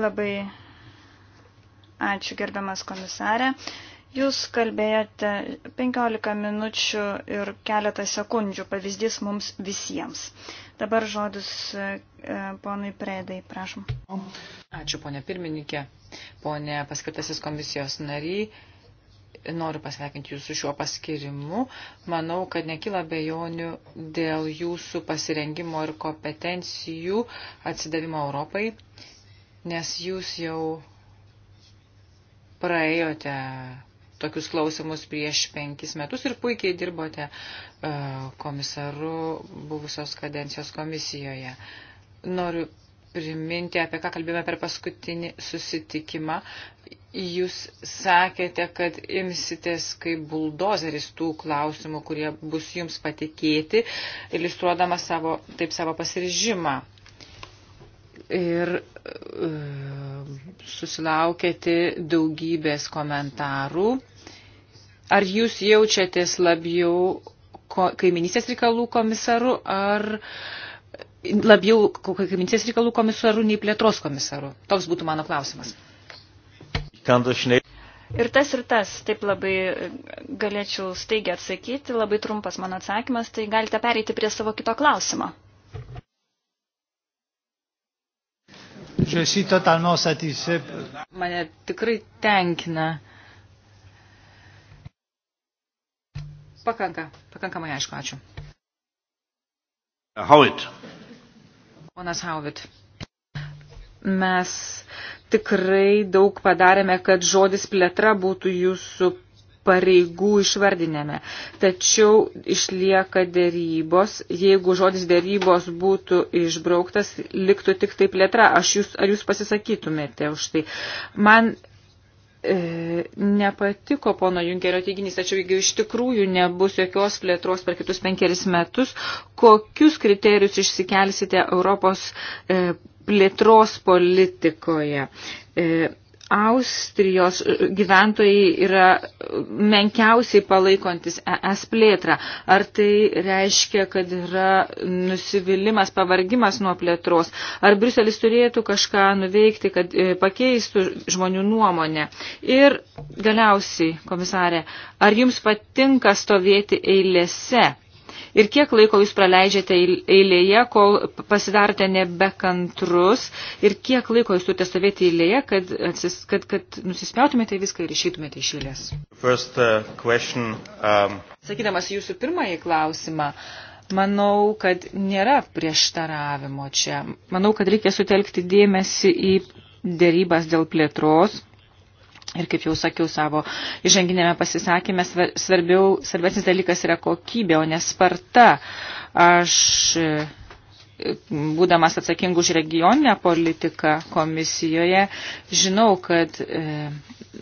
Labai ačiū gerbiamas komisarė. Jūs kalbėjote 15 minučių ir keletą sekundžių, pavyzdys mums visiems. Dabar žodis e, ponui Predai, prašom. Ačiū, ponė pirmininkė, ponė paskirtasis komisijos nariai noriu pasveikinti jūsų šiuo paskirimu. Manau, kad nekyla bejonių dėl jūsų pasirengimo ir kompetencijų atsidavimo Europai nes jūs jau praėjote tokius klausimus prieš penkis metus ir puikiai dirbote e, komisaru buvusios kadencijos komisijoje. Noriu priminti, apie ką kalbėjome per paskutinį susitikimą. Jūs sakėte, kad imsitės kaip buldozeris tų klausimų, kurie bus jums patikėti, iliustruodama savo, taip savo pasiryžimą ir e, susilaukėte daugybės komentarų. Ar jūs jaučiatės labiau kaiminystės reikalų komisaru ar labiau kaiminystės reikalų komisaru nei plėtros komisaru? Toks būtų mano klausimas. Ir tas ir tas, taip labai galėčiau staigiai atsakyti, labai trumpas mano atsakymas, tai galite pereiti prie savo kito klausimo. Mane tikrai tenkina. Pakanka, pakankamai aišku, ačiū. Uh, Howitt. Ponas Howitt. Mes tikrai daug padarėme, kad žodis plėtra būtų jūsų pareigų išvardinėme. Tačiau išlieka dėrybos. Jeigu žodis dėrybos būtų išbrauktas, liktų tik tai plėtra. Aš jūs, ar jūs pasisakytumėte už tai? Man e, nepatiko pono Junkerio teiginys, tačiau jeigu iš tikrųjų nebus jokios plėtros per kitus penkeris metus, kokius kriterijus išsikelsite Europos e, plėtros politikoje? E, Austrijos e, gyventojai yra menkiausiai palaikantis ES plėtrą. Ar tai reiškia, kad yra nusivylimas, pavargimas nuo plėtros? Ar Briuselis turėtų kažką nuveikti, kad e, pakeistų žmonių nuomonę? Ir galiausiai, komisarė, ar jums patinka stovėti eilėse? Ir kiek laiko jūs praleidžiate eilėje, kol pasidarote nebekantrus, ir kiek laiko jūs turite stovėti eilėje, kad, atsis, kad, kad nusispjautumėte viską ir išeitumėte iš eilės? First, uh, question, um... Sakydamas jūsų pirmąjį klausimą, manau, kad nėra prieštaravimo čia. Manau, kad reikia sutelkti dėmesį į dėrybas dėl plėtros Ir kaip jau sakiau savo įženginėme pasisakymė, svarbiau, svarbesnis dalykas yra kokybė, o ne sparta. Aš būdamas atsakingų už regioninę politiką komisijoje, žinau, kad e,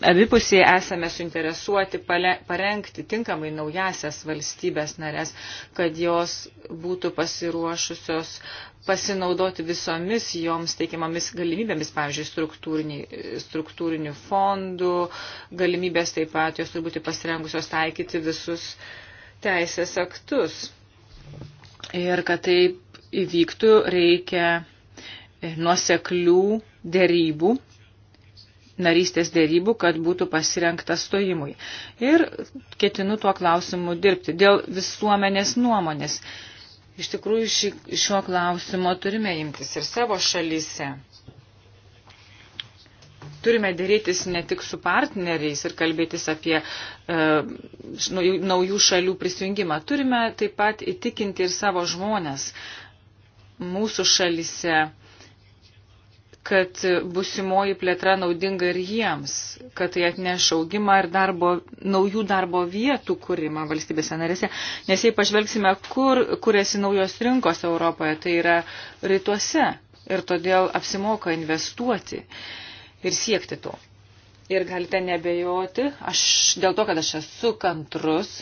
abipusiai esame suinteresuoti pale, parengti tinkamai naujasias valstybės narės, kad jos būtų pasiruošusios pasinaudoti visomis joms teikiamomis galimybėmis, pavyzdžiui, struktūrinių fondų, galimybės taip pat jos turi būti pasirengusios taikyti visus teisės aktus. Ir kad tai įvyktų, reikia e, nuoseklių dėrybų, narystės dėrybų, kad būtų pasirenkta stojimui. Ir ketinu tuo klausimu dirbti dėl visuomenės nuomonės. Iš tikrųjų, ši, šiuo klausimo turime imtis ir savo šalyse. Turime dėrėtis ne tik su partneriais ir kalbėtis apie e, naujų šalių prisijungimą. Turime taip pat įtikinti ir savo žmonės, mūsų šalise, kad busimoji plėtra naudinga ir jiems, kad tai atneš augimą ir darbo, naujų darbo vietų kūrimą valstybėse narėse. Nes jei pažvelgsime, kur kuriasi naujos rinkos Europoje, tai yra rytuose ir todėl apsimoka investuoti ir siekti to. Ir galite nebejoti, aš dėl to, kad aš esu kantrus,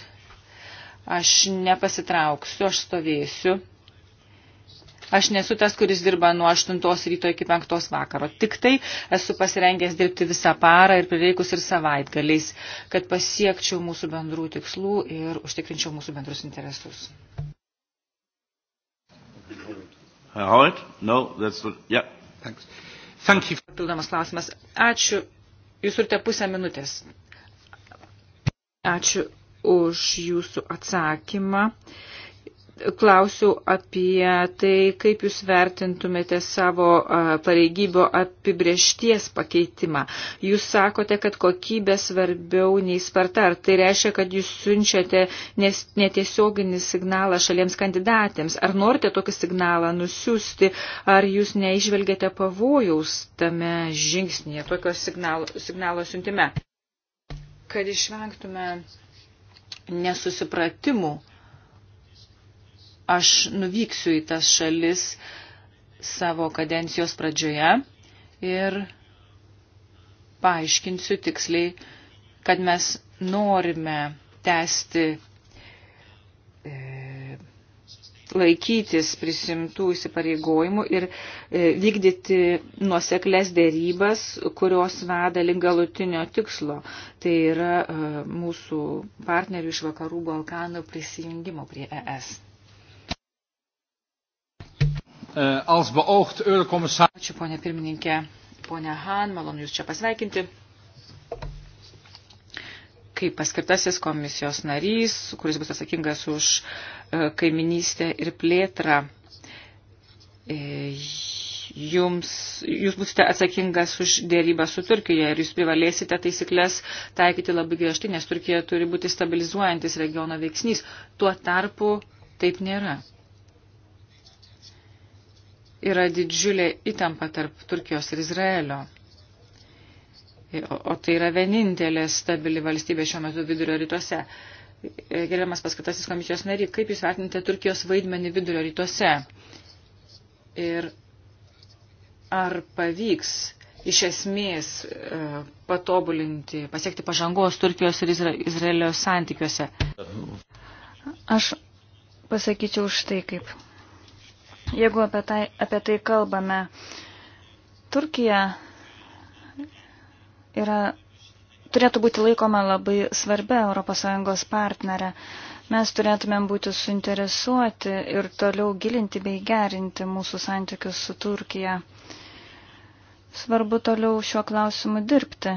aš nepasitrauksiu, aš stovėsiu Aš nesu tas, kuris dirba nuo 8 ryto iki 5 vakaro. Tik tai esu pasirengęs dirbti visą parą ir prireikus ir savaitgaliais, kad pasiekčiau mūsų bendrų tikslų ir užtikrinčiau mūsų bendrus interesus. Howard? No, that's what, yeah. Thanks. Thank you. Papildomas klausimas. Ačiū. Jūs turite pusę minutės. Ačiū už jūsų atsakymą klausiau apie tai, kaip jūs vertintumėte savo pareigybo apibriešties pakeitimą. Jūs sakote, kad kokybė svarbiau nei sparta. Ar tai reiškia, kad jūs siunčiate netiesioginį signalą šaliems kandidatėms? Ar norite tokį signalą nusiųsti? Ar jūs neižvelgiate pavojaus tame žingsnėje, tokio signalo, signalo siuntime? Kad išvengtume nesusipratimų Aš nuvyksiu į tas šalis savo kadencijos pradžioje ir paaiškinsiu tiksliai, kad mes norime tęsti e, laikytis prisimtų įsipareigojimų ir e, vykdyti nuoseklės dėrybas, kurios veda link galutinio tikslo. Tai yra e, mūsų partnerių iš vakarų Balkanų prisijungimo prie ES. Eh, als beoogd eurocommissaris. Ačiū, ponė pirmininkė. Pone Han, malonu Jūs čia pasveikinti. Kaip paskirtasis komisijos narys, kuris bus atsakingas už eh, kaiminystę ir plėtrą, eh, jums, jūs būsite atsakingas už dėrybą su Turkija ir jūs privalėsite taisyklės taikyti labai griežtai, nes Turkija turi būti stabilizuojantis regiono veiksnys. Tuo tarpu taip nėra yra didžiulė įtampa tarp Turkijos ir Izraelio. O tai yra vienintelė stabili valstybė šiuo metu vidurio rytuose. E, gerbiamas paskatasis komisijos nary, kaip jūs vertinate Turkijos vaidmenį vidurio rytuose? Ir ar pavyks iš esmės e, patobulinti, pasiekti pažangos Turkijos ir Izraelio santykiuose? Aš pasakyčiau štai kaip Jeigu apie tai, apie tai kalbame, Turkija yra, turėtų būti laikoma labai svarbia ES partnerė. Mes turėtumėm būti suinteresuoti ir toliau gilinti bei gerinti mūsų santykius su Turkija. Svarbu toliau šiuo klausimu dirbti.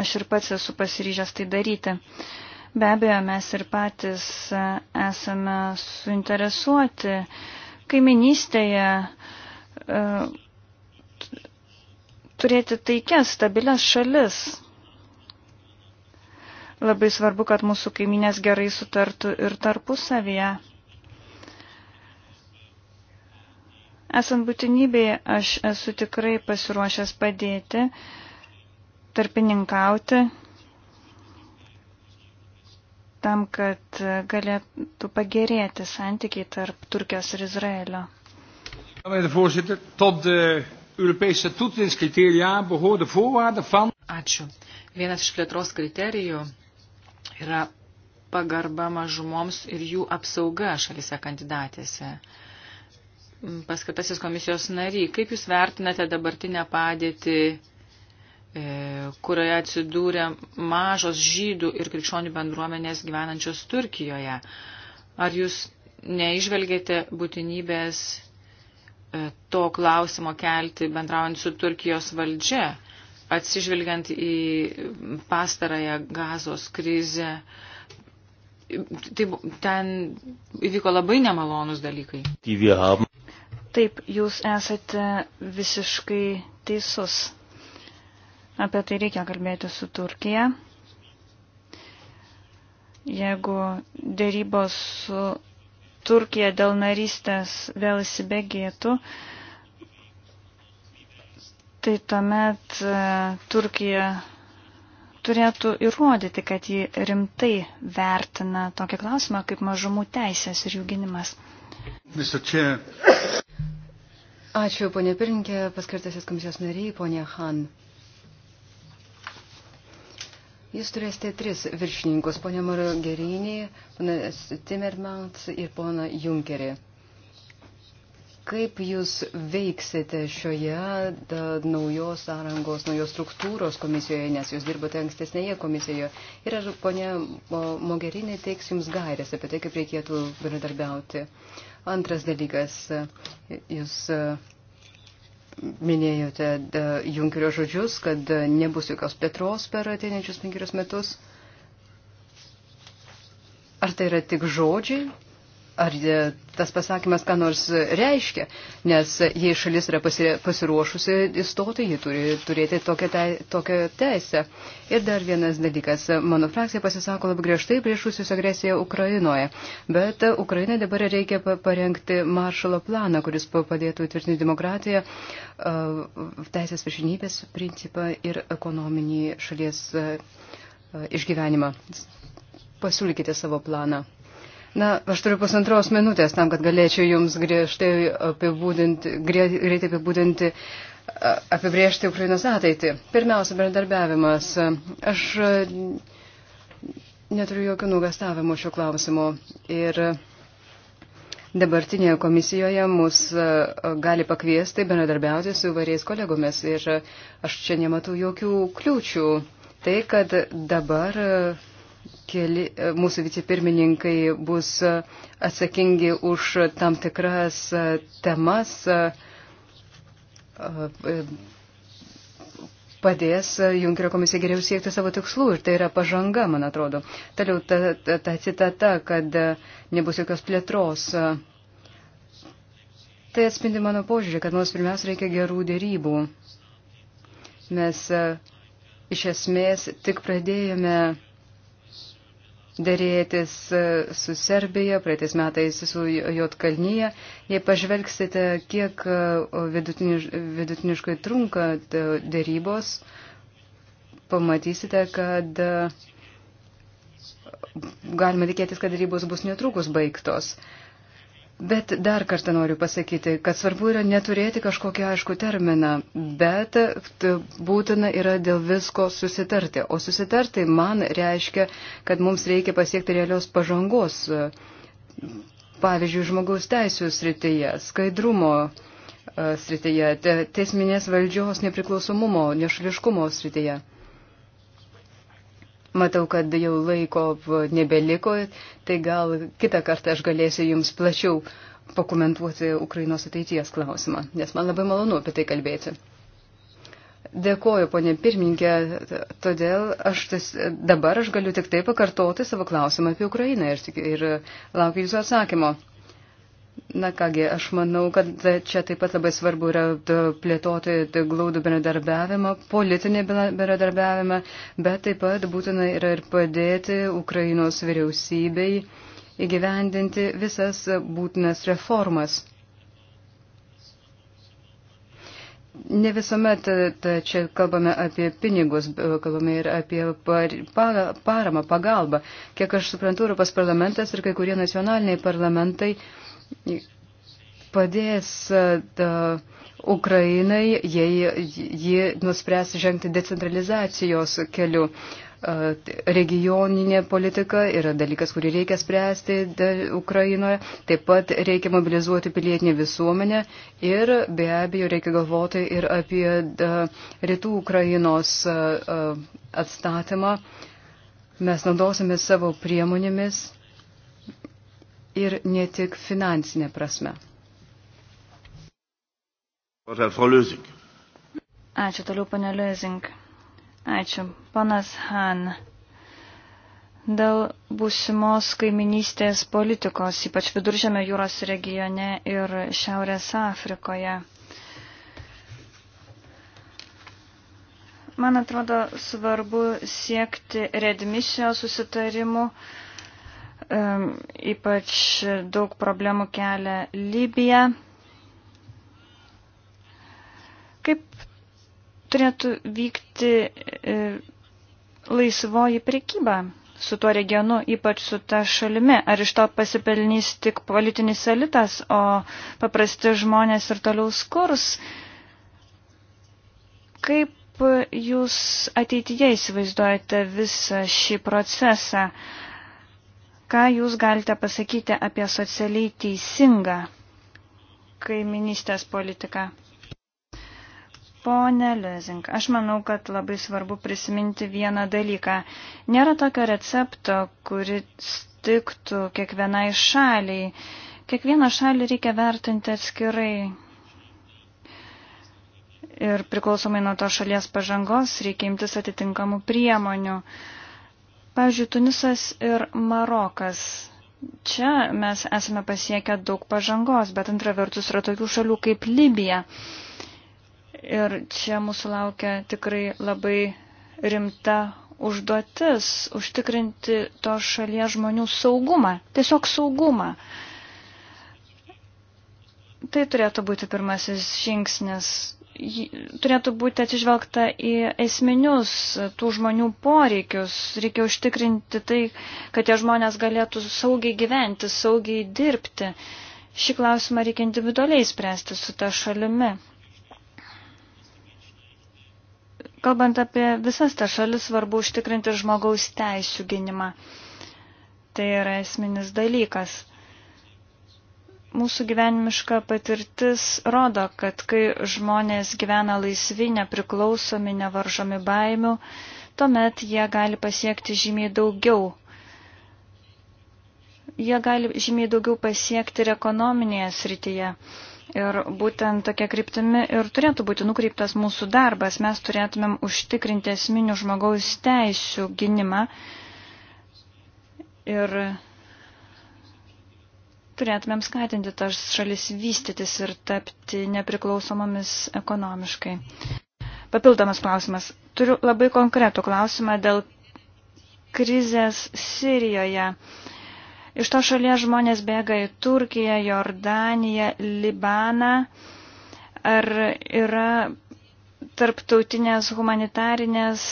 Aš ir pats esu pasiryžęs tai daryti. Be abejo, mes ir patys e, esame suinteresuoti uh, kaiminystėje e, turėti taikias, stabilias šalis. Labai svarbu, kad mūsų kaiminės gerai sutartų ir tarpusavyje. Esant būtinybėje, aš esu tikrai pasiruošęs padėti, tarpininkauti tam, kad galėtų pagerėti santykiai tarp Turkijos ir Izraelio. Ačiū. Vienas iš plėtros kriterijų yra pagarba mažumoms ir jų apsauga šalise kandidatėse. Paskatasis komisijos nariai, kaip Jūs vertinate dabartinę padėtį E, kurioje atsidūrė mažos žydų ir krikščionių bendruomenės gyvenančios Turkijoje. Ar jūs neižvelgėte būtinybės e, to klausimo kelti bendraujant su Turkijos valdžia, atsižvelgiant į pastarąją gazos krizę? Tai ten įvyko labai nemalonus dalykai. Taip, jūs esate visiškai teisus. Apie tai reikia kalbėti su Turkija. Jeigu dėrybos su Turkija dėl narystės vėl įsibėgėtų, tai tuomet e, Turkija turėtų įrodyti, kad ji rimtai vertina tokį klausimą kaip mažumų teisės ir jų gynimas. Ačiū, ponė Pirinkė, paskirtasis komisijos nariai, ponė Han. Jūs turėsite tris viršininkus, ponė Morgerinį, ponas Timmermans ir poną Junkerį. Kaip jūs veiksite šioje da, naujos sąrangos, naujos struktūros komisijoje, nes jūs dirbate ankstesnėje komisijoje? Ir ar ponė Mogerinė teiks jums gairės apie tai, kaip reikėtų bendradarbiauti? Antras dalykas, jūs. Uh, minėjote Junkerio žodžius, kad nebus jokios plėtros per ateinančius penkerius metus. Ar tai yra tik žodžiai? ar e, tas pasakymas ką nors reiškia, nes e, jei šalis yra pasiruošusi įstoti, ji turi turėti tokią, te, tokią teisę. Ir dar vienas dalykas. Mano frakcija pasisako labai griežtai prieš Rusijos agresiją Ukrainoje, bet e, Ukrainai dabar reikia parengti maršalo planą, kuris padėtų įtvirtinti demokratiją, teisės viršinybės principą ir ekonominį šalies išgyvenimą. Pasiūlykite savo planą. Na, aš turiu pusantros minutės tam, kad galėčiau jums griežtai apibūdinti, greitai apibūdinti, apibriežti Ukrainos ateitį. Pirmiausia, bendradarbiavimas. Aš neturiu jokių nugastavimų šiuo klausimu. Ir dabartinėje komisijoje mus gali pakviesti bendradarbiauti su įvairiais kolegomis. Ir aš čia nematau jokių kliūčių. Tai, kad dabar keli e, mūsų vicepirmininkai bus e, atsakingi už tam tikras e, temas, padės Junkerio komisija geriau siekti savo tikslų ir tai yra pažanga, man atrodo. Toliau ta, ta, ta citata, kad nebus jokios plėtros. Tai atspindi mano požiūrį, kad mums pirmiausia reikia gerų dėrybų. Mes iš esmės tik pradėjome dėrėtis e, su Serbija, praeitais metais su Jotkalnyje. Jei pažvelgsite, kiek e, vidutiniš, vidutiniškai trunka e, dėrybos, pamatysite, kad galima tikėtis, kad dėrybos bus netrukus baigtos. Uh, Bet dar kartą noriu pasakyti, kad svarbu yra neturėti kažkokį aišku terminą, bet būtina yra dėl visko susitarti. O susitarti man reiškia, kad mums reikia pasiekti realios pažangos, pavyzdžiui, žmogaus teisų srityje, skaidrumo e, srityje, teisminės valdžios nepriklausomumo, nešališkumo srityje. Matau, kad jau laiko nebeliko, tai gal kitą kartą aš galėsiu jums plačiau pakomentuoti Ukrainos ateities klausimą, nes man labai malonu apie tai kalbėti. Dėkoju, ponė pirmininkė, todėl aš tas, dabar aš galiu tik tai pakartoti savo klausimą apie Ukrainą ir, ir laukiu jūsų atsakymo. Na kągi, aš manau, kad čia taip pat labai svarbu yra plėtoti glaudų bendradarbiavimą, politinį bendradarbiavimą, bet taip pat būtina yra ir padėti Ukrainos vyriausybei įgyvendinti visas būtinas reformas. Ne visuomet ta, čia kalbame apie pinigus, kalbame ir apie par, par, paramą, pagalbą. Kiek aš suprantu, Europos parlamentas ir kai kurie nacionaliniai parlamentai uh, padės e, da, Ukrainai, jei ji nuspręs žengti decentralizacijos keliu. E, regioninė politika yra dalykas, kurį reikia spręsti da, Ukrainoje. Taip pat reikia mobilizuoti pilietinį visuomenę ir be abejo reikia galvoti ir apie da, rytų Ukrainos e, atstatymą. Mes naudosime savo priemonėmis ir ne tik finansinė prasme. Ačiū toliau, pane Lezing. Ačiū, panas Han. Dėl būsimos kaiminystės politikos, ypač viduržėme jūros regione ir Šiaurės Afrikoje. Man atrodo svarbu siekti redmisijos susitarimų, uh, Ypač daug problemų kelia Libija. Kaip turėtų vykti e, laisvoji prekyba su tuo regionu, ypač su ta šalimi? Ar iš to pasipelnys tik politinis elitas, o paprasti žmonės ir toliau skurs? Kaip jūs ateityje įsivaizduojate visą šį procesą? Uh, Ką Jūs galite pasakyti apie socialiai teisingą kaiminystės politiką? Pone Lezing, aš manau, kad labai svarbu prisiminti vieną dalyką. Nėra tokio recepto, kuris tiktų kiekvienai šaliai. Kiekvieną šalį reikia vertinti atskirai. Ir priklausomai nuo to šalies pažangos reikia imtis atitinkamų priemonių. Uh, Pavyzdžiui, Tunisas ir Marokas. Čia mes esame pasiekę daug pažangos, bet antra vertus yra tokių šalių kaip Libija. Ir čia mūsų laukia tikrai labai rimta užduotis užtikrinti to šalies žmonių saugumą, tiesiog saugumą. Tai turėtų būti pirmasis žingsnis turėtų būti atsižvelgta į esminius tų žmonių poreikius. Reikia užtikrinti tai, kad tie žmonės galėtų saugiai gyventi, saugiai dirbti. Šį klausimą reikia individualiai spręsti su ta šalimi. Kalbant apie visas tas šalis, svarbu užtikrinti žmogaus teisų gynimą. Tai yra esminis dalykas. Mūsų gyvenimiška patirtis rodo, kad kai žmonės gyvena laisvi, nepriklausomi, nevaržomi baimių, tuomet jie gali pasiekti žymiai daugiau. Jie gali žymiai daugiau pasiekti ir ekonominėje srityje. Ir būtent tokia kryptimi ir turėtų būti nukreiptas mūsų darbas. Mes turėtumėm užtikrinti esminių žmogaus teisių gynimą. Ir turėtumėm skatinti tas šalis vystytis ir tapti nepriklausomomis ekonomiškai. Papildomas klausimas. Turiu labai konkretų klausimą dėl krizės Sirijoje. Iš to šalies žmonės bėga į Turkiją, Jordaniją, Libaną. Ar yra tarptautinės humanitarinės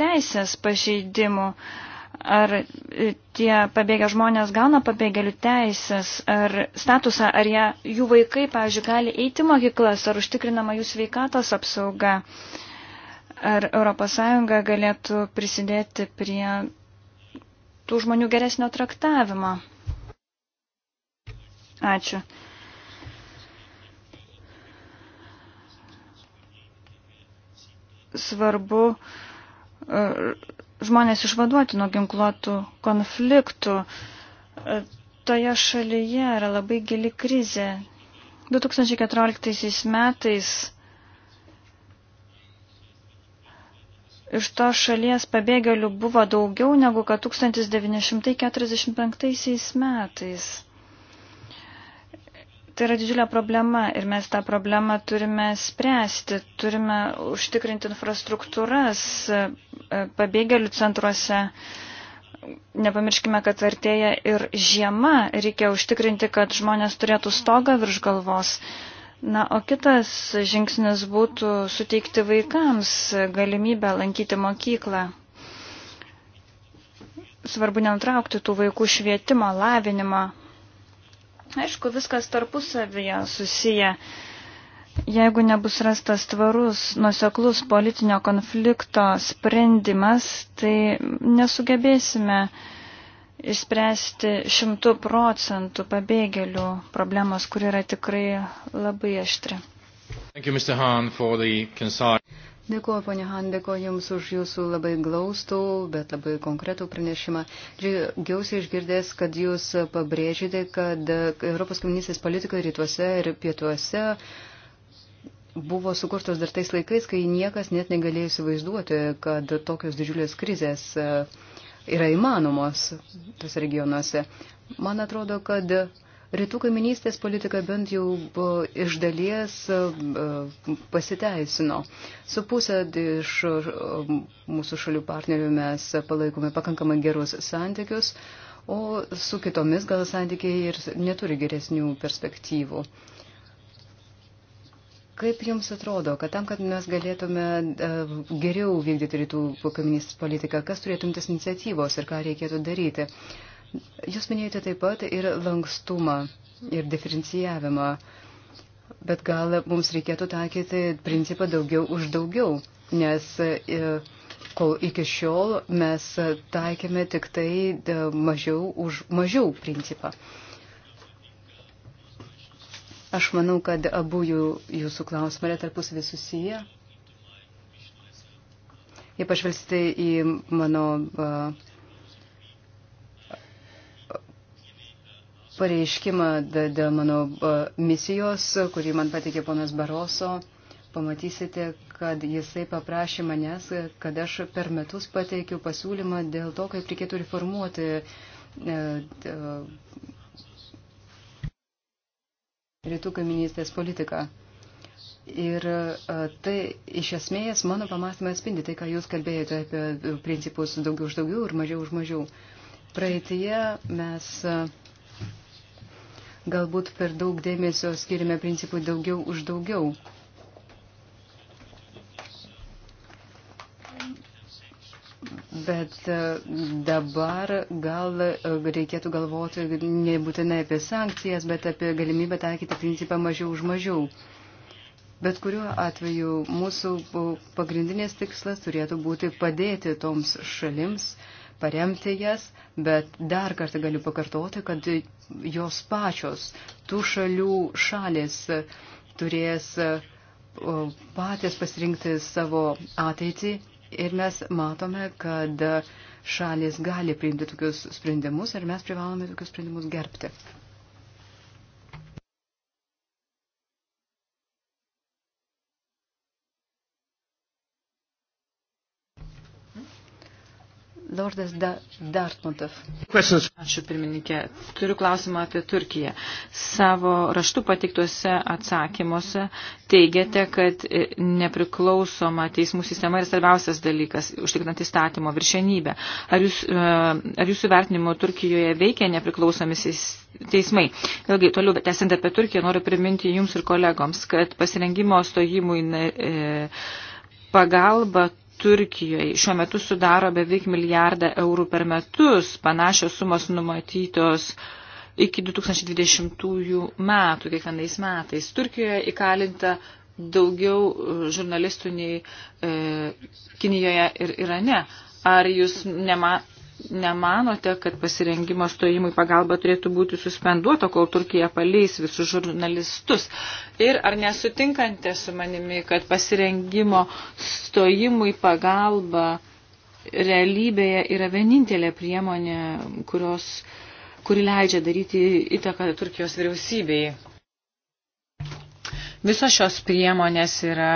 teisės pažeidimų? Uh, ar e, tie pabėgę žmonės gauna pabėgėlių teisės, ar statusą, ar jie, jų vaikai, pavyzdžiui, gali eiti mokyklas, ar užtikrinama jų sveikatos apsauga, ar ES galėtų prisidėti prie tų žmonių geresnio traktavimo. Ačiū. Svarbu e, žmonės išvaduoti nuo ginkluotų konfliktų. E, toje šalyje yra labai gili krizė. 2014 metais iš to šalies pabėgėlių buvo daugiau negu kad 1945 metais. Tai yra didžiulė problema ir mes tą problemą turime spręsti, turime užtikrinti infrastruktūras e, e, pabėgėlių centruose. Nepamirškime, kad artėja ir žiema, reikia užtikrinti, kad žmonės turėtų stogą virš galvos. Na, o kitas žingsnis būtų suteikti vaikams galimybę lankyti mokyklą. Svarbu neutraukti tų vaikų švietimo, lavinimo. Aišku, viskas tarpusavyje susiję. Jeigu nebus rastas tvarus, nuseklus politinio konflikto sprendimas, tai nesugebėsime išspręsti šimtų procentų pabėgėlių problemos, kur yra tikrai labai aštri. Thank you, Mr. Hahn, for the concise... Dėkuoju, ponė Han, dėkuoju Jums už Jūsų labai glaustų, bet labai konkretų pranešimą. Džiaugiausi išgirdęs, kad Jūs pabrėžite, kad Europos komunistės politika rytuose ir pietuose buvo sukurtos dar tais laikais, kai niekas net negalėjo įsivaizduoti, kad tokios didžiulės krizės yra įmanomos tose regionuose. Man atrodo, kad Rytų kaiminystės politika bent jau e, iš dalies e, e, pasiteisino. Su pusė iš mūsų šalių partnerių mes palaikome pakankamai gerus santykius, o su kitomis gal santykiai ir neturi geresnių perspektyvų. Kaip Jums atrodo, kad tam, kad mes galėtume geriau vykdyti rytų kaiminystės politiką, kas turėtų imtis iniciatyvos ir ką reikėtų daryti? Jūs minėjote taip pat ir lankstumą ir diferencijavimą, bet gal mums reikėtų taikyti principą daugiau už daugiau, nes e, kol iki šiol mes taikėme tik tai e, mažiau už mažiau principą. Aš manau, kad abu jų, jūsų klausimai yra tarpusavį susiję. Jei pažvelgsite į mano uh, pareiškimą dėl mano misijos, kurį man patikė ponas Baroso, pamatysite, kad jisai paprašė manęs, kad aš per metus pateikiu pasiūlymą dėl to, kaip reikėtų reformuoti e, rytų kaiminystės politiką. Ir tai iš esmės mano pamastymą atspindi tai, ką jūs kalbėjote apie principus daugiau už daugiau ir mažiau už mažiau. Praeitie mes uh, galbūt per daug dėmesio skiriame principui daugiau už daugiau. Bet e, dabar gal e, reikėtų galvoti nebūtinai apie sankcijas, bet apie galimybę taikyti principą mažiau už mažiau. Bet kuriuo atveju mūsų e, pagrindinės tikslas turėtų būti padėti toms šalims, uh, paremti jas, bet dar kartą galiu pakartoti, kad jos pačios, tų šalių šalis turės e, patys pasirinkti savo ateitį ir mes matome, kad šalis gali priimti tokius sprendimus ir mes privalome tokius sprendimus gerbti. Lordas da Dartmouthas. Ačiū pirmininkė. Turiu klausimą apie Turkiją. Savo raštu patiktuose atsakymuose teigiate, kad e, nepriklausoma teismų sistema yra svarbiausias dalykas, užtikrinant įstatymo viršenybę. Ar, jūs, e, ar jūsų vertinimo Turkijoje veikia nepriklausomi teismai? Vėlgi, toliau, tęsiant apie Turkiją, noriu priminti jums ir kolegoms, kad pasirengimo stojimui e, pagalba Turkijoje šiuo metu sudaro beveik milijardą eurų per metus, panašios sumos numatytos iki 2020 metų kiekvienais metais. Turkijoje įkalinta daugiau žurnalistų nei e, Kinijoje ir Irane. Ar jūs nema, nemanote, kad pasirengimo stojimui pagalba turėtų būti suspenduota, kol Turkija paleis visus žurnalistus? Ir ar nesutinkante su manimi, kad pasirengimo stojimui pagalba realybėje yra vienintelė priemonė, kurios, kuri leidžia daryti įtaką Turkijos vyriausybei? Visos šios priemonės yra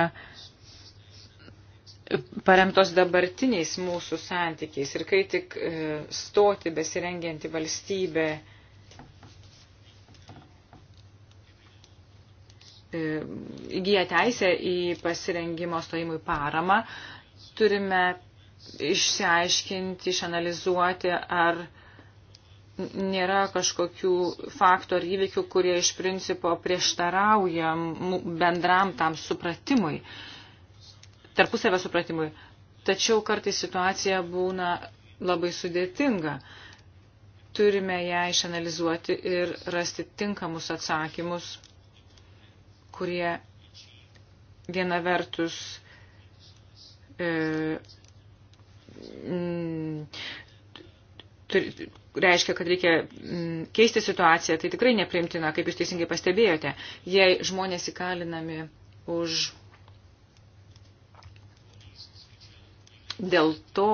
paremtos dabartiniais mūsų santykiais. Ir kai tik e, stoti besirengianti valstybė e, įgyja teisę į pasirengimo stojimui paramą, turime išsiaiškinti, išanalizuoti, ar nėra kažkokių faktų ar įvykių, kurie iš principo prieštarauja bendram tam supratimui tarpusavio supratimui. Tačiau kartais situacija būna labai sudėtinga. Turime ją išanalizuoti ir rasti tinkamus atsakymus, kurie viena vertus e, m, mm, turi, reiškia, kad reikia m, mm, keisti situaciją, tai tikrai neprimtina, kaip jūs teisingai pastebėjote, jei žmonės įkalinami už dėl to,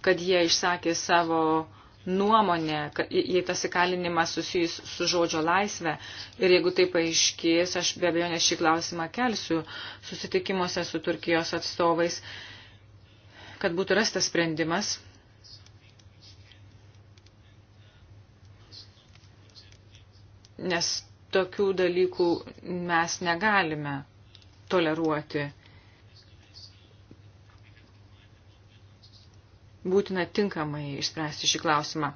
kad jie išsakė savo nuomonę, jei tas įkalinimas susijęs su žodžio laisvė. Ir jeigu tai paaiškės, aš be abejo ne šį klausimą kelsiu susitikimuose su Turkijos atstovais, kad būtų rastas sprendimas. Nes tokių dalykų mes negalime toleruoti. būtina tinkamai išspręsti šį klausimą.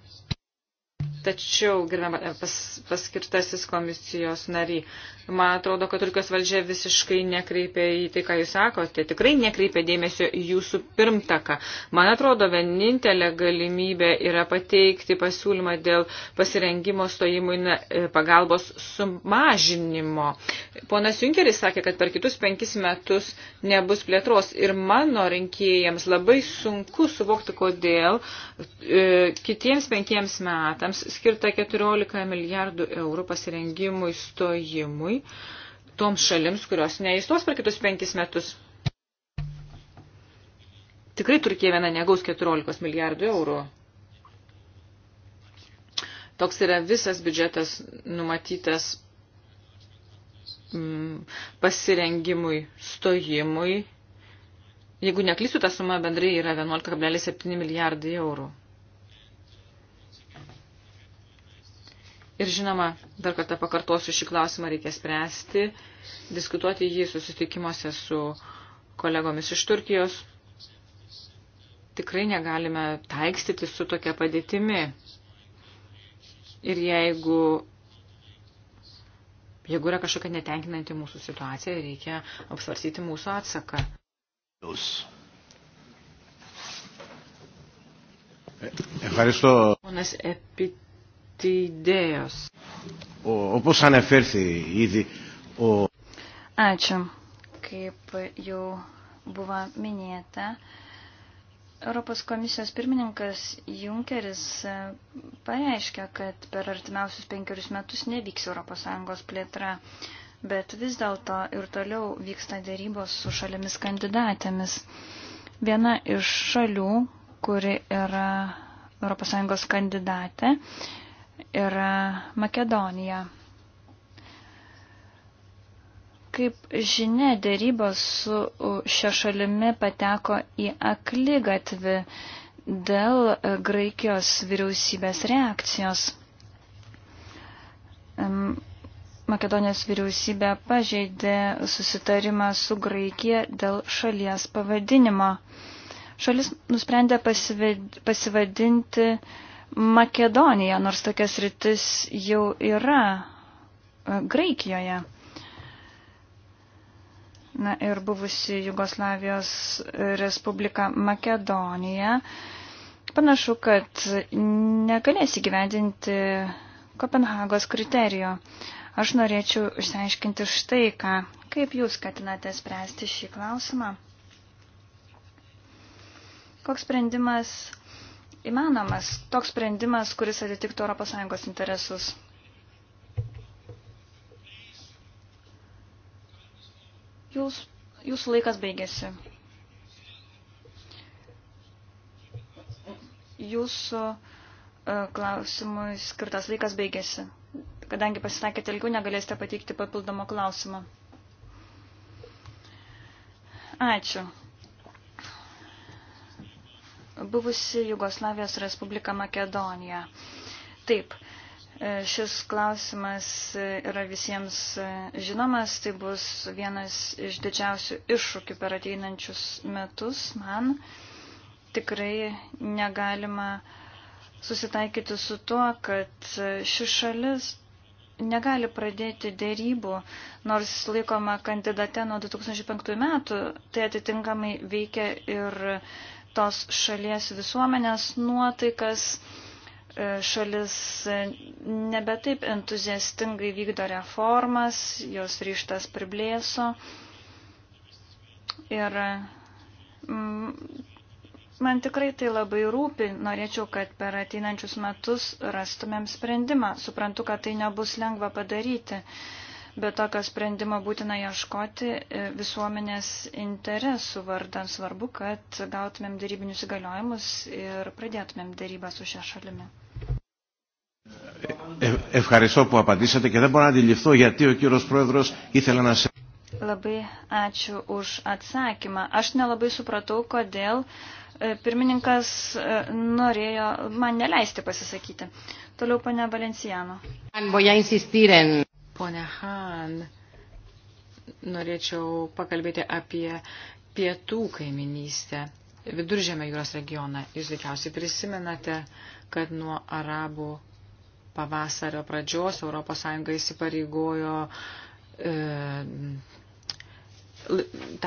Tačiau, gerbiam e, pas, paskirtasis komisijos nariai, man atrodo, kad Turkijos valdžia visiškai nekreipia į tai, ką jūs sakote, tikrai nekreipia dėmesio į jūsų pirmtaką. Man atrodo, vienintelė galimybė yra pateikti pasiūlymą dėl pasirengimo stojimui e, pagalbos sumažinimo. Ponas Junkeris sakė, kad per kitus penkis metus nebus plėtros ir mano rinkėjams labai sunku suvokti, kodėl e, kitiems penkiems metams skirta 14 milijardų eurų pasirengimui stojimui toms šalims, kurios neįstos per kitus penkis metus. Tikrai Turkija viena negaus 14 milijardų eurų. Toks yra visas biudžetas numatytas mm, pasirengimui stojimui. Jeigu neklysiu, ta suma bendrai yra 11,7 milijardai eurų. Ir žinoma, dar kartą pakartosiu, šį klausimą reikia spręsti, diskutuoti jį susitikimuose su kolegomis iš Turkijos. Tikrai negalime taikstyti su tokia padėtimi. Ir jeigu, jeigu yra kažkokia netenkinanti mūsų situacija, reikia apsvarsyti mūsų atsaką. Jūs. Ponas Epit. Epitidėjos. O, opus aneferthi įdį. O... Ačiū. Kaip jau buvo minėta, Europos komisijos pirmininkas Junkeris pareiškia, kad per artimiausius penkerius metus nevyks ES plėtra, bet vis dėlto ir toliau vyksta dėrybos su šalimis kandidatėmis. Viena iš šalių, kuri yra ES kandidatė, yra Makedonija. Kaip žinia, dėrybos su šia šalimi pateko į aklygatvį dėl Graikijos vyriausybės reakcijos. Makedonijos vyriausybė pažeidė susitarimą su Graikija dėl šalies pavadinimo. Šalis nusprendė pasivadinti Makedonija, nors tokias rytis jau yra e, Graikijoje. Na ir buvusi Jugoslavijos Respublika Makedonija. Panašu, kad negalės įgyvendinti Kopenhagos kriterijų. Aš norėčiau išsiaiškinti štai ką. Kaip jūs skatinate spręsti šį klausimą? Koks sprendimas įmanomas toks sprendimas, kuris atitiktų ES interesus? Jūs, jūsų laikas baigėsi. Jūsų e, klausimui skirtas laikas baigėsi. Kadangi pasisakėte ilgiau, negalėsite pateikti papildomą klausimą. Ačiū buvusi Jugoslavijos Respublika Makedonija. Taip, e, šis klausimas yra visiems e, žinomas, tai bus vienas iš didžiausių iššūkių per ateinančius metus man. Tikrai negalima susitaikyti su tuo, kad ši šalis negali pradėti dėrybų, nors laikoma kandidate nuo 2005 metų, tai atitinkamai veikia ir tos šalies visuomenės nuotaikas. E, šalis nebetaip entuziastingai vykdo reformas, jos ryštas priblėso. Ir mm, man tikrai tai labai rūpi. Norėčiau, kad per ateinančius metus rastumėm sprendimą. Suprantu, kad tai nebus lengva padaryti bet tokio sprendimo būtina ieškoti e, visuomenės interesų vardan. Svarbu, kad gautumėm darybinius įgaliojimus ir pradėtumėm darybą su šia šalimi. E, Ευχαριστώ που απαντήσατε και δεν μπορώ να αντιληφθώ γιατί ο κύριος Πρόεδρος ήθελε να σε... Labai ačiū už atsakymą. Aš nelabai supratau, kodėl e, pirmininkas norėjo man neleisti pasisakyti. Toliau pane Valenciano. Pone Han, norėčiau pakalbėti apie pietų kaiminystę, viduržėme jūros regioną. Jūs veikiausiai prisimenate, kad nuo arabų pavasario pradžios ES įsipareigojo e,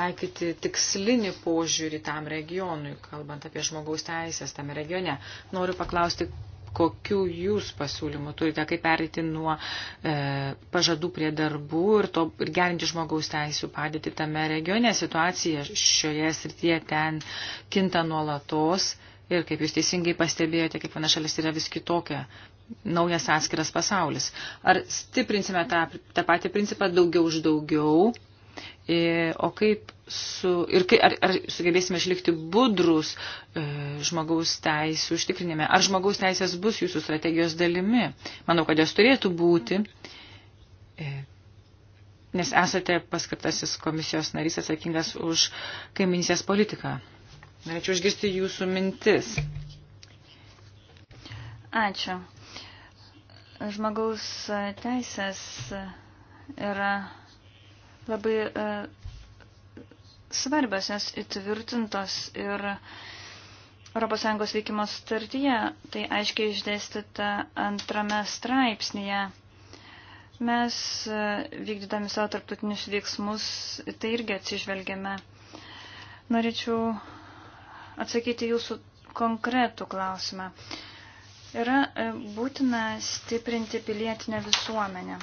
taikyti tikslinį požiūrį tam regionui, kalbant apie žmogaus teisės tame regione. Noriu paklausti, kokių jūs pasiūlymų turite, kaip perėti nuo e, pažadų prie darbų ir, to, ir gerinti žmogaus teisų padėti tame regione. Situacija šioje srityje ten kinta nuolatos ir, kaip jūs teisingai pastebėjote, kiekviena šalis yra vis kitokia. Naujas atskiras pasaulis. Ar stiprinsime tą, tą patį principą daugiau už daugiau, E, o kaip su, ir kai, ar, ar sugebėsime išlikti budrus e, žmogaus teisų užtikrinime? Ar žmogaus teisės bus jūsų strategijos dalimi? Manau, kad jos turėtų būti, e, nes esate paskirtasis komisijos narys atsakingas už kaiminysės politiką. Norėčiau išgirsti jūsų mintis. Ačiū. Žmogaus teisės yra labai e, svarbios, nes įtvirtintos ir ES veikimo sutartyje, tai aiškiai išdėstyta antrame straipsnėje. Mes e, vykdydami savo tarptautinius veiksmus, tai irgi atsižvelgiame. Norėčiau atsakyti jūsų konkretų klausimą. Yra e, būtina stiprinti pilietinę visuomenę.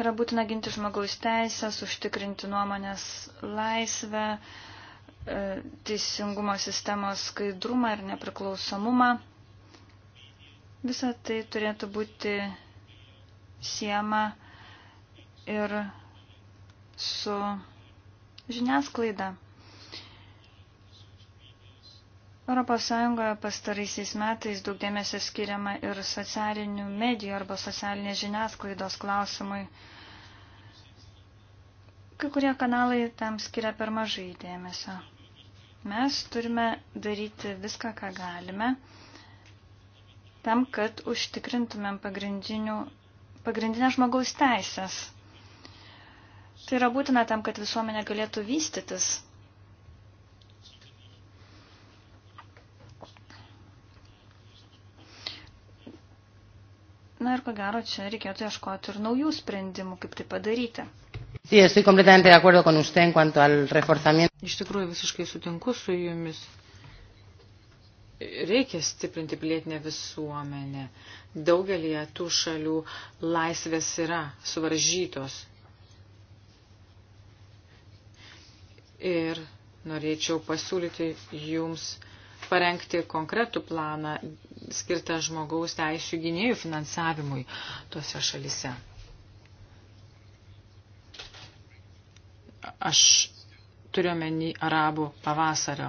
Yra būtina ginti žmogaus teisės, užtikrinti nuomonės laisvę, e, teisingumo sistemos skaidrumą ir nepriklausomumą. Visa tai turėtų būti siema ir su žiniasklaida. ES pastaraisiais metais daug dėmesio skiriama ir socialinių medijų arba socialinės žiniasklaidos klausimui. Kai kurie kanalai tam skiria per mažai dėmesio. Mes turime daryti viską, ką galime, tam, kad užtikrintumėm pagrindinę žmogaus teisės. Tai yra būtina tam, kad visuomenė galėtų vystytis Na ir ko gero, čia reikėtų ieškoti ir naujų sprendimų, kaip tai padaryti. Sí, estoy completamente de acuerdo con usted en cuanto al reforzamiento. Iš tikrųjų, visiškai sutinku su jumis. Reikia stiprinti pilietinę visuomenę. Daugelį tų šalių laisvės yra suvaržytos. Ir norėčiau pasiūlyti jums parengti konkretų planą skirtą žmogaus teisų gynėjų finansavimui tose šalise. Aš turiuomenį arabų pavasario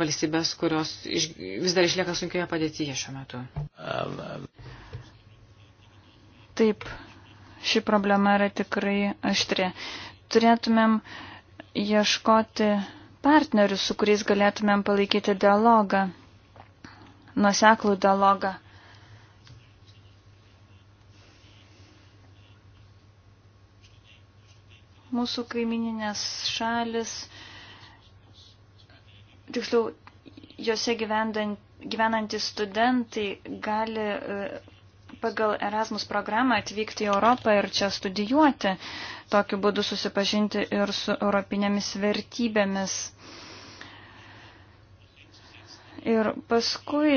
valstybės, kurios iš, vis dar išlieka sunkioje padėtyje šiuo metu. Um, um. Taip, ši problema yra tikrai aštri. Turėtumėm ieškoti partnerius, su kuriais galėtumėm palaikyti dialogą, nuseklų dialogą. Mūsų kaimininės šalis, tiksliau, jose gyvendantis gyvenantys studentai gali e, pagal Erasmus programą atvykti į Europą ir čia studijuoti, tokiu būdu susipažinti ir su europinėmis vertybėmis. Ir paskui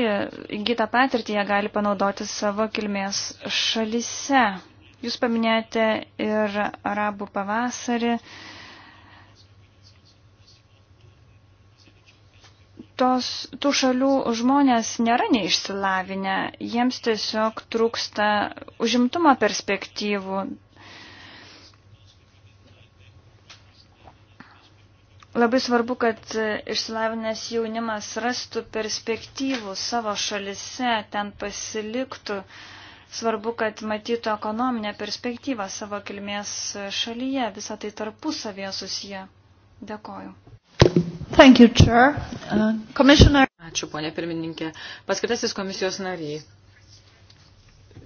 įgytą patirtį jie gali panaudoti savo kilmės šalise. Jūs paminėjote ir arabų pavasarį, tos, tų šalių žmonės nėra neišsilavinę, jiems tiesiog trūksta užimtumo perspektyvų. Labai svarbu, kad išsilavinęs jaunimas rastų perspektyvų savo šalise, ten pasiliktų. Svarbu, kad matytų ekonominę perspektyvą savo kilmės šalyje, visą tai tarpusavėje susiję. Dėkoju. Thank you, Chair. Uh, Commissioner. Ačiū, ponė pirmininkė. Paskirtasis komisijos nariai.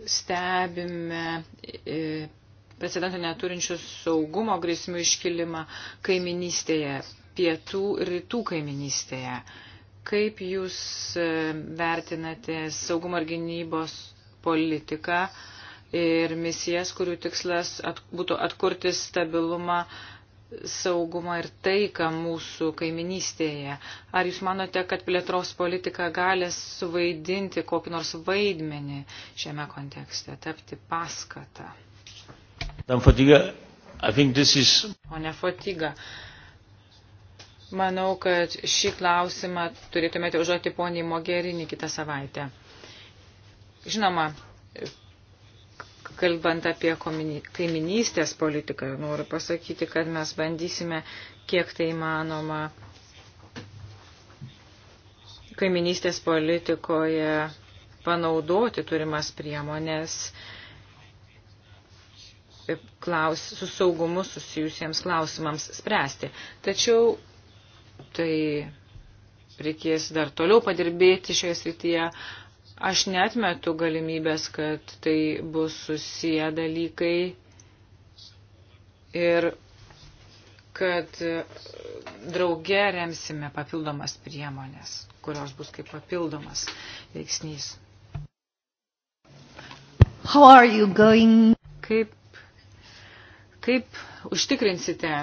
Stebime e, precedento neturinčius saugumo grėsmių iškilimą kaiminystėje, pietų ir rytų kaiminystėje. Kaip Jūs e, vertinate saugumo ir gynybos politiką ir misijas, kurių tikslas at, būtų atkurti stabilumą saugumą ir taiką mūsų kaiminystėje. Ar jūs manote, kad plėtros politika gali suvaidinti kokį nors vaidmenį šiame kontekste, tapti paskatą? Pone Fotiga, manau, kad šį klausimą turėtumėte užduoti poniai Mogerinį kitą savaitę. Žinoma, Kalbant apie kaiminystės politiką, noriu pasakyti, kad mes bandysime, kiek tai manoma, kaiminystės politikoje panaudoti turimas priemonės klaus, su saugumu susijusiems klausimams spręsti. Tačiau tai reikės dar toliau padirbėti šioje srityje, Aš netmetu galimybės, kad tai bus susiję dalykai ir kad drauge remsime papildomas priemonės, kurios bus kaip papildomas veiksnys. How are you going? Kaip, kaip užtikrinsite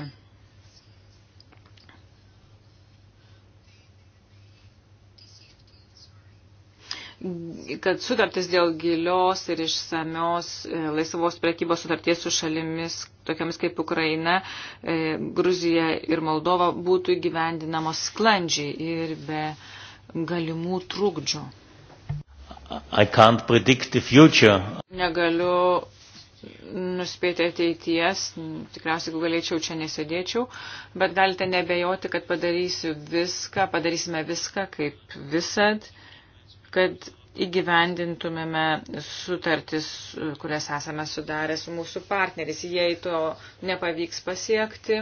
kad sutartis dėl gilios ir išsamios e, laisvos prekybos sutarties su šalimis, tokiamis kaip Ukraina, e, Gruzija ir Moldova, būtų įgyvendinamos sklandžiai ir be galimų trūkdžių. Negaliu nuspėti ateities, tikriausiai, jeigu galėčiau, čia nesėdėčiau, bet galite nebejoti, kad padarysiu viską, padarysime viską kaip visad kad įgyvendintumėme sutartis, kurias esame sudarę su mūsų partneris. Jei to nepavyks pasiekti,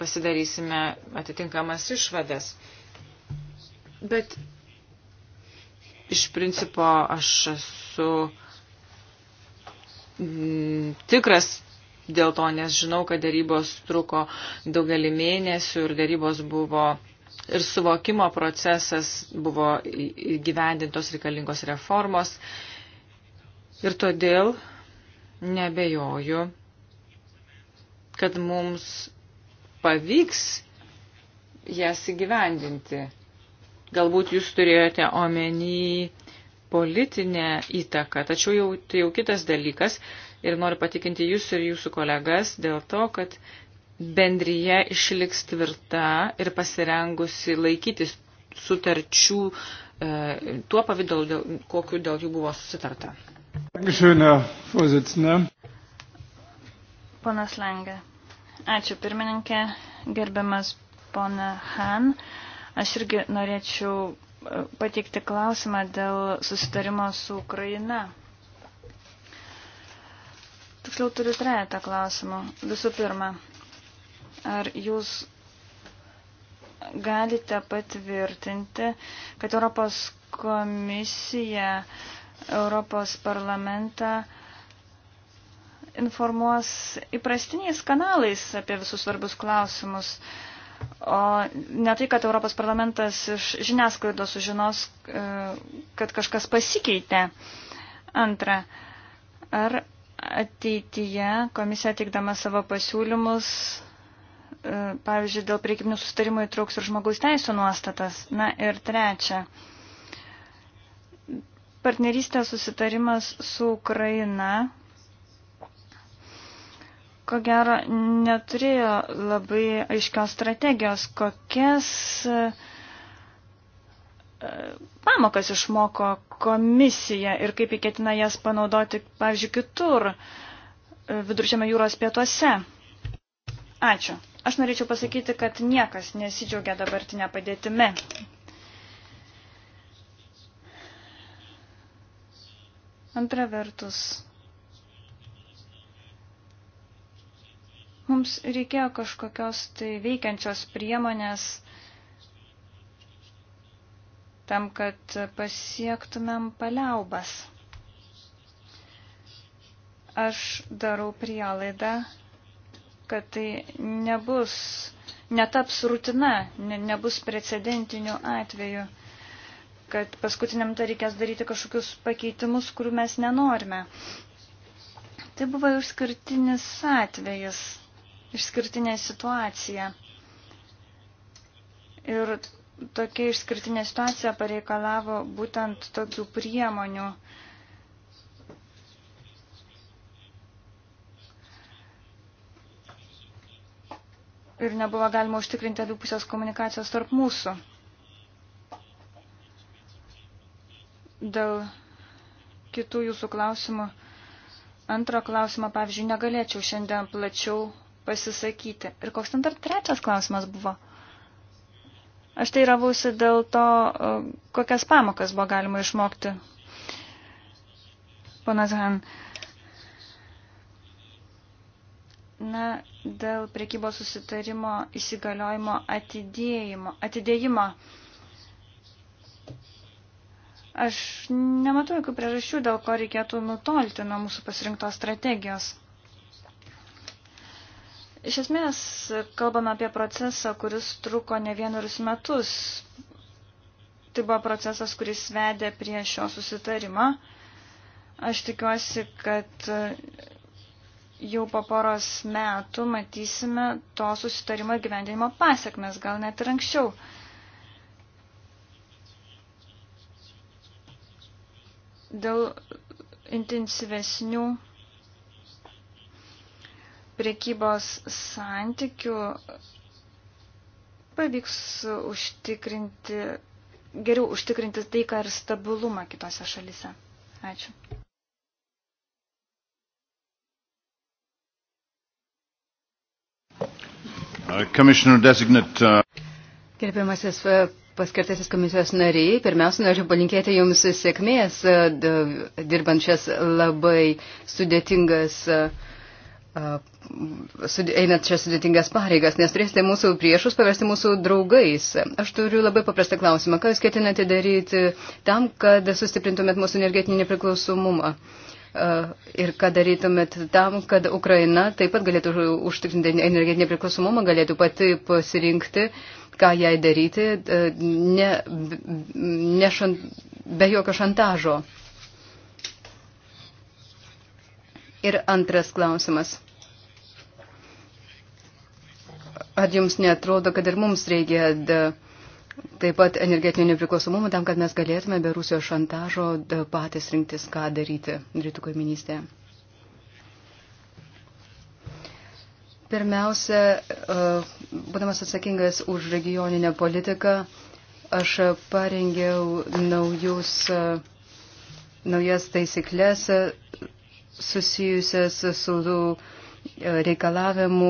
pasidarysime atitinkamas išvadas. Bet iš principo aš esu mm, tikras dėl to, nes žinau, kad darybos truko daugelį mėnesių ir darybos buvo ir suvokimo procesas, buvo gyvendintos reikalingos reformos. Ir todėl nebejoju, kad mums pavyks jas įgyvendinti. Galbūt jūs turėjote omeny politinę įtaką, tačiau jau, tai jau kitas dalykas ir noriu patikinti jūs ir jūsų kolegas dėl to, kad bendryje išliks tvirta ir pasirengusi laikytis sutarčių e, tuo pavydalu, kokiu dėl jų buvo susitarta. Ponas Lengė. Ačiū pirmininkė, gerbiamas pona Han. Aš irgi norėčiau e, pateikti klausimą dėl susitarimo su Ukraina. Tiksliau turiu trejata klausimų. Visų pirma, Ar jūs galite patvirtinti, kad Europos komisija Europos parlamentą informuos įprastiniais kanalais apie visus svarbius klausimus, o ne tai, kad Europos parlamentas iš žiniasklaidos sužinos, e, kad kažkas pasikeitė. Antra, ar ateityje komisija teikdama savo pasiūlymus E, pavyzdžiui, dėl priekybinių sustarimų įtrauks ir žmogaus teisų nuostatas. Na ir trečia, partnerystės susitarimas su Ukraina, ko gero, neturėjo labai aiškios strategijos, kokias e, pamokas išmoko komisija ir kaip įketina jas panaudoti, pavyzdžiui, kitur e, viduržėme jūros pietuose. Ačiū. Aš norėčiau pasakyti, kad niekas nesidžiaugia dabartinę padėtimi. Antra vertus, mums reikėjo kažkokios tai veikiančios priemonės tam, kad pasiektumėm paliaubas. Aš darau prielaidą, kad tai nebus, netaps rutina, ne, nebus precedentinių atvejų, kad paskutiniam tai reikės daryti kažkokius pakeitimus, kurių mes nenorime. Tai buvo išskirtinis atvejis, išskirtinė situacija. Ir tokia išskirtinė situacija pareikalavo būtent tokių priemonių, uh, ir nebuvo galima užtikrinti abipusės komunikacijos tarp mūsų. Dėl kitų jūsų klausimų, antro klausimo, pavyzdžiui, negalėčiau šiandien plačiau pasisakyti. Ir koks ten dar trečias klausimas buvo? Aš tai ravausi dėl to, e, kokias pamokas buvo galima išmokti. Ponas Han, uh, Na, dėl priekybos susitarimo įsigaliojimo atidėjimo, atidėjimo. Aš nematau jokių priežasčių, dėl ko reikėtų nutolti nuo mūsų pasirinktos strategijos. Iš esmės, kalbame apie procesą, kuris truko ne vienerius metus. Tai buvo procesas, kuris vedė prie šio susitarimo. Aš tikiuosi, kad jau po poros metų matysime to susitarimo gyvendinimo pasiekmes, gal net ir anksčiau. Dėl intensyvesnių priekybos santykių pavyks užtikrinti, geriau užtikrinti taiką ir stabilumą kitose šalise. Ačiū. Uh, uh, Gerbiamasis uh, paskirtasis komisijos nariai, pirmiausia, noriu palinkėti Jums sėkmės dirbančias labai sudėtingas einat čia sudėtingas pareigas, nes turėsite mūsų priešus paversti mūsų draugais. Aš turiu labai paprastą klausimą. Ką jūs ketinate daryti tam, kad sustiprintumėt mūsų energetinį nepriklausomumą? Uh, Uh, ir ką darytumėt tam, kad Ukraina taip pat galėtų užtikrinti energetinį priklausomumą, galėtų pati pasirinkti, ką jai daryti, uh, ne, ne šan, be jokio šantažo. Ir antras klausimas. Ar jums netrodo, kad ir mums reikia taip pat energetinio nepriklausomumo tam, kad mes galėtume be Rusijos šantažo patys rinktis, ką daryti rytų kaiminystėje. Pirmiausia, e, būdamas atsakingas už regioninę politiką, aš parengiau naujus, e, naujas taisyklės e, susijusias su reikalavimų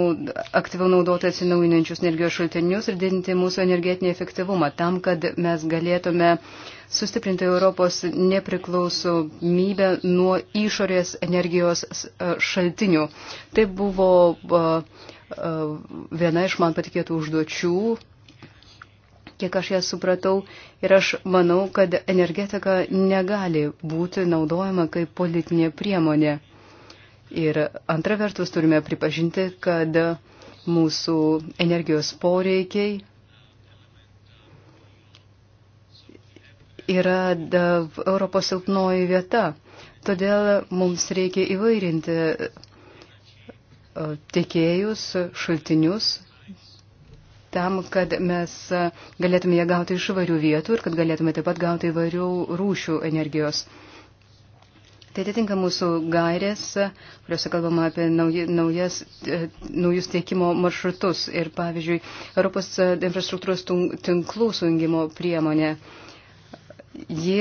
aktyviau naudoti atsinaujinančius energijos šaltinius ir didinti mūsų energetinį efektyvumą tam, kad mes galėtume sustiprinti Europos nepriklausomybę nuo išorės energijos e, šaltinių. Tai buvo e, e, viena iš man patikėtų užduočių kiek aš ją supratau, ir aš manau, kad energetika negali būti naudojama kaip politinė priemonė. Ir antra vertus turime pripažinti, kad mūsų energijos poreikiai yra Europos silpnoji vieta. Todėl mums reikia įvairinti e, tiekėjus, šaltinius, tam, kad mes galėtume ją gauti iš įvairių vietų ir kad galėtume taip pat gauti įvairių rūšių energijos. Tai atitinka mūsų gairės, kuriuose kalbama apie naujas, e, naujus tiekimo maršrutus ir, pavyzdžiui, Europos e, infrastruktūros tinklų sujungimo priemonė. Ji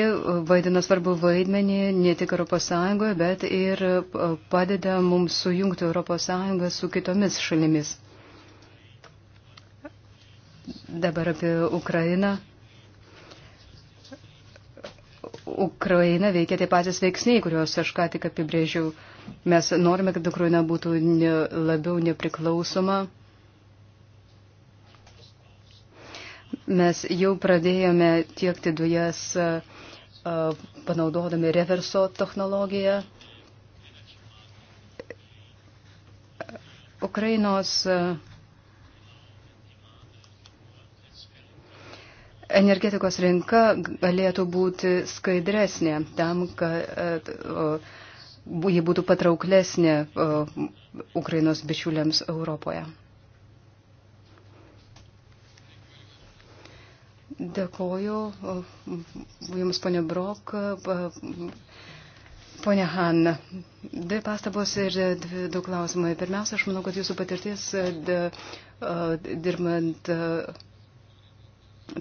vaidina svarbu vaidmenį ne tik ES, bet ir e, padeda mums sujungti ES su kitomis šalimis. Dabar apie Ukrainą. Ukraina veikia tie patys veiksniai, kuriuos aš ką tik apibrėžiau. Mes norime, kad Ukraina būtų ne, labiau nepriklausoma. Mes jau pradėjome tiekti dujas panaudodami reverso technologiją. Ukrainos uh, energetikos rinka galėtų būti skaidresnė tam, kad e, ji būtų patrauklesnė Ukrainos bičiuliams Europoje. Dėkoju Jums, ponė Brok, ponė Hanna. Dvi pastabos ir dvi, du klausimai. Pirmiausia, aš manau, kad Jūsų patirtis dirbant. De,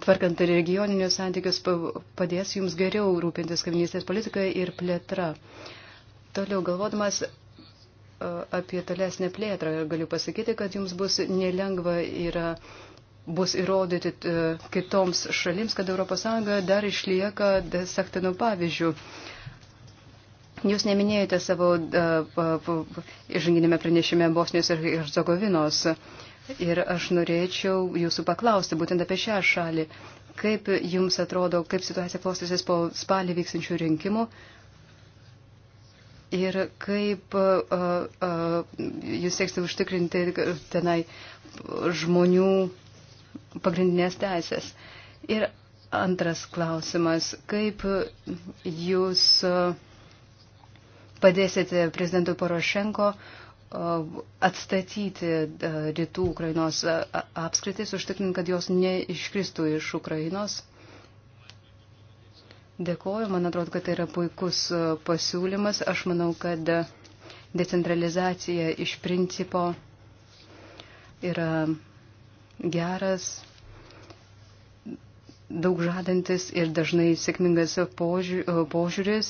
tvarkant regioninius santykius, padės jums geriau rūpintis kaiminystės politiką ir plėtra. Toliau galvodamas e, apie tolesnę plėtrą, galiu pasakyti, kad jums bus nelengva yra bus įrodyti e, kitoms šalims, kad ES dar išlieka sektinų pavyzdžių. Jūs neminėjote savo išžanginėme e, pranešime Bosnijos ir Hercegovinos. Uh, Ir aš norėčiau jūsų paklausti būtent apie šią šalį. Kaip jums atrodo, kaip situacija klostysis po spalį vyksančių rinkimų? Ir kaip uh, uh, jūs sieksite užtikrinti tenai žmonių pagrindinės teisės? Ir antras klausimas, kaip jūs padėsite prezidentui Porošenko uh, atstatyti e, rytų Ukrainos e, apskritis, užtikrint, kad jos neiškristų iš Ukrainos. Dėkoju, man atrodo, kad tai yra puikus e, pasiūlymas. Aš manau, kad decentralizacija iš principo yra geras daug žadantis ir dažnai sėkmingas požiūris,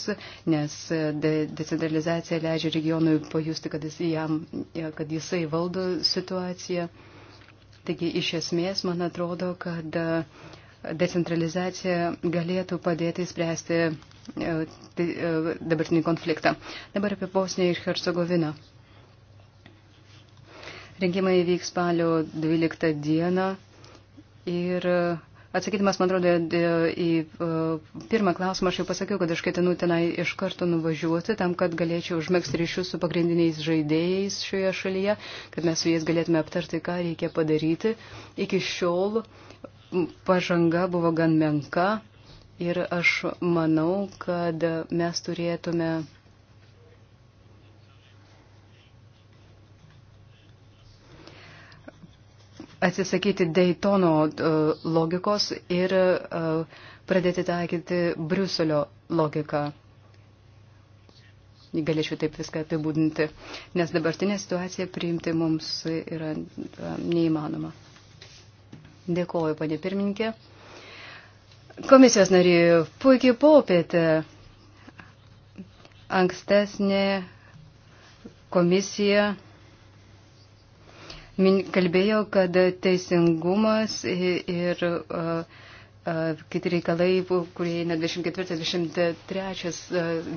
nes decentralizacija leidžia regionui pajusti, kad, jis jam, kad jisai valdo situaciją. Taigi iš esmės man atrodo, kad e, decentralizacija galėtų padėti spręsti e, tai, e, dabartinį konfliktą. Dabar apie Bosniją ir Hercegoviną. Rinkimai vyks spalio 12 dieną ir uh, Atsakydamas, man atrodo, į pirmą klausimą aš jau pasakiau, kad aš ketinu tenai iš karto nuvažiuoti tam, kad galėčiau užmėgsti ryšius su pagrindiniais žaidėjais šioje šalyje, kad mes su jais galėtume aptarti, ką reikia padaryti. Iki šiol pažanga buvo gan menka ir aš manau, kad mes turėtume atsisakyti Daytono e, logikos ir e, pradėti taikyti Briuselio logiką. Galėčiau taip viską apibūdinti, nes dabartinė situacija priimti mums yra e, neįmanoma. Dėkoju, panė pirmininkė. Komisijos nariai, puikiai popietė. Ankstesnė komisija kalbėjo, kad teisingumas ir kiti reikalai, kurie eina 24-23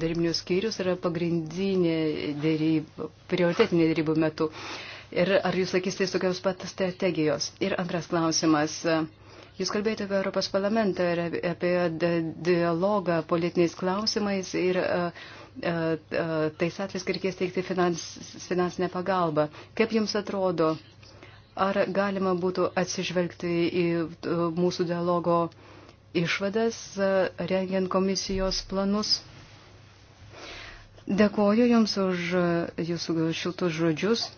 darybinių skyrius, yra pagrindinė dėrybų, prioritetinė dėrybų metu. Ir ar jūs laikysitės tokios pat strategijos? Ir antras klausimas. Uh, Jūs kalbėjote apie Europos parlamentą ir apie dialogą politiniais klausimais ir e, e, e, tais atvejais, kai reikės teikti finans, finansinę pagalbą. Kaip Jums atrodo, ar galima būtų atsižvelgti į mūsų dialogo išvadas, rengiant komisijos planus? Dėkoju Jums už Jūsų šiltus žodžius.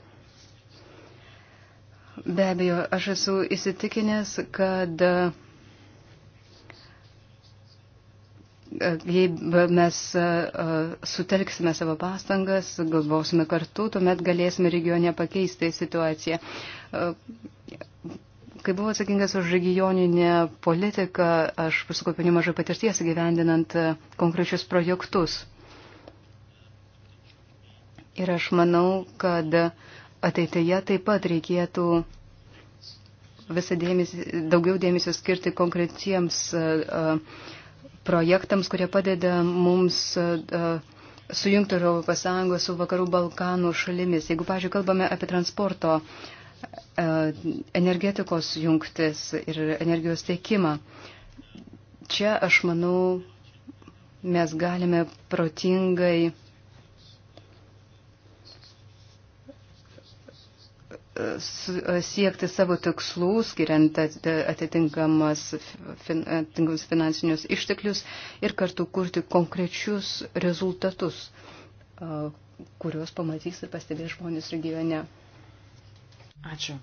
Be abejo, aš esu įsitikinęs, kad e, jei mes e, sutelksime savo pastangas, galvosime kartu, tuomet galėsime regione pakeisti situaciją. E, kai buvau atsakingas už regioninę politiką, aš pasukaupiu nemažai patirties gyvendinant konkrečius projektus. Ir aš manau, kad uh, ateityje taip pat reikėtų visą dėmesį, daugiau dėmesio skirti konkretiems e, e, projektams, kurie padeda mums e, sujungti Europos Sąjungą su Vakarų Balkanų šalimis. Jeigu, pažiūrėjau, kalbame apie transporto, energetikos jungtis ir energijos tiekimą, čia aš manau, mes galime protingai E, siekti savo tikslų, skiriant e, atitinkamas finansinius išteklius ir kartu kurti konkrečius rezultatus, kuriuos pamatys ir pastebės žmonės regione. Ačiū.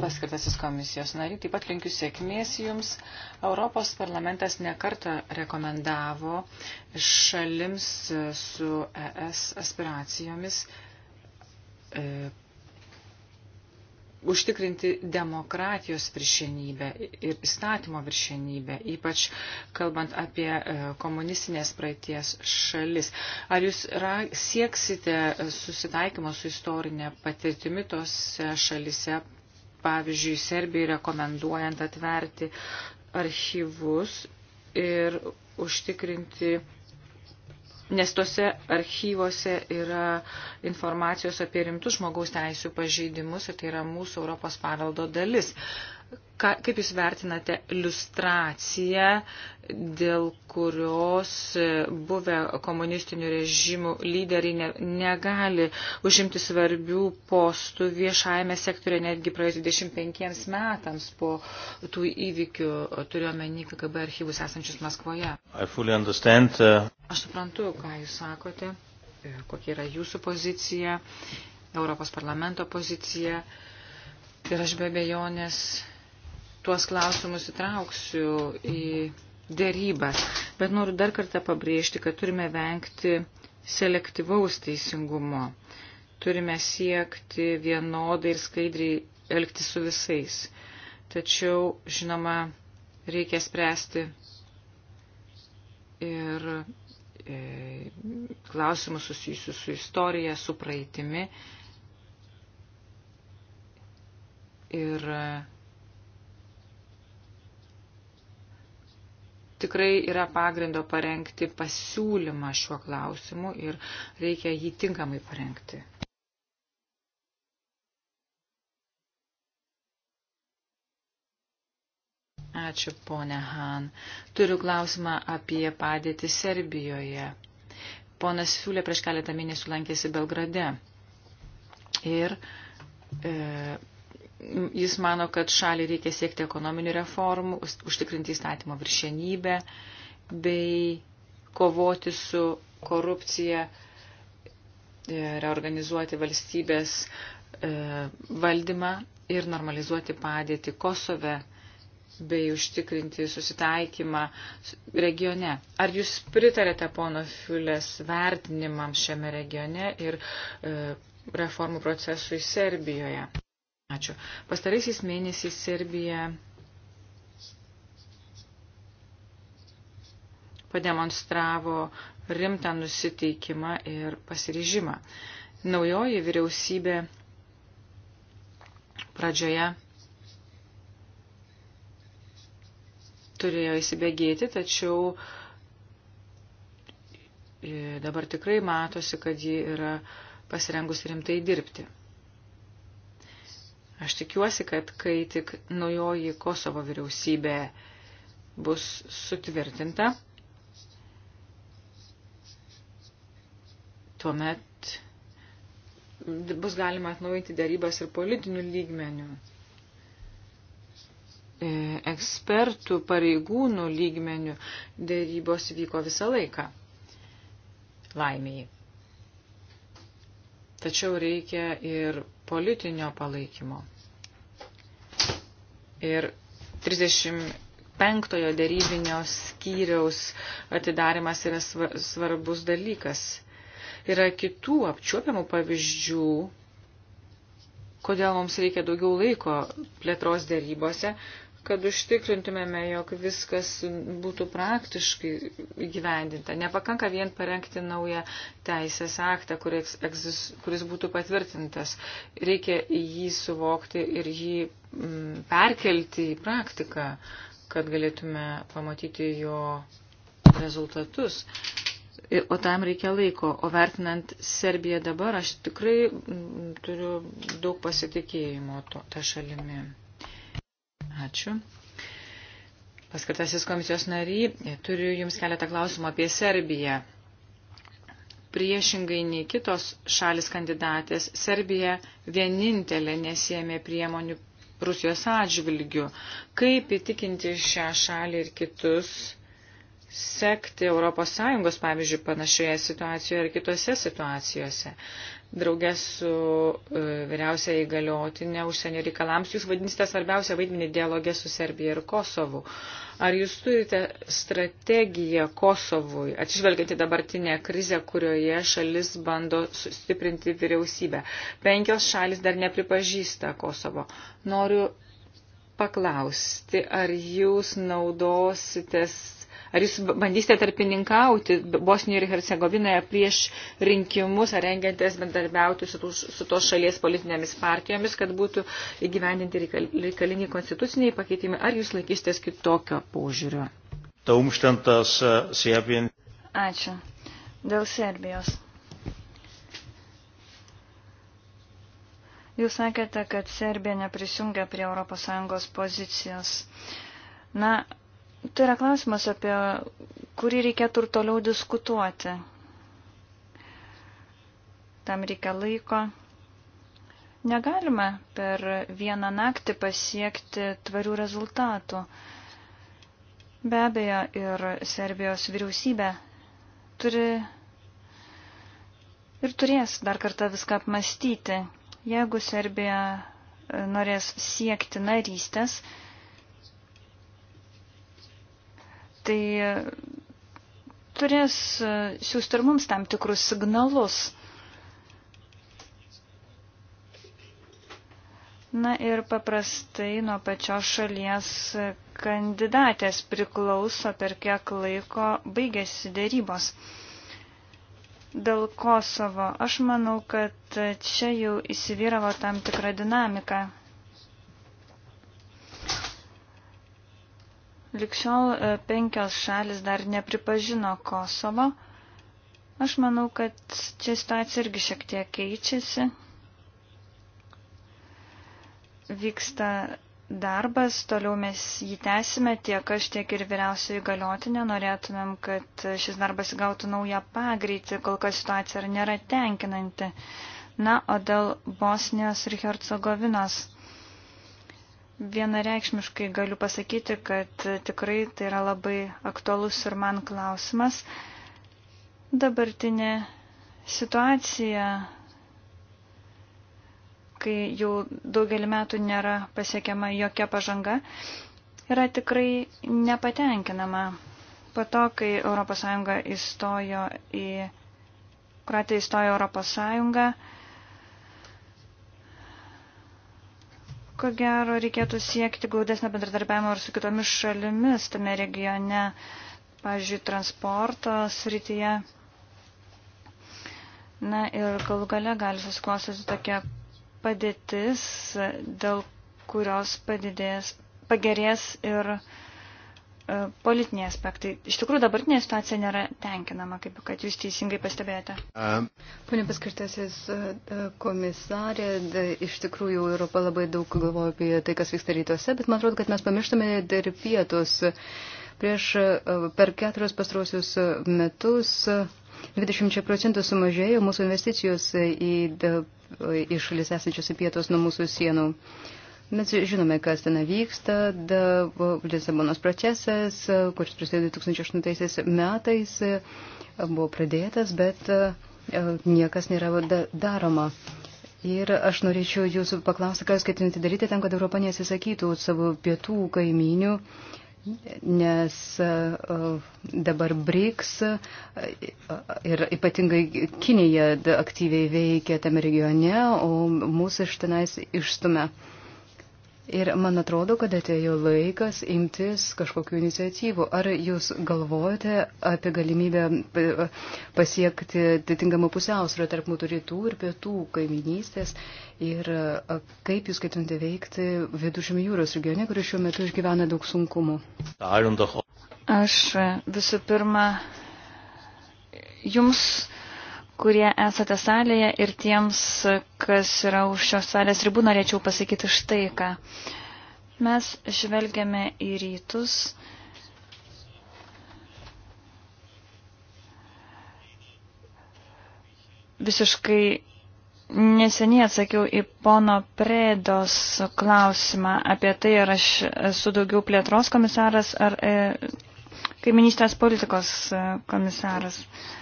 Paskirtasis komisijos nariai, taip pat linkiu sėkmės jums. Europos parlamentas nekarta rekomendavo šalims su ES aspiracijomis e, užtikrinti demokratijos viršenybę ir įstatymo viršenybę, ypač kalbant apie e, komunistinės praeities šalis. Ar jūs sieksite susitaikymo su istorinė patirtimi tose šalise, pavyzdžiui, Serbijai rekomenduojant atverti archyvus ir užtikrinti nes tuose archyvose yra informacijos apie rimtus žmogaus teisų pažeidimus ir tai yra mūsų Europos paveldo dalis. Ka, kaip Jūs vertinate iliustraciją, dėl kurios e, buvę komunistinių režimų lyderiai ne, negali užimti svarbių postų viešajame sektorė netgi praėjus 25 metams po tų įvykių, turiuomenį KGB archyvus esančius Maskvoje? Uh, aš suprantu, ką Jūs sakote, e, kokia yra Jūsų pozicija, Europos parlamento pozicija. Ir aš be abejonės tuos klausimus įtrauksiu į dėrybas. Bet noriu dar kartą pabrėžti, kad turime vengti selektyvaus teisingumo. Turime siekti vienodai ir skaidriai elgti su visais. Tačiau, žinoma, reikia spręsti ir e, klausimus susijusius su istorija, su praeitimi. Ir e, tikrai yra pagrindo parengti pasiūlymą šiuo klausimu ir reikia jį tinkamai parengti. Ačiū, ponė Han. Turiu klausimą apie padėtį Serbijoje. Ponas Siūlė prieš keletą mėnesių lankėsi Belgrade ir e, Jis mano, kad šaliai reikia siekti ekonominių reformų, užtikrinti įstatymo viršenybę bei kovoti su korupcija, e, reorganizuoti valstybės e, valdymą ir normalizuoti padėtį Kosove bei užtikrinti susitaikymą regione. Ar jūs pritarėte pono Fiulės vertinimams šiame regione ir e, reformų procesui Serbijoje? Ačiū. Pastaraisiais mėnesiais Serbija pademonstravo rimtą nusiteikimą ir pasiryžimą. Naujoji vyriausybė pradžioje turėjo įsibėgėti, tačiau e, dabar tikrai matosi, kad ji yra pasirengus rimtai dirbti. Aš tikiuosi, kad kai tik naujoji Kosovo vyriausybė bus sutvirtinta, tuomet bus galima atnaujinti darybas ir politinių lygmenių. E, ekspertų pareigūnų lygmenių darybos vyko visą laiką. Laimėjai. Tačiau reikia ir politinio palaikymo ir 35-ojo dėrybinio skyriaus atidarimas yra svarbus dalykas. Yra kitų apčiuopiamų pavyzdžių, kodėl mums reikia daugiau laiko plėtros dėrybose, kad užtikrintumėme, jog viskas būtų praktiškai įgyvendinta. Nepakanka vien parengti naują teisės aktą, kuris, kuris būtų patvirtintas. Reikia jį suvokti ir jį m, mm, perkelti į praktiką, kad galėtume pamatyti jo rezultatus. O tam reikia laiko. O vertinant Serbiją dabar, aš tikrai mm, turiu daug pasitikėjimo to, tą šalimi. Ačiū. Paskirtasis komisijos nary, turiu Jums keletą klausimų apie Serbiją. Priešingai nei kitos šalis kandidatės, Serbija vienintelė nesėmė priemonių Rusijos atžvilgių. Kaip įtikinti šią šalį ir kitus sekti ES, pavyzdžiui, panašioje situacijoje ir kitose situacijose. Draugė su e, vyriausia įgaliotinė užsienio reikalams, jūs vadinsite svarbiausią vaidmenį dialogė su Serbija ir Kosovu. Ar jūs turite strategiją Kosovui, atsižvelgiant į dabartinę krizę, kurioje šalis bando sustiprinti vyriausybę? Penkios šalis dar nepripažįsta Kosovo. Noriu paklausti, ar jūs naudositės Ar jūs bandysite tarpininkauti Bosnijoje ir Hercegovinoje prieš rinkimus, ar rengiantės bendarbiauti su, tų, su tos šalies politinėmis partijomis, kad būtų įgyvendinti reikaliniai konstituciniai pakeitimai, ar jūs laikysitės kitokio požiūrio? Ačiū. Dėl Serbijos. Jūs sakėte, kad Serbija neprisijungia prie ES pozicijos. Na, Tai yra klausimas, apie kurį reikėtų ir toliau diskutuoti. Tam reikia laiko. Negalime per vieną naktį pasiekti tvarių rezultatų. Be abejo, ir Serbijos vyriausybė turi ir turės dar kartą viską apmastyti. Jeigu Serbija norės siekti narystės, tai e, turės e, siūsti ir mums tam tikrus signalus. Na ir paprastai nuo pačios šalies kandidatės priklauso, per kiek laiko baigėsi dėrybos. Dėl Kosovo aš manau, kad čia jau įsivyravo tam tikrą dinamiką. Likščiol e, penkios šalis dar nepripažino Kosovo. Aš manau, kad čia situacija irgi šiek tiek keičiasi. Vyksta darbas, toliau mes jį tęsime, tiek aš, tiek ir vyriausioji galiotinė norėtumėm, kad šis darbas gautų naują pagreitį, kol kas situacija nėra tenkinanti. Na, o dėl Bosnijos ir Hercegovinos Vienareikšmiškai galiu pasakyti, kad tikrai tai yra labai aktualus ir man klausimas. Dabartinė situacija, kai jau daugelį metų nėra pasiekiama jokia pažanga, yra tikrai nepatenkinama. Po to, kai ES įstojo į, Kroatija įstojo ES, ko gero reikėtų siekti glaudesnio bendradarbiavimo ir su kitomis šalimis tame regione, pavyzdžiui, transporto srityje. Na ir galų gale gali susiklostyti tokia padėtis, dėl kurios padidės, pagerės ir uh, E, politiniai aspektai. Iš tikrųjų dabartinė situacija nėra tenkinama, kaip kad jūs teisingai pastebėjote. Um, Pone paskirtasis e, e, komisarė, iš tikrųjų Europa labai daug galvoja apie tai, kas vyksta rytuose, bet man atrodo, kad mes pamirštame ir pietus. Prieš per keturios pastrosius metus 20 procentų sumažėjo mūsų investicijos į, į šalis esančias į pietus nuo mūsų sienų. Uh, Mes žinome, kas ten vyksta, Lisabonos procesas, kuris prasidėjo 2008 metais, buvo pradėtas, bet e, niekas nėra daroma. Ir aš norėčiau jūsų paklausti, ką jūs ketinate daryti tam, kad Europa nesisakytų savo pietų kaiminių, nes e, e, dabar BRICS ir ypatingai Kinija aktyviai veikia tame regione, o mūsų iš tenais išstumia. Ir man atrodo, kad atėjo laikas imtis kažkokių iniciatyvų. Ar jūs galvojate apie galimybę e, pasiekti atitinkamą pusiausvyrą tarp mūsų rytų ir pietų kaiminystės? Ir e, kaip jūs ketinate veikti Vidužymio jūros regione, kuris šiuo metu išgyvena daug sunkumų? Aš visų pirma jums kurie esate salėje ir tiems, kas yra už šios salės ribų, norėčiau pasakyti štai ką. Mes žvelgiame į rytus. Visiškai neseniai atsakiau į pono Predos klausimą apie tai, ar aš esu daugiau plėtros komisaras ar e, kaiminystės politikos e, komisaras. E,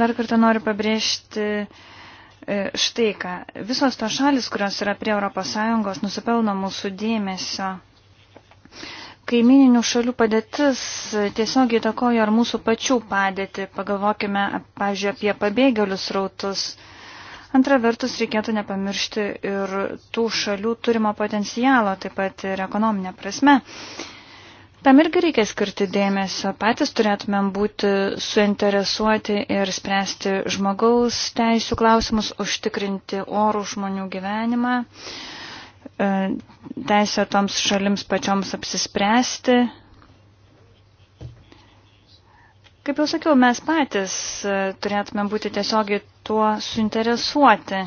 Dar kartą noriu pabrėžti e, štai ką. Visos tos šalis, kurios yra prie ES, nusipelno mūsų dėmesio. Kaimininių šalių padėtis tiesiog įtakoja ir mūsų pačių padėtį. Pagalvokime, pažiūrėjau, apie pabėgėlius rautus. Antra vertus, reikėtų nepamiršti ir tų šalių turimo potencialo, taip pat ir ekonominė prasme. Uh, Tam irgi reikia skirti dėmesio. Patys turėtumėm būti suinteresuoti ir spręsti žmogaus teisų klausimus, užtikrinti orų žmonių gyvenimą, e, teisę toms šalims pačioms apsispręsti. Kaip jau sakiau, mes patys e, turėtumėm būti tiesiogiai tuo suinteresuoti.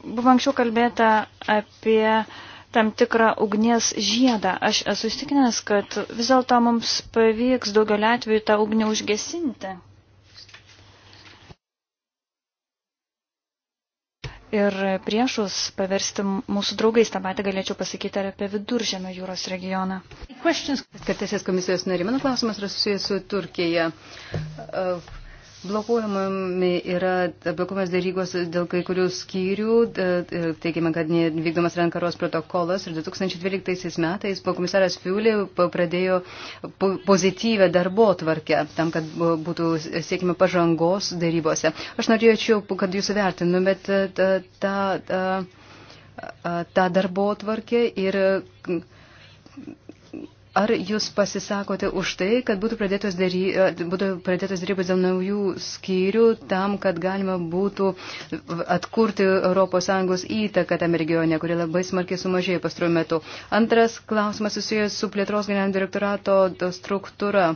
Buvo anksčiau kalbėta apie tam tikrą ugnies žiedą. Aš esu įstikinęs, kad vis dėlto mums pavyks daugelį atvejų tą ugnį užgesinti. Ir priešus paversti mūsų draugais, tą patį galėčiau pasakyti ir apie viduržėmio jūros regioną. Questions. Kad teisės komisijos nari, mano klausimas yra susijęs su Turkija. Uh, Blokuojami yra blokuojamas darygos dėl kai kurių skyrių. E, Teikime, kad vykdomas rankaros protokolas ir 2012 metais komisaras Fiulė pradėjo pozityvę darbo tvarkę tam, kad būtų siekime pažangos darybose. Aš norėčiau, kad jūs vertinumėt tą, tą, tą, tą darbo tvarkę ir Ar jūs pasisakote už tai, kad būtų pradėtos, dary, e, būtų pradėtos darybos dėl naujų skyrių tam, kad galima būtų atkurti ES įtaką tame regione, kuri labai smarkiai sumažėjo pastaruoju metu? Antras klausimas susijęs su plėtros generalinio direktorato struktūra.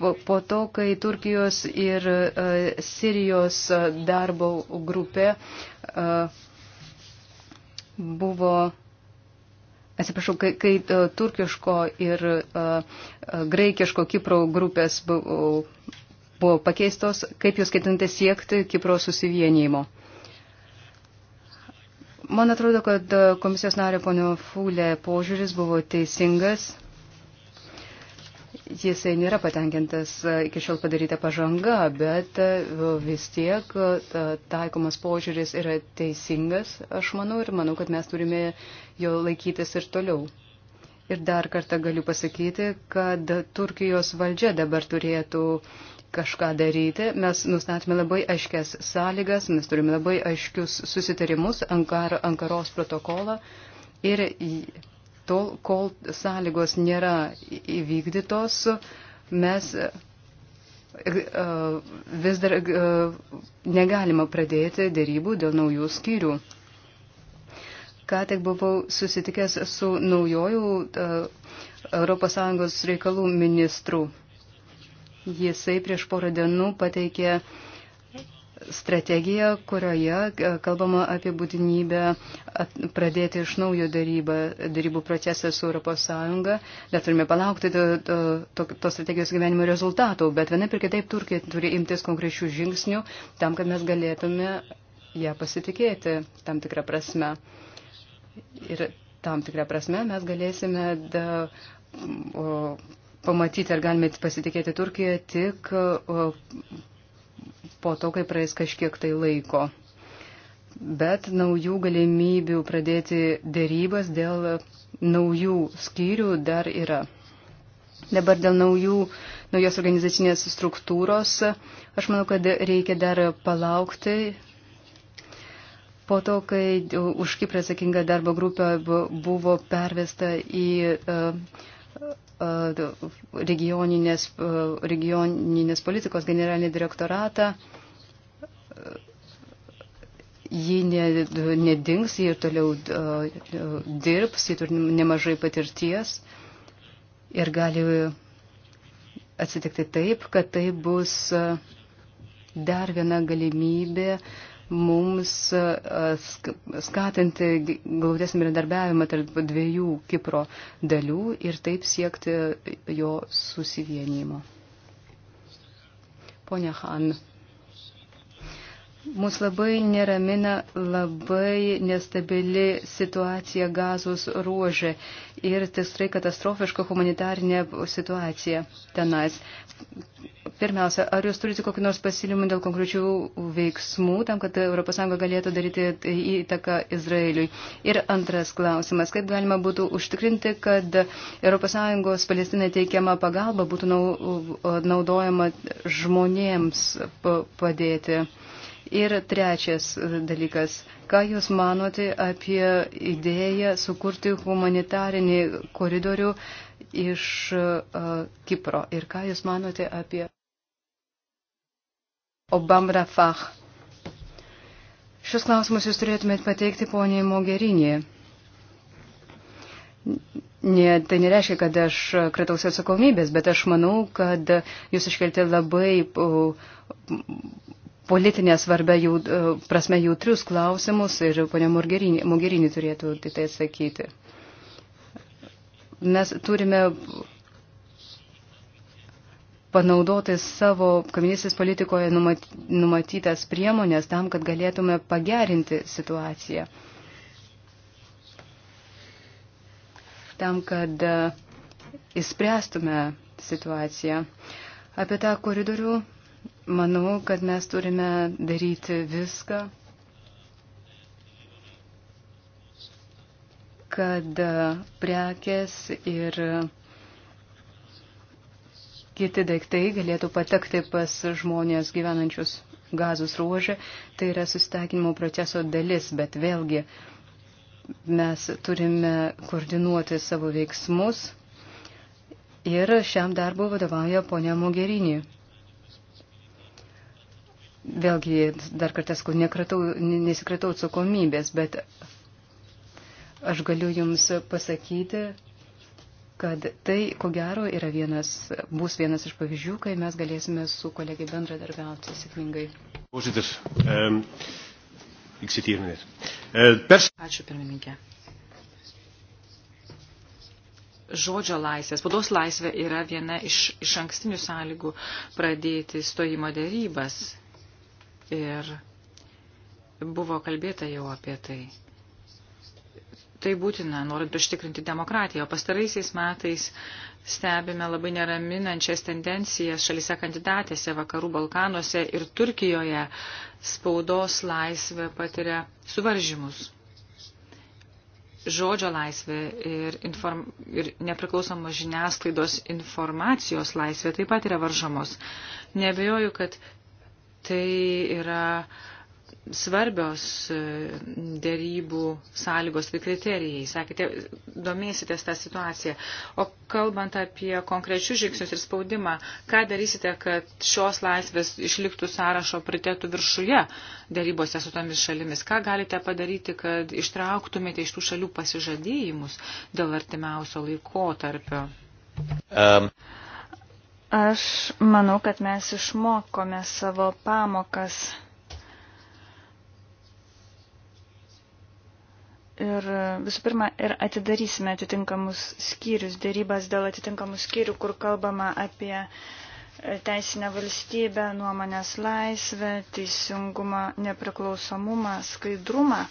Po to, kai Turkijos ir uh, Sirijos e, darbo grupė uh, buvo atsiprašau, kai, kai e, turkiško ir e, e, graikiško Kipro grupės buvo, buvo pakeistos, kaip jūs ketinate siekti Kipro susivienijimo? Man atrodo, kad komisijos nario ponio Fulė požiūris buvo teisingas jisai nėra patenkintas e, iki šiol padaryta pažanga, bet e, vis tiek e, taikomas požiūris yra teisingas, aš manau, ir manau, kad mes turime jo laikytis ir toliau. Ir dar kartą galiu pasakyti, kad Turkijos valdžia dabar turėtų kažką daryti. Mes nustatėme labai aiškias sąlygas, mes turime labai aiškius susitarimus, Ankar, Ankaros protokolą ir tol, kol sąlygos nėra įvykdytos, mes e, e, vis dar e, negalima pradėti dėrybų dėl naujų skyrių. Ką tik buvau susitikęs su naujojų ES reikalų ministru. Jisai prieš porą dienų pateikė uh, strategiją, kurioje e, kalbama apie būtinybę pradėti iš naujo darybą, darybų procesą su ES. Dar turime palaukti to, to, to, to strategijos gyvenimo rezultatų, bet vienaip ir kitaip Turkija turi imtis konkrečių žingsnių tam, kad mes galėtume ją pasitikėti tam tikrą prasme. Ir tam tikrą prasme mes galėsime da, o, pamatyti, ar galime pasitikėti Turkiją tik o, po to, kai praeis kažkiek tai laiko. Bet naujų galimybių pradėti dėrybas dėl naujų skyrių dar yra. Dabar dėl naujų, naujos organizacinės struktūros, aš manau, kad reikia dar palaukti. Po to, kai už Kiprą atsakinga darbo grupė buvo pervesta į uh, E, regioninės, e, regioninės politikos generalinį direktoratą. E, ji nedings, ji ir toliau dirbs, ji turi nemažai patirties ir gali atsitikti taip, kad tai bus dar viena galimybė uh, mums e, skatinti glaudesnį bendradarbiavimą tarp dviejų Kipro dalių ir taip siekti jo susivienimo. Pone Han, Mus labai neramina labai nestabili situacija gazos ruožė ir tikrai katastrofiška humanitarinė situacija tenais. Pirmiausia, ar jūs turite kokį nors pasiūlymą dėl konkrečių veiksmų tam, kad ES galėtų daryti įtaką Izraeliui? Ir antras klausimas, kaip galima būtų užtikrinti, kad ES Palestinai teikiama pagalba būtų naudojama žmonėms padėti? Ir trečias dalykas, ką Jūs manote apie idėją sukurti humanitarinį koridorių iš uh, Kipro ir ką Jūs manote apie Obam Rafah? Šios klausimus Jūs turėtumėt pateikti poniai Mogerinė. Ne, tai nereiškia, kad aš kratausi atsakomybės, bet aš manau, kad jūs iškelti labai uh, politinė svarbia jų, e, prasme jautrius klausimus ir ponia Mogherini, Mogherini turėtų tai atsakyti. Mes turime panaudoti savo kaminystės politikoje numatytas priemonės tam, kad galėtume pagerinti situaciją. Tam, kad įspręstume e, situaciją. Apie tą koridorių Manau, kad mes turime daryti viską, kad e, prekes ir kiti daiktai galėtų patekti pas žmonės gyvenančius gazos ruožę. Tai yra susitakinimo proceso dalis, bet vėlgi mes turime koordinuoti savo veiksmus ir šiam darbui vadovauja ponia Mogerinė. Vėlgi, dar kartą sakau, nesikratau atsakomybės, bet aš galiu Jums pasakyti, kad tai, ko gero, yra vienas, bus vienas iš pavyzdžių, kai mes galėsime su kolegai bendradarbiauti sėkmingai. Ehm, eh, Ačiū, pirmininkė. Žodžio laisvė, spaudos laisvė yra viena iš, iš ankstinių sąlygų pradėti stojimo dėrybas Ir buvo kalbėta jau apie tai. Tai būtina, norint užtikrinti demokratiją. O pastaraisiais metais stebime labai neraminančias tendencijas šalise kandidatėse, vakarų Balkanuose ir Turkijoje spaudos laisvė patiria suvaržymus. Žodžio laisvė ir, inform... ir nepriklausomos žiniasklaidos informacijos laisvė taip pat yra varžomos. Nebejoju, kad Tai yra svarbios e, dėrybų sąlygos ir kriterijai. Sakėte, domėsitės tą situaciją. O kalbant apie konkrečius žingsnius ir spaudimą, ką darysite, kad šios laisvės išliktų sąrašo pritėtų viršuje dėrybose su tomis šalimis? Ką galite padaryti, kad ištrauktumėte iš tų šalių pasižadėjimus dėl artimiausio laiko tarpio? Um. Aš manau, kad mes išmokome savo pamokas. ir visų pirma ir atidarysime atitinkamus skyrius, dėrybas dėl atitinkamų skyrių, kur kalbama apie teisinę valstybę, nuomonės laisvę, teisingumą, nepriklausomumą, skaidrumą.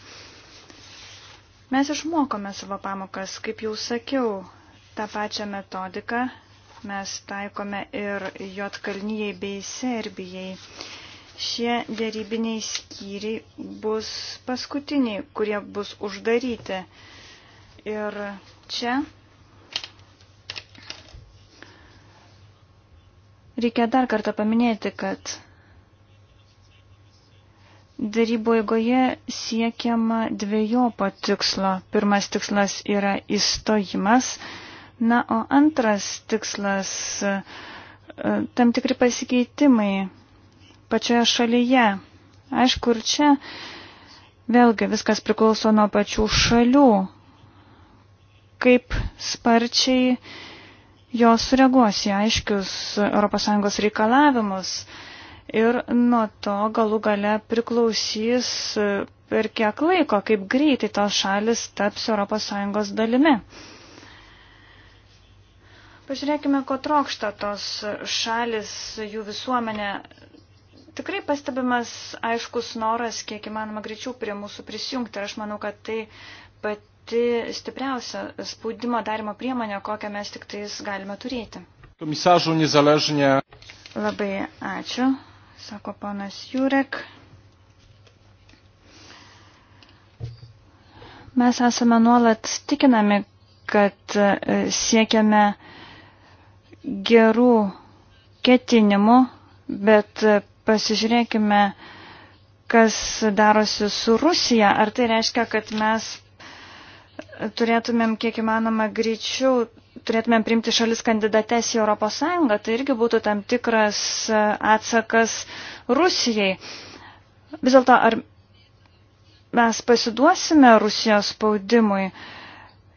Mes išmokome savo pamokas, kaip jau sakiau, tą pačią metodiką mes taikome ir Jotkalnyjei bei Serbijai. Šie dėrybiniai skyriai bus paskutiniai, kurie bus uždaryti. Ir čia reikia dar kartą paminėti, kad Darybo eigoje siekiama dviejopo tikslo. Pirmas tikslas yra įstojimas, Na, o antras tikslas e, - tam tikri pasikeitimai pačioje šalyje. Aišku, ir čia vėlgi viskas priklauso nuo pačių šalių, kaip sparčiai jos sureaguos į aiškius ES reikalavimus ir nuo to galų gale priklausys e, per kiek laiko, kaip greitai tos šalis taps ES dalimi. Pažiūrėkime, ko trokšta tos šalis, jų visuomenė. Tikrai pastebimas aiškus noras, kiek įmanoma greičiau prie mūsų prisijungti. Ir aš manau, kad tai pati stipriausia spaudimo darimo priemonė, kokią mes tik tais galime turėti. Komisažų nezaležinė. Labai ačiū, sako ponas Jurek. Mes esame nuolat tikinami, kad siekiame gerų ketinimų, bet pasižiūrėkime, kas darosi su Rusija. Ar tai reiškia, kad mes turėtumėm kiek įmanoma greičiau, turėtumėm primti šalis kandidates į ES, tai irgi būtų tam tikras atsakas Rusijai. Vis dėlto, ar mes pasiduosime Rusijos spaudimui? Uh,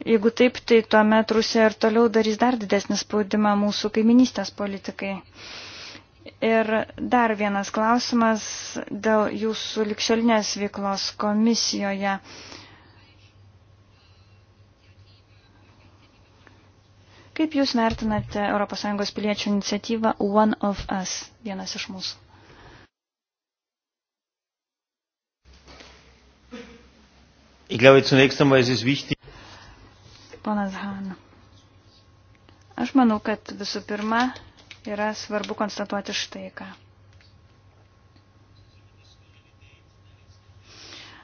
Jeigu taip, tai tuomet Rusija ir toliau darys dar didesnį spaudimą mūsų kaiminystės politikai. Ir dar vienas klausimas dėl jūsų likščiolinės veiklos komisijoje. Kaip Jūs vertinate ES piliečių iniciatyvą One of Us, vienas iš mūsų? Ich glaube, zunächst einmal ist es wichtig. Ponas Han. Aš manau, kad visų pirma yra svarbu konstatuoti štai ką.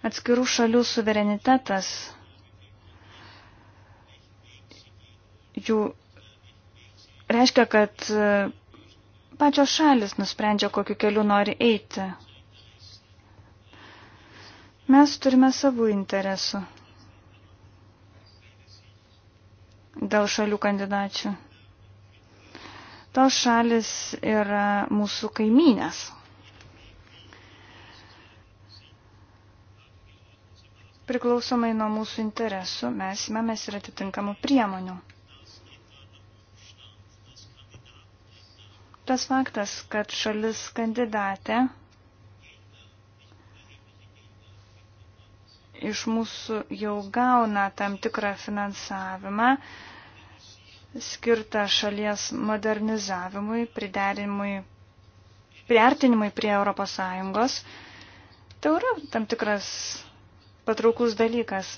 Atskirų šalių suverenitetas, jų reiškia, kad e, pačios šalis nusprendžia, kokiu keliu nori eiti. Mes turime savų interesų. dėl šalių kandidačių. Tos šalis yra mūsų kaimynės. Priklausomai nuo mūsų interesų mes imamės ir atitinkamų priemonių. Tas faktas, kad šalis kandidatė iš mūsų jau gauna tam tikrą finansavimą skirtą šalies modernizavimui, priderinimui, priartinimui prie ES. Tai yra tam tikras patraukus dalykas.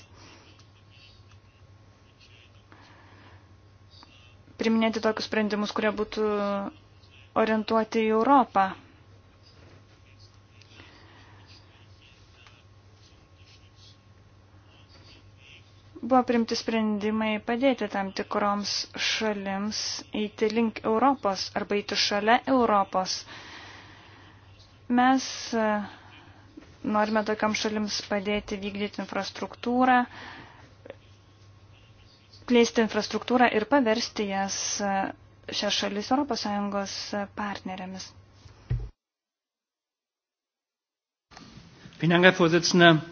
Priminėti tokius sprendimus, kurie būtų orientuoti į Europą. Buvo primti sprendimai padėti tam tikroms šalims eiti link Europos arba eiti šalia Europos. Mes e, norime tokiam šalims padėti vykdyti infrastruktūrą, plėsti infrastruktūrą ir paversti jas e, šias šalis ES e, partnerėmis. Vielen Dank, Herr Vorsitzender.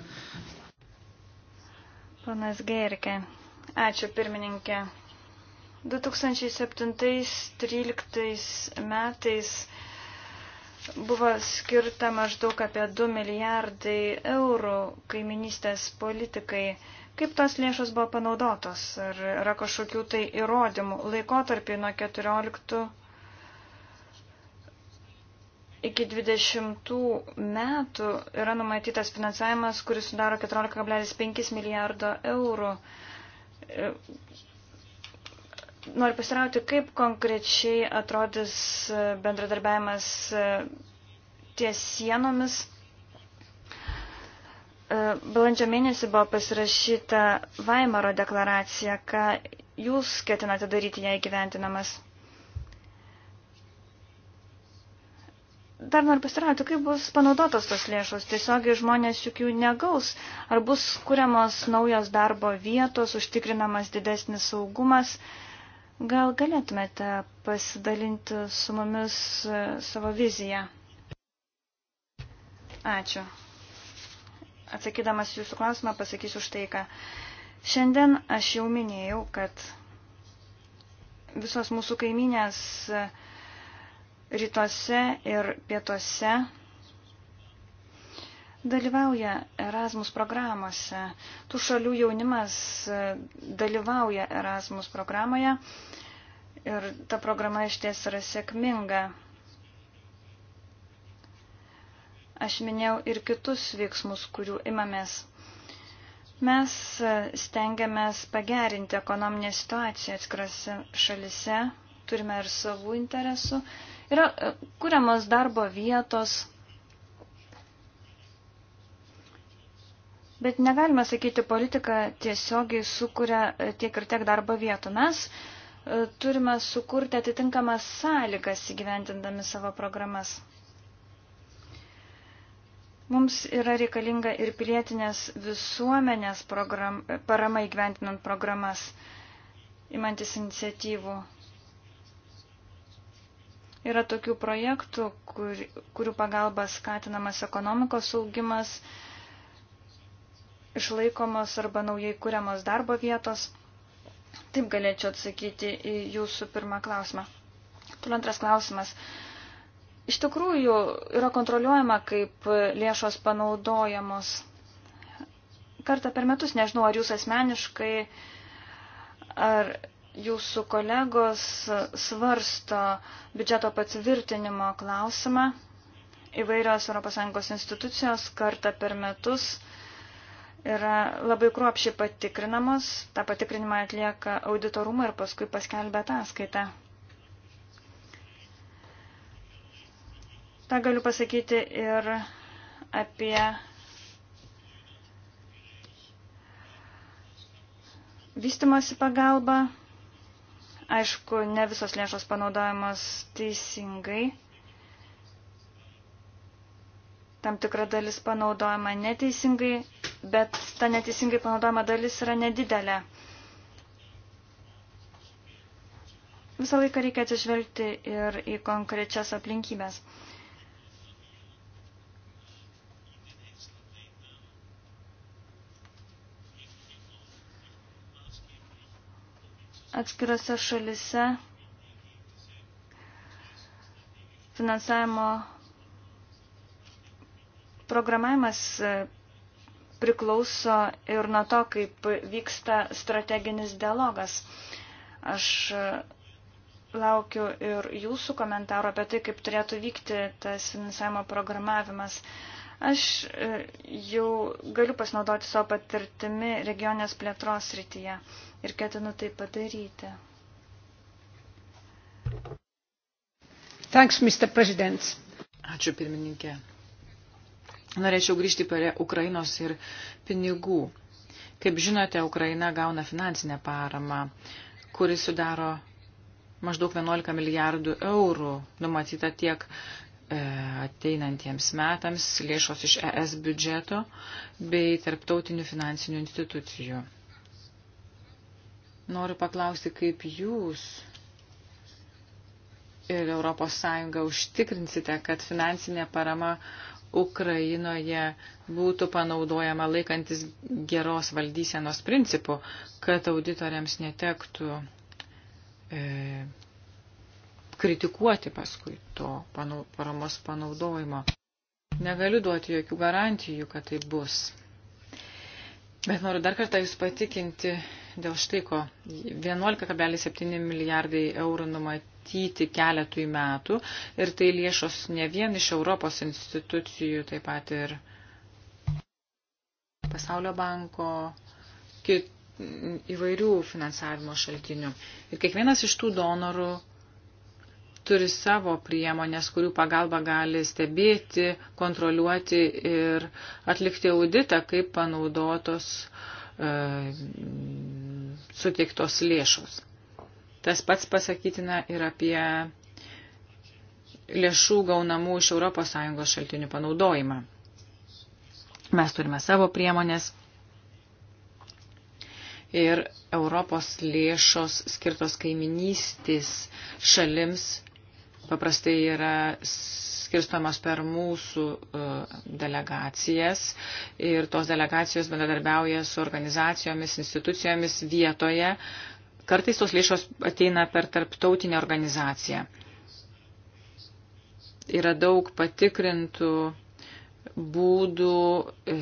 Ponas Gerke. Ačiū, pirmininkė. 2007-2013 metais buvo skirta maždaug apie 2 milijardai eurų kaiminystės politikai. Kaip tos lėšos buvo panaudotos? Ar yra kažkokių tai įrodymų? Laikotarpį nuo 14 Iki 20 metų yra numatytas finansavimas, kuris sudaro 14,5 milijardo eurų. E, noriu pasirauti, kaip konkrečiai atrodys bendradarbiavimas e, ties sienomis. E, balandžio mėnesį buvo pasirašyta Vaimaro deklaracija, ką jūs ketinate daryti, jei gyventinamas. Dar noriu pasirauti, kaip bus panaudotos tos lėšos. Tiesiogiai žmonės juk jų negaus. Ar bus kuriamos naujos darbo vietos, užtikrinamas didesnis saugumas. Gal galėtumėte pasidalinti su mumis e, savo viziją? Ačiū. Atsakydamas jūsų klausimą pasakysiu štai ką. Šiandien aš jau minėjau, kad visos mūsų kaiminės uh, rytuose ir pietuose dalyvauja Erasmus programuose. Tų šalių jaunimas e, dalyvauja Erasmus programoje ir ta programa iš ties yra sėkminga. Aš minėjau ir kitus veiksmus, kurių imamės. Mes e, stengiamės pagerinti ekonominę situaciją atskirose šalise, turime ir savų interesų, Yra e, kuriamas darbo vietos, bet negalime sakyti, politika tiesiogiai sukuria e, tiek ir tiek darbo vietų. Mes e, turime sukurti atitinkamas sąlygas įgyventindami savo programas. Mums yra reikalinga ir pilietinės visuomenės program, parama įgyventinant programas, imantis iniciatyvų. Yra tokių projektų, kur, kurių pagalba skatinamas ekonomikos augimas, išlaikomos arba naujai kuriamos darbo vietos. Taip galėčiau atsakyti į jūsų pirmą klausimą. Toliau antras klausimas. Iš tikrųjų yra kontroliuojama, kaip lėšos panaudojamos. Kartą per metus, nežinau, ar jūs asmeniškai, ar jūsų kolegos svarsto biudžeto patvirtinimo klausimą. Įvairios ES institucijos kartą per metus yra labai kruopšiai patikrinamos. Ta patikrinimą atlieka auditorumą ir paskui paskelbia ataskaitą. Ta galiu pasakyti ir apie vystimosi pagalbą. Aišku, ne visos lėšos panaudojamos teisingai. Tam tikra dalis panaudojama neteisingai, bet ta neteisingai panaudojama dalis yra nedidelė. Visą laiką reikia atsižvelgti ir į konkrečias aplinkybės. atskirose šalise finansavimo programavimas e, priklauso ir nuo to, kaip vyksta strateginis dialogas. Aš e, laukiu ir jūsų komentaro apie tai, kaip turėtų vykti tas finansavimo programavimas. Uh, Aš e, jau galiu pasinaudoti savo patirtimi regionės plėtros srityje ir ketinu tai padaryti. Thanks, Mr. President. Ačiū pirmininkė. Norėčiau grįžti prie Ukrainos ir pinigų. Kaip žinote, Ukraina gauna finansinę paramą, kuri sudaro maždaug 11 milijardų eurų, numatyta tiek E, ateinantiems metams lėšos iš ES biudžeto bei tarptautinių finansinių institucijų. Noriu paklausti, kaip jūs ir ES užtikrinsite, kad finansinė parama Ukrainoje būtų panaudojama laikantis geros valdysenos principų, kad auditoriams netektų e, kritikuoti paskui to panau, paramos panaudojimo. Negaliu duoti jokių garantijų, kad tai bus. Bet noriu dar kartą Jūs patikinti dėl štai ko. 11,7 milijardai eurų numatyti keletui metų ir tai lėšos ne vien iš Europos institucijų, taip pat ir Pasaulio banko, kit, įvairių finansavimo šaltinių. Ir kiekvienas iš tų donorų turi savo priemonės, kurių pagalba gali stebėti, kontroliuoti ir atlikti auditą, kaip panaudotos e, suteiktos lėšos. Tas pats pasakytina ir apie lėšų gaunamų iš ES šaltinių panaudojimą. Mes turime savo priemonės ir Europos lėšos skirtos kaiminystės šalims paprastai yra skirstomas per mūsų e, delegacijas ir tos delegacijos bendradarbiauja su organizacijomis, institucijomis vietoje. Kartais tos lėšos ateina per tarptautinę organizaciją. Yra daug patikrintų būdų e,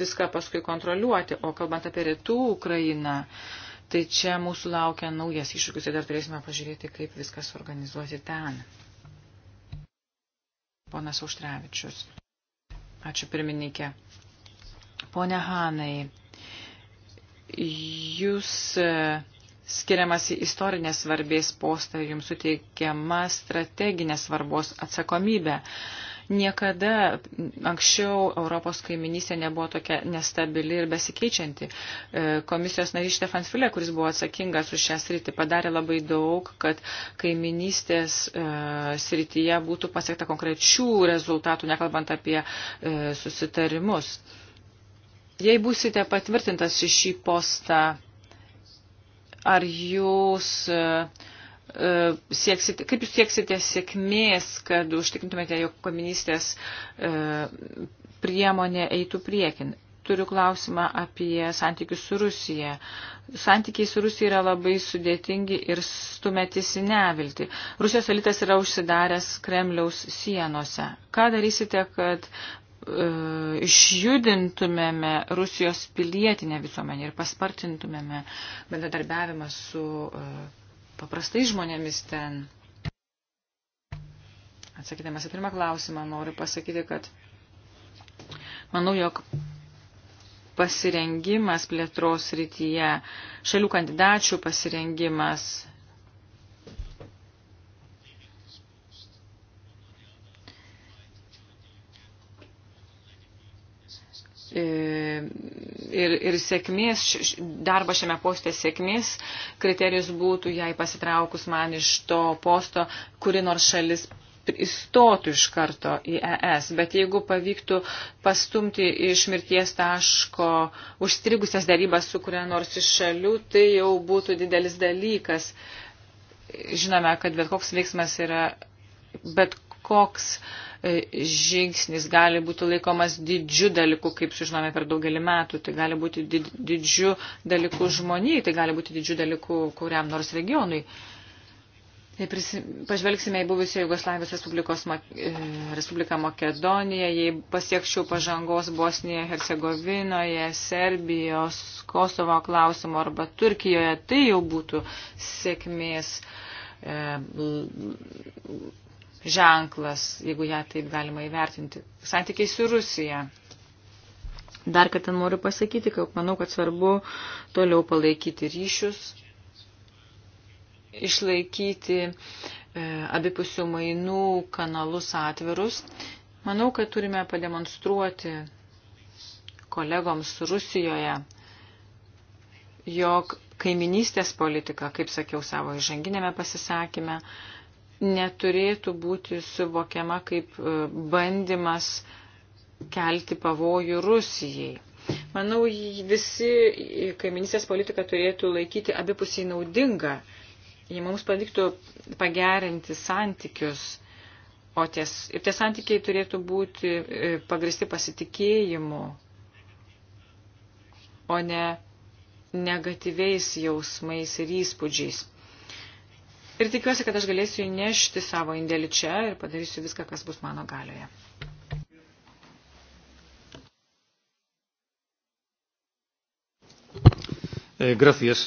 viską paskui kontroliuoti. O kalbant apie rytų Ukrainą, e, Tai čia mūsų laukia naujas iššūkis ir dar turėsime pažiūrėti, kaip viskas organizuoti ten. Ponas Auštrevičius. Ačiū pirmininkė. Pone Hanai, jūs e, skiriamas į istorinės svarbės postą ir jums suteikiama strateginės svarbos atsakomybė. Niekada anksčiau Europos kaiminystė nebuvo tokia nestabili ir besikeičianti. E, komisijos narys Štefan Filė, kuris buvo atsakingas už šią sritį, padarė labai daug, kad kaiminystės e, srityje būtų pasiekta konkrečių rezultatų, nekalbant apie e, susitarimus. Jei būsite patvirtintas į šį postą, ar jūs uh, E, sieksite, kaip jūs sieksite sėkmės, kad užtikrintumėte, jog komunistės e, priemonė eitų priekin? Turiu klausimą apie santykius su Rusija. Santykiai su Rusija yra labai sudėtingi ir stumetis į nevilti. Rusijos elitas yra užsidaręs Kremliaus sienose. Ką darysite, kad e, išjudintumėme Rusijos pilietinę visuomenę ir paspartintumėme bendradarbiavimą su uh, paprastai žmonėmis ten. Atsakydamas į pirmą klausimą, noriu pasakyti, kad manau, jog pasirengimas plėtros rytyje, šalių kandidačių pasirengimas E, ir, ir sėkmės, darbo šiame poste sėkmės kriterijus būtų, jei pasitraukus man iš to posto, kuri nors šalis įstotų iš karto į ES, bet jeigu pavyktų pastumti iš mirties taško užstrigusias darybas su kuria nors iš šalių, tai jau būtų didelis dalykas. Žinome, kad bet koks veiksmas yra, bet koks uh, žingsnis gali būti laikomas didžiu dalyku, kaip sužinome per daugelį metų. Tai gali būti didžiu dalyku žmoniai, tai gali būti didžiu dalyku kuriam nors regionui. Tai prisi, pažvelgsime į buvusią Jugoslavijos Respublikos, e, Respubliką Makedoniją, jei pasiekčiau pažangos Bosnijoje, Hercegovinoje, Serbijos, Kosovo klausimo arba Turkijoje, tai jau būtų sėkmės e, ženklas, jeigu ją taip galima įvertinti. Santykiai su Rusija. Dar kartą noriu pasakyti, kad manau, kad svarbu toliau palaikyti ryšius, išlaikyti e, abipusių mainų kanalus atvirus. Manau, kad turime pademonstruoti kolegoms Rusijoje, jog kaiminystės politika, kaip sakiau savo įžanginėme pasisakymė, e, neturėtų būti suvokiama kaip e, bandymas kelti pavojų Rusijai. Manau, visi e, kaiminysės politika turėtų laikyti abipusiai naudinga. Jie mums pavyktų pagerinti santykius, o ties, ir tie santykiai turėtų būti e, pagristi pasitikėjimu, o ne negatyviais jausmais ir įspūdžiais. Ir tikiuosi, kad aš galėsiu įnešti savo indėlį čia ir padarysiu viską, kas bus mano galioje. Eh, gracias.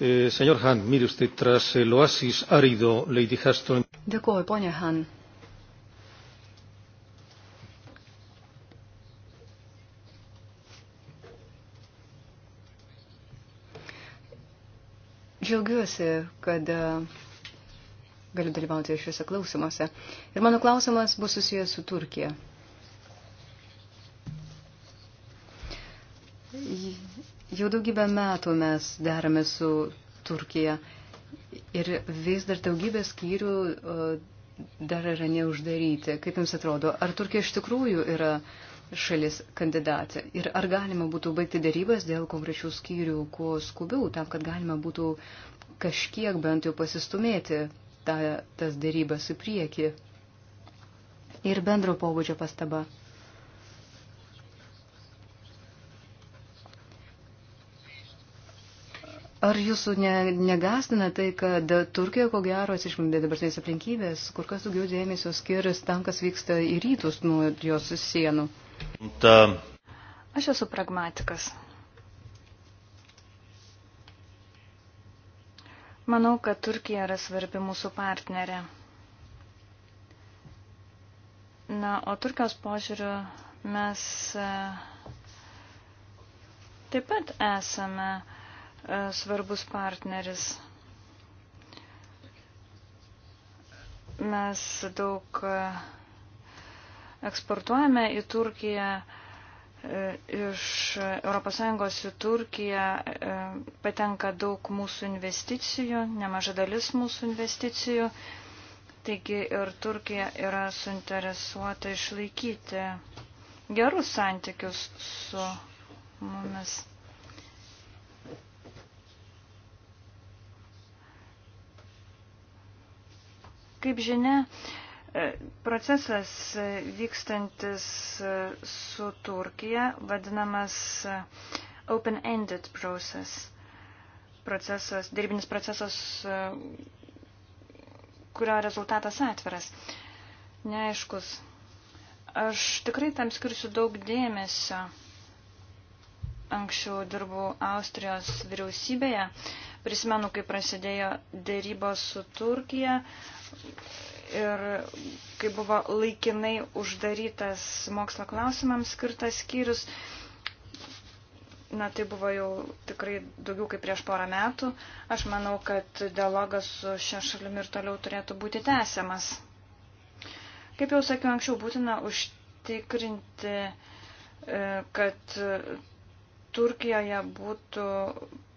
Eh, señor Han, mire usted, tras el oasis árido, Lady Hastron. Dėkuoju, ponia Han. džiaugiuosi, kad galiu dalyvauti šiuose klausimuose. Ir mano klausimas bus susijęs su Turkija. Jau daugybę metų mes derame su Turkija ir vis dar daugybė skyrių dar yra neuždaryti. Kaip Jums atrodo, ar Turkija iš tikrųjų yra šalis kandidatė. Ir ar galima būtų baigti dėrybas dėl konkrečių skyrių kuo skubiau, tam, kad galima būtų kažkiek bent jau pasistumėti ta, tas dėrybas į priekį. Ir bendro pobūdžio pastaba. Ar jūsų ne, negastina tai, kad Turkija, ko gero, atsižvelgiant dabartinės aplinkybės, kur kas daugiau dėmesio skiris tam, kas vyksta į rytus nuo jos sienų? Ta. Aš esu pragmatikas. Manau, kad Turkija yra svarbi mūsų partnerė. Na, o Turkijos požiūriu mes e, taip pat esame e, svarbus partneris. Mes daug e, eksportuojame į Turkiją iš ES į Turkiją e, patenka daug mūsų investicijų, nemaža dalis mūsų investicijų. Taigi ir Turkija yra suinteresuota išlaikyti gerus santykius su mumis. Kaip žinia, E, procesas e, vykstantis e, su Turkija vadinamas open-ended process. Procesas, dirbinis procesas, kurio rezultatas atviras, neaiškus. Aš tikrai tam skirsiu daug dėmesio. Anksčiau dirbau Austrijos vyriausybėje. Prisimenu, kai prasidėjo dėrybos su Turkija ir kai buvo laikinai uždarytas mokslo klausimams skirtas skyrius, na tai buvo jau tikrai daugiau kaip prieš porą metų, aš manau, kad dialogas su šia šalimi ir toliau turėtų būti tęsiamas. Kaip jau sakiau anksčiau, būtina užtikrinti, e, kad Turkijoje būtų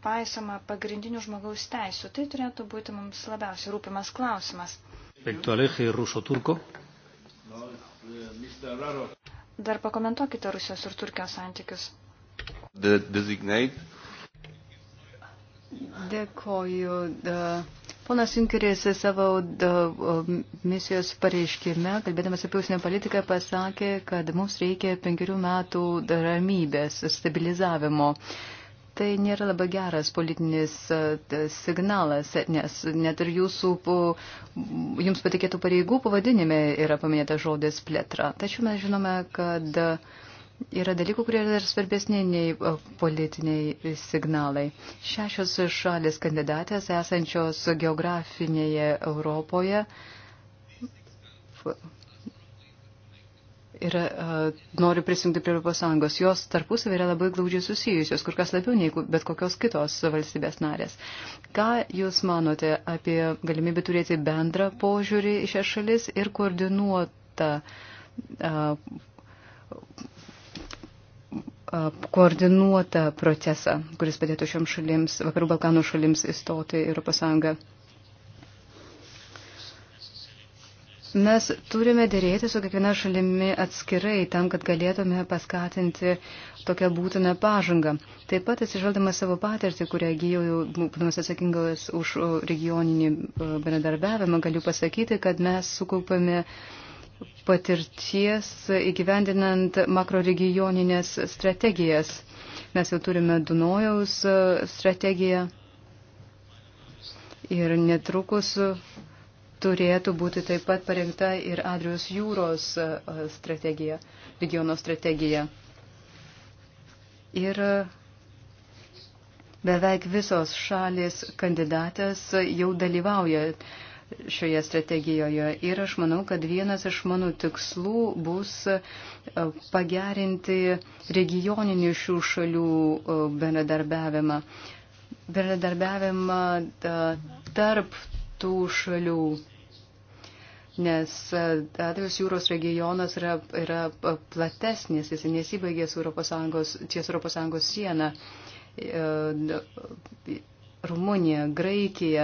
paisoma pagrindinių žmogaus teisų. Tai turėtų būti mums labiausiai rūpimas klausimas. Respecto al eje ruso-turko. Dar pakomentuokite Rusijos ir Turkijos santykius. De designate. Dėkoju. Ponas Junkeris savo misijos pareiškime, kalbėdamas apie užsienio politiką, pasakė, kad mums reikia penkerių metų ramybės, stabilizavimo. Uh, Tai nėra labai geras politinis e, signalas, nes net ir jūsų, jums patikėtų pareigų pavadinime yra paminėta žodis plėtra. Tačiau mes žinome, kad yra dalykų, kurie yra dar svarbesni nei e, politiniai signalai. Šešios šalis kandidatės esančios geografinėje Europoje ir uh, nori prisijungti prie Europos Sąjungos, jos tarpusavį yra labai glaudžiai susijusios, kur kas labiau nei bet kokios kitos valstybės narės. Ką Jūs manote apie galimybę turėti bendrą požiūrį į šią šalis ir koordinuotą uh, koordinuotą procesą, kuris padėtų šioms šalims, Vakarų Balkanų šalims įstoti Europos Sąjungą. Mes turime dėrėti su kiekviena šalimi atskirai tam, kad galėtume paskatinti tokią būtiną pažangą. Taip pat atsižvelgdama savo patirtį, kurią gyjau, būdamas atsakingas už regioninį e, bendradarbiavimą, galiu pasakyti, kad mes sukaupame patirties įgyvendinant makroregioninės strategijas. Mes jau turime Dunojaus e, strategiją ir netrukus turėtų būti taip pat parengta ir Adrijos jūros e, strategija, regiono strategija. Ir beveik visos šalis kandidatės jau dalyvauja šioje strategijoje. Ir aš manau, kad vienas iš mano tikslų bus e, pagerinti regioninių šių šalių e, bendradarbiavimą. Bendradarbiavimą tarp tų šalių nes e, Adrijos jūros regionas yra, yra e, platesnis, jis nesibaigė su ES, ties ES siena. E, Rumunija, Graikija,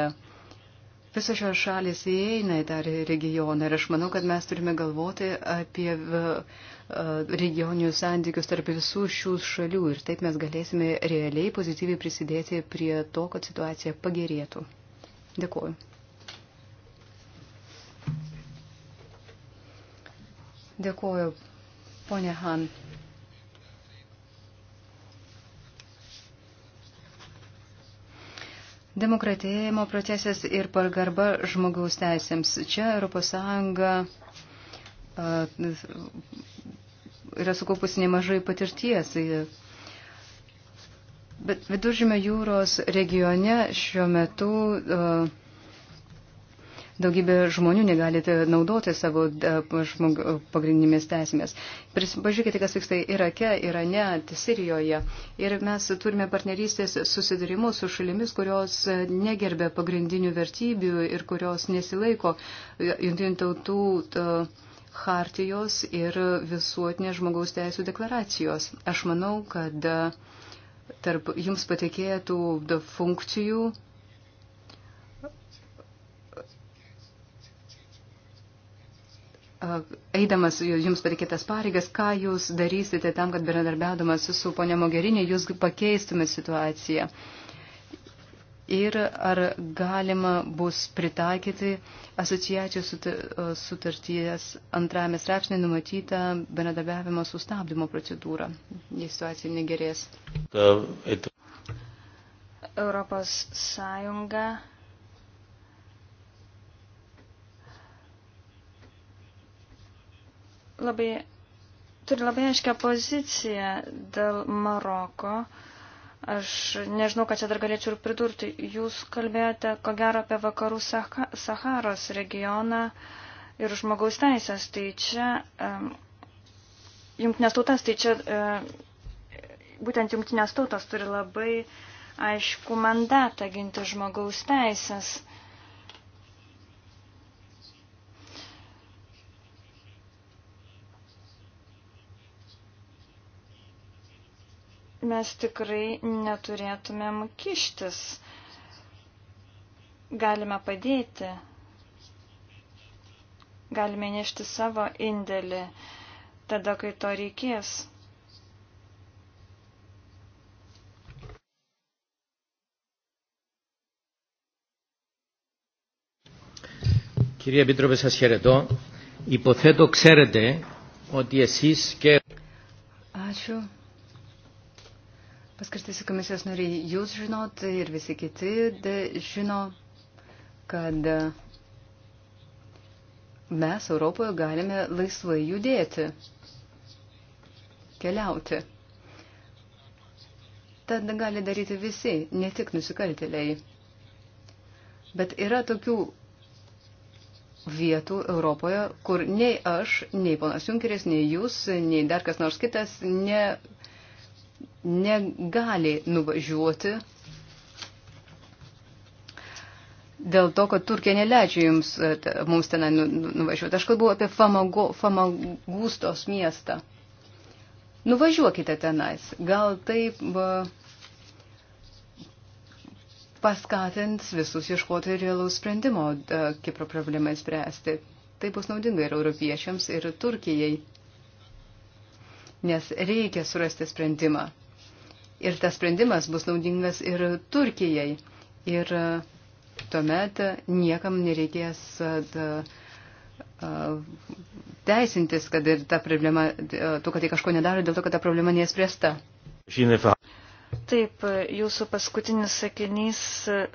visos šios šalis įeina į tą regioną ir aš manau, kad mes turime galvoti apie regioninius santykius tarp visų šių šalių ir taip mes galėsime realiai pozityviai prisidėti prie to, kad situacija pagerėtų. Dėkuoju. Dėkuoju, ponė Han. Demokratėjimo procesas ir pagarba žmogaus teisėms. Čia ES yra sukaupusi nemažai patirties. Bet viduržymio jūros regione šiuo metu uh, daugybė žmonių negalite naudoti savo pagrindinėmis teisėmis. Pažiūrėkite, kas vyksta Irake, Irane, Sirijoje. Ir mes turime partnerystės susidarimus su šalimis, kurios negerbė pagrindinių vertybių ir kurios nesilaiko e, jungtinių tautų. Ta, hartijos ir visuotinės žmogaus teisų deklaracijos. Aš manau, kad e, tarp jums patikėtų funkcijų eidamas jums patikėtas pareigas, ką jūs darysite tam, kad bendradarbiaudamas su ponia Mogerinė jūs pakeistumėt situaciją. Ir ar galima bus pritaikyti asociacijos sutarties antrame straipsnė numatytą bendradarbiavimo sustabdymo procedūrą, jei situacija negerės. Europos Sąjunga labai, turi labai aiškę poziciją dėl Maroko. Aš nežinau, ką čia dar galėčiau ir pridurti. Jūs kalbėjote, ko gero, apie vakarų Saharos regioną ir žmogaus teisės. Tai čia, um, jungtinės tautas, tai čia, um, būtent jungtinės tautos turi labai aišku mandatą ginti žmogaus teisės. mes tikrai neturėtumėm kištis. Galime padėti, galime nešti savo indėlį, tada, kai to reikės. Κυρία Επίτροπε, σας χαιρετώ. Υποθέτω ξέρετε ότι εσείς και... Άσιο. Paskirtisi komisijos nariai, jūs žinot ir visi kiti žino, kad mes Europoje galime laisvai judėti, keliauti. Tad gali daryti visi, ne tik nusikaltėliai. Bet yra tokių vietų Europoje, kur nei aš, nei ponas Junkeris, nei jūs, nei dar kas nors kitas ne negali nuvažiuoti dėl to, kad Turkija neleidžia jums, e, mums ten nu, nu, nuvažiuoti. Aš kalbu apie Famago, Famagustos miestą. Nuvažiuokite tenais. Gal taip va, paskatins visus ieškoti realaus sprendimo e, Kipro problemai spręsti. Tai bus naudinga ir europiečiams, ir Turkijai nes reikia surasti sprendimą. Ir tas sprendimas bus naudingas ir Turkijai. Ir e, tuomet niekam nereikės e, e, teisintis, kad ir ta problema, tu, kad tai kažko nedaro, dėl to, kad ta problema neįspręsta. Taip, jūsų paskutinis sakinys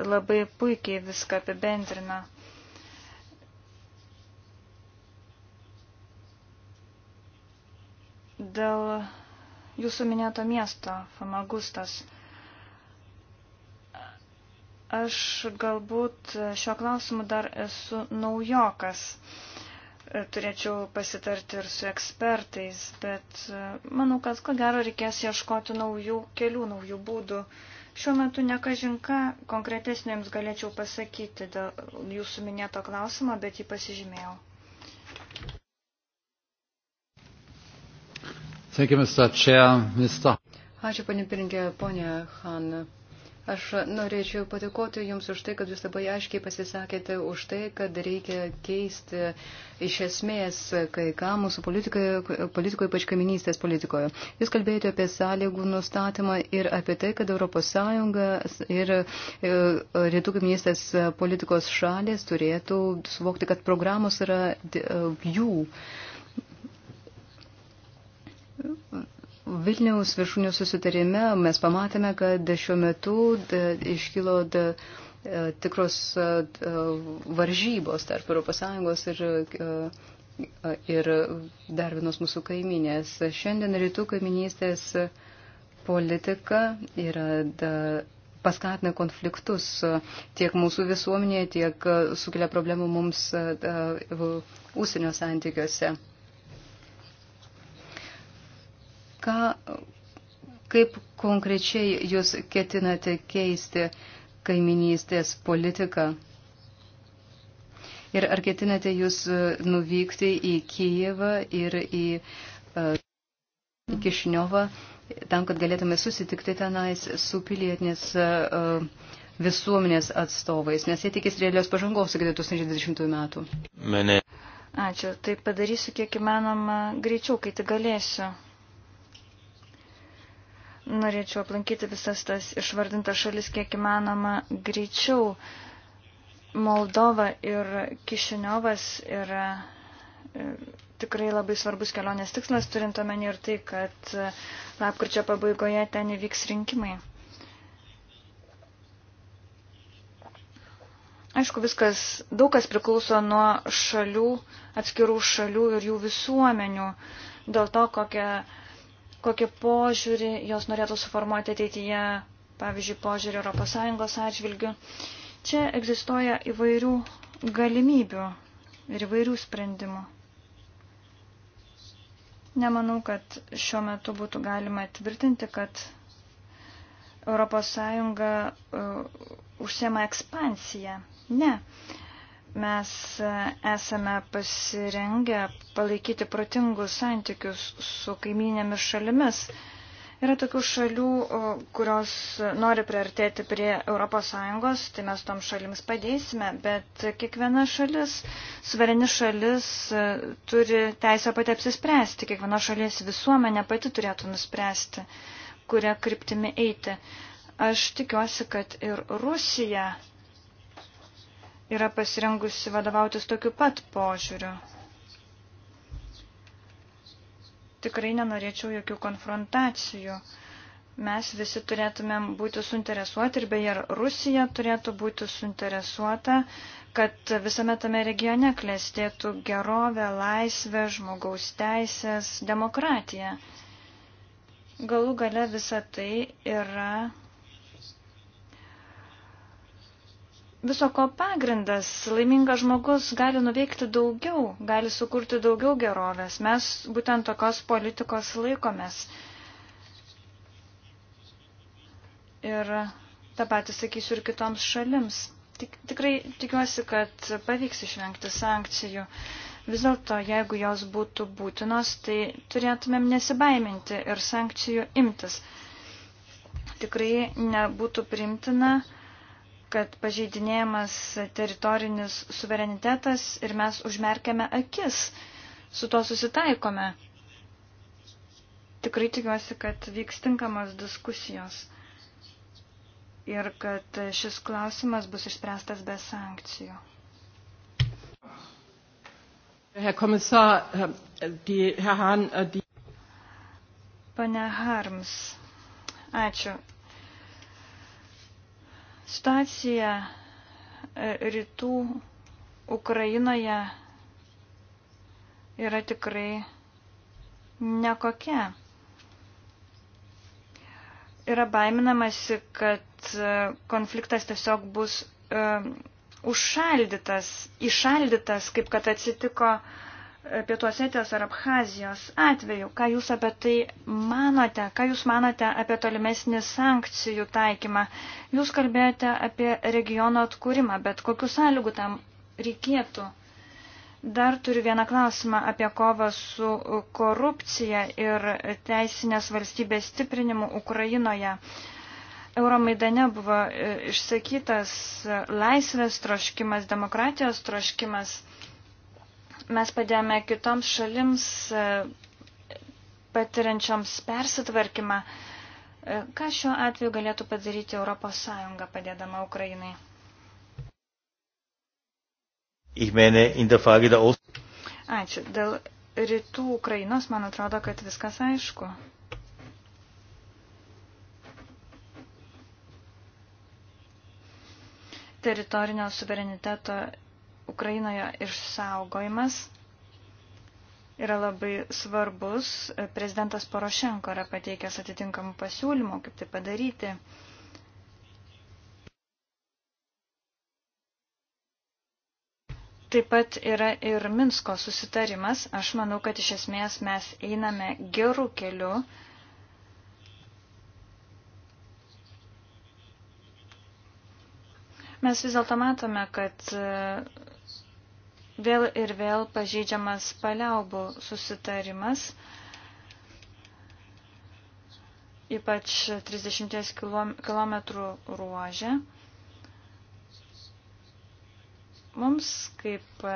labai puikiai viską apibendrina. Dėl jūsų minėto miesto, Famagustas. Aš galbūt šio klausimu dar esu naujokas. Turėčiau pasitarti ir su ekspertais, bet manau, kad ko gero reikės ieškoti naujų kelių, naujų būdų. Šiuo metu nekažinka konkretesnėms galėčiau pasakyti dėl jūsų minėto klausimo, bet jį pasižymėjau. You, Mr. Chair, Mr. Ačiū, panė pirinkė, ponė Han. Aš norėčiau patikoti Jums už tai, kad Jūs labai aiškiai pasisakėte už tai, kad reikia keisti iš esmės kai ką mūsų politikoje, politikoje ypač kaiminystės politikoje. Jūs kalbėjote apie sąlygų nustatymą ir apie tai, kad ES ir e, rytų kaiminystės politikos šalės turėtų suvokti, kad programos yra e, jų. Uh, Vilniaus viršūnių susitarime mes pamatėme, kad šiuo metu iškilo e, tikros e, e, varžybos tarp ES ir, ir dar vienos mūsų kaiminės. Šiandien rytų kaiminystės politika yra paskatina konfliktus tiek mūsų visuomenėje, tiek sukelia problemų mums užsienio santykiuose. ką, kaip konkrečiai jūs ketinate keisti kaiminystės politiką? Ir ar ketinate jūs e, nuvykti į Kijevą ir į, e, į Kišniovą, tam, kad galėtume susitikti tenais su pilietinės e, visuomenės atstovais, nes jie tikis realios pažangos iki 2020 metų. Mene. Ačiū. Tai padarysiu kiek įmanoma greičiau, kai tik galėsiu. Norėčiau aplankyti visas tas išvardintas šalis kiek įmanoma greičiau. Moldova ir Kišiniovas yra e, tikrai labai svarbus kelionės tikslas, turint omeny ir tai, kad e, lapkričio pabaigoje ten įvyks rinkimai. Aišku, viskas, daug kas priklauso nuo šalių, atskirų šalių ir jų visuomenių, dėl to, kokią kokį požiūrį jos norėtų suformuoti ateityje, pavyzdžiui, požiūrį ES atžvilgių. Čia egzistuoja įvairių galimybių ir įvairių sprendimų. Nemanau, kad šiuo metu būtų galima tvirtinti, kad ES uh, užsiema ekspansiją. Ne, Mes esame pasirengę palaikyti protingus santykius su kaiminėmis šalimis. Yra tokių šalių, kurios nori priartėti prie ES, tai mes tom šalims padėsime, bet kiekviena šalis, suvereni šalis, e, turi teisę pati apsispręsti, kiekviena šalies visuomenė pati turėtų nuspręsti, kurią kryptimi eiti. Aš tikiuosi, kad ir Rusija yra pasirengusi vadovautis tokiu pat požiūriu. Tikrai nenorėčiau jokių konfrontacijų. Mes visi turėtumėm būti suinteresuoti ir beje Rusija turėtų būti suinteresuota, kad visame tame regione klestėtų gerovė, laisvė, žmogaus teisės, demokratija. Galų gale visa tai yra viso ko pagrindas. Laimingas žmogus gali nuveikti daugiau, gali sukurti daugiau gerovės. Mes būtent tokios politikos laikomės. Ir tą patį sakysiu ir kitoms šalims. Tik, tikrai tikiuosi, kad pavyks išvengti sankcijų. Vis dėlto, jeigu jos būtų būtinos, tai turėtumėm nesibaiminti ir sankcijų imtis. Tikrai nebūtų primtina uh, kad pažeidinėjamas teritorinis suverenitetas ir mes užmerkiame akis, su to susitaikome. Tikrai tikiuosi, kad vyks tinkamos diskusijos ir kad šis klausimas bus išspręstas be sankcijų. Herr Kommissar, die, Herr Hahn, äh, die Pane Harms, ačiū. Situacija e, rytų Ukrainoje yra tikrai nekokia. Yra baiminamasi, kad e, konfliktas tiesiog bus um, užšaldytas, išaldytas, kaip kad atsitiko uh, Pietuosetijos ar Abhazijos atveju. Ką Jūs apie tai manote? Ką Jūs manote apie tolimesnį sankcijų taikymą? Jūs kalbėjote apie regiono atkūrimą, bet kokiu sąlygu tam reikėtų? Dar turiu vieną klausimą apie kovą su korupcija ir teisinės valstybės stiprinimu Ukrainoje. Euromaidane buvo e, išsakytas laisvės troškimas, demokratijos troškimas mes padėjome kitoms šalims e, patiriančioms persitvarkymą. E, ką šiuo atveju galėtų padaryti ES padėdama Ukrainai? Ačiū. Dėl rytų Ukrainos, man atrodo, kad viskas aišku. Teritorinio suvereniteto Ukrainoje išsaugojimas yra labai svarbus. Prezidentas Porošenko yra pateikęs atitinkamų pasiūlymų, kaip tai padaryti. Taip pat yra ir Minsko susitarimas. Aš manau, kad iš esmės mes einame gerų kelių. Mes vis dėlto matome, kad vėl ir vėl pažeidžiamas paliaubų susitarimas, ypač 30 km ruožė. Mums kaip e,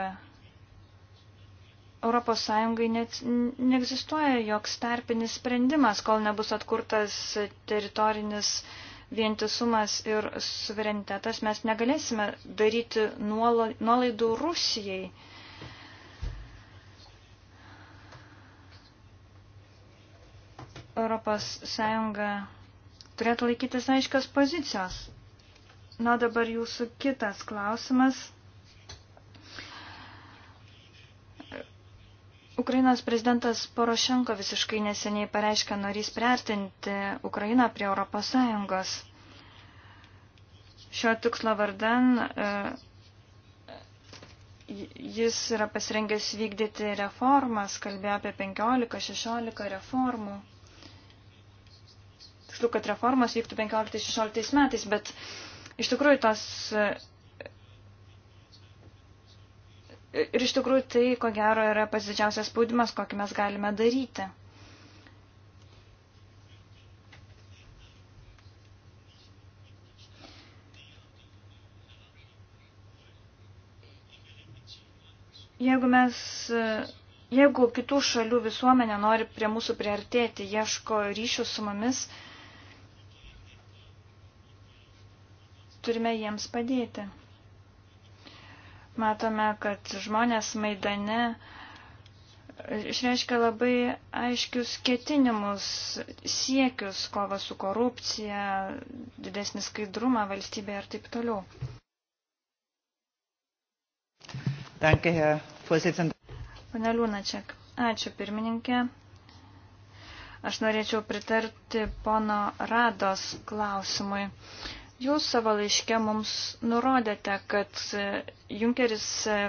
Europos Sąjungai net neegzistuoja joks tarpinis sprendimas, kol nebus atkurtas teritorinis sprendimas vientisumas ir suverenitetas, mes negalėsime daryti nuolaidų Rusijai. Europos Sąjunga turėtų laikytis aiškios pozicijos. Na dabar jūsų kitas klausimas. Ukrainos prezidentas Porošenko visiškai neseniai pareiškė norys priartinti Ukrainą prie Europos Sąjungos. Šio tikslo vardan e, jis yra pasirengęs vykdyti reformas, kalbėjo apie 15-16 reformų. Tiksliau, kad reformas vyktų 15-16 metais, bet iš tikrųjų tos Ir iš tikrųjų tai, ko gero, yra pats didžiausias spaudimas, kokį mes galime daryti. Jeigu mes, jeigu kitų šalių visuomenė nori prie mūsų priartėti, ieško ryšių su mumis, turime jiems padėti. Matome, kad žmonės Maidane išreiškia labai aiškius ketinimus, siekius, kovą su korupcija, didesnį skaidrumą valstybėje ir taip toliau. Danke, Herr Vorsitzender. Pane Liūnačiak, ačiū pirmininkė. Aš norėčiau pritarti pono Rados klausimui. Uh, Jūs savo laiške mums nurodėte, kad Junkeris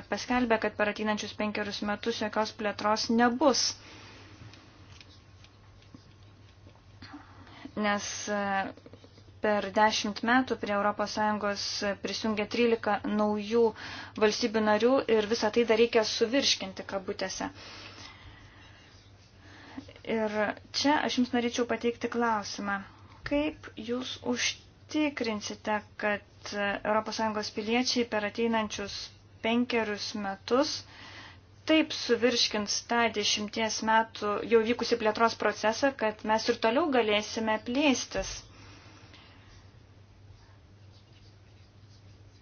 paskelbė, kad per ateinančius penkerius metus jokios plėtros nebus. Nes e, per dešimt metų prie ES prisijungia 13 naujų valstybių narių ir visą tai dar reikia suvirškinti kabutėse. Ir čia aš Jums norėčiau pateikti klausimą. Kaip Jūs užtikrinti? užtikrinsite, kad ES piliečiai per ateinančius penkerius metus taip suvirškins tą dešimties metų jau vykusi plėtros procesą, kad mes ir toliau galėsime plėstis?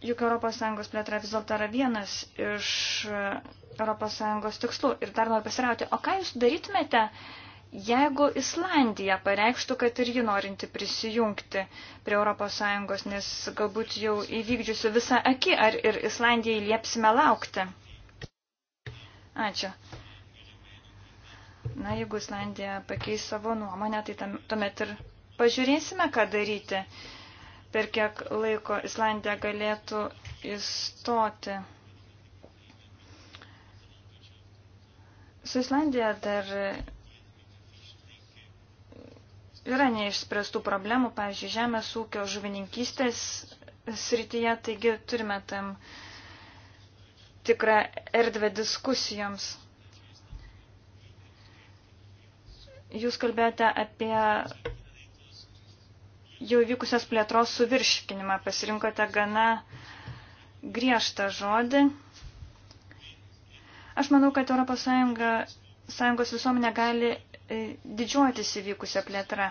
Juk ES plėtra vis dėlto yra vienas iš ES tikslų. Ir dar noriu pasirauti, o ką jūs darytumėte, Jeigu Islandija pareikštų, kad ir ji norinti prisijungti prie ES, nes galbūt jau įvykdžiusiu visą akį, ar ir Islandijai liepsime laukti? Ačiū. Na, jeigu Islandija pakeis savo nuomonę, tai tam, tuomet ir pažiūrėsime, ką daryti, per kiek laiko Islandija galėtų įstoti. Su Islandija dar yra neišspręstų problemų, pavyzdžiui, žemės ūkio žuvininkystės srityje, taigi turime tam tikrą erdvę diskusijoms. Jūs kalbėjote apie jau vykusios plėtros suvirškinimą, pasirinkote gana griežtą žodį. Aš manau, kad ES sąjungos visuomenė gali E, didžiuotis įvykusią plėtrą.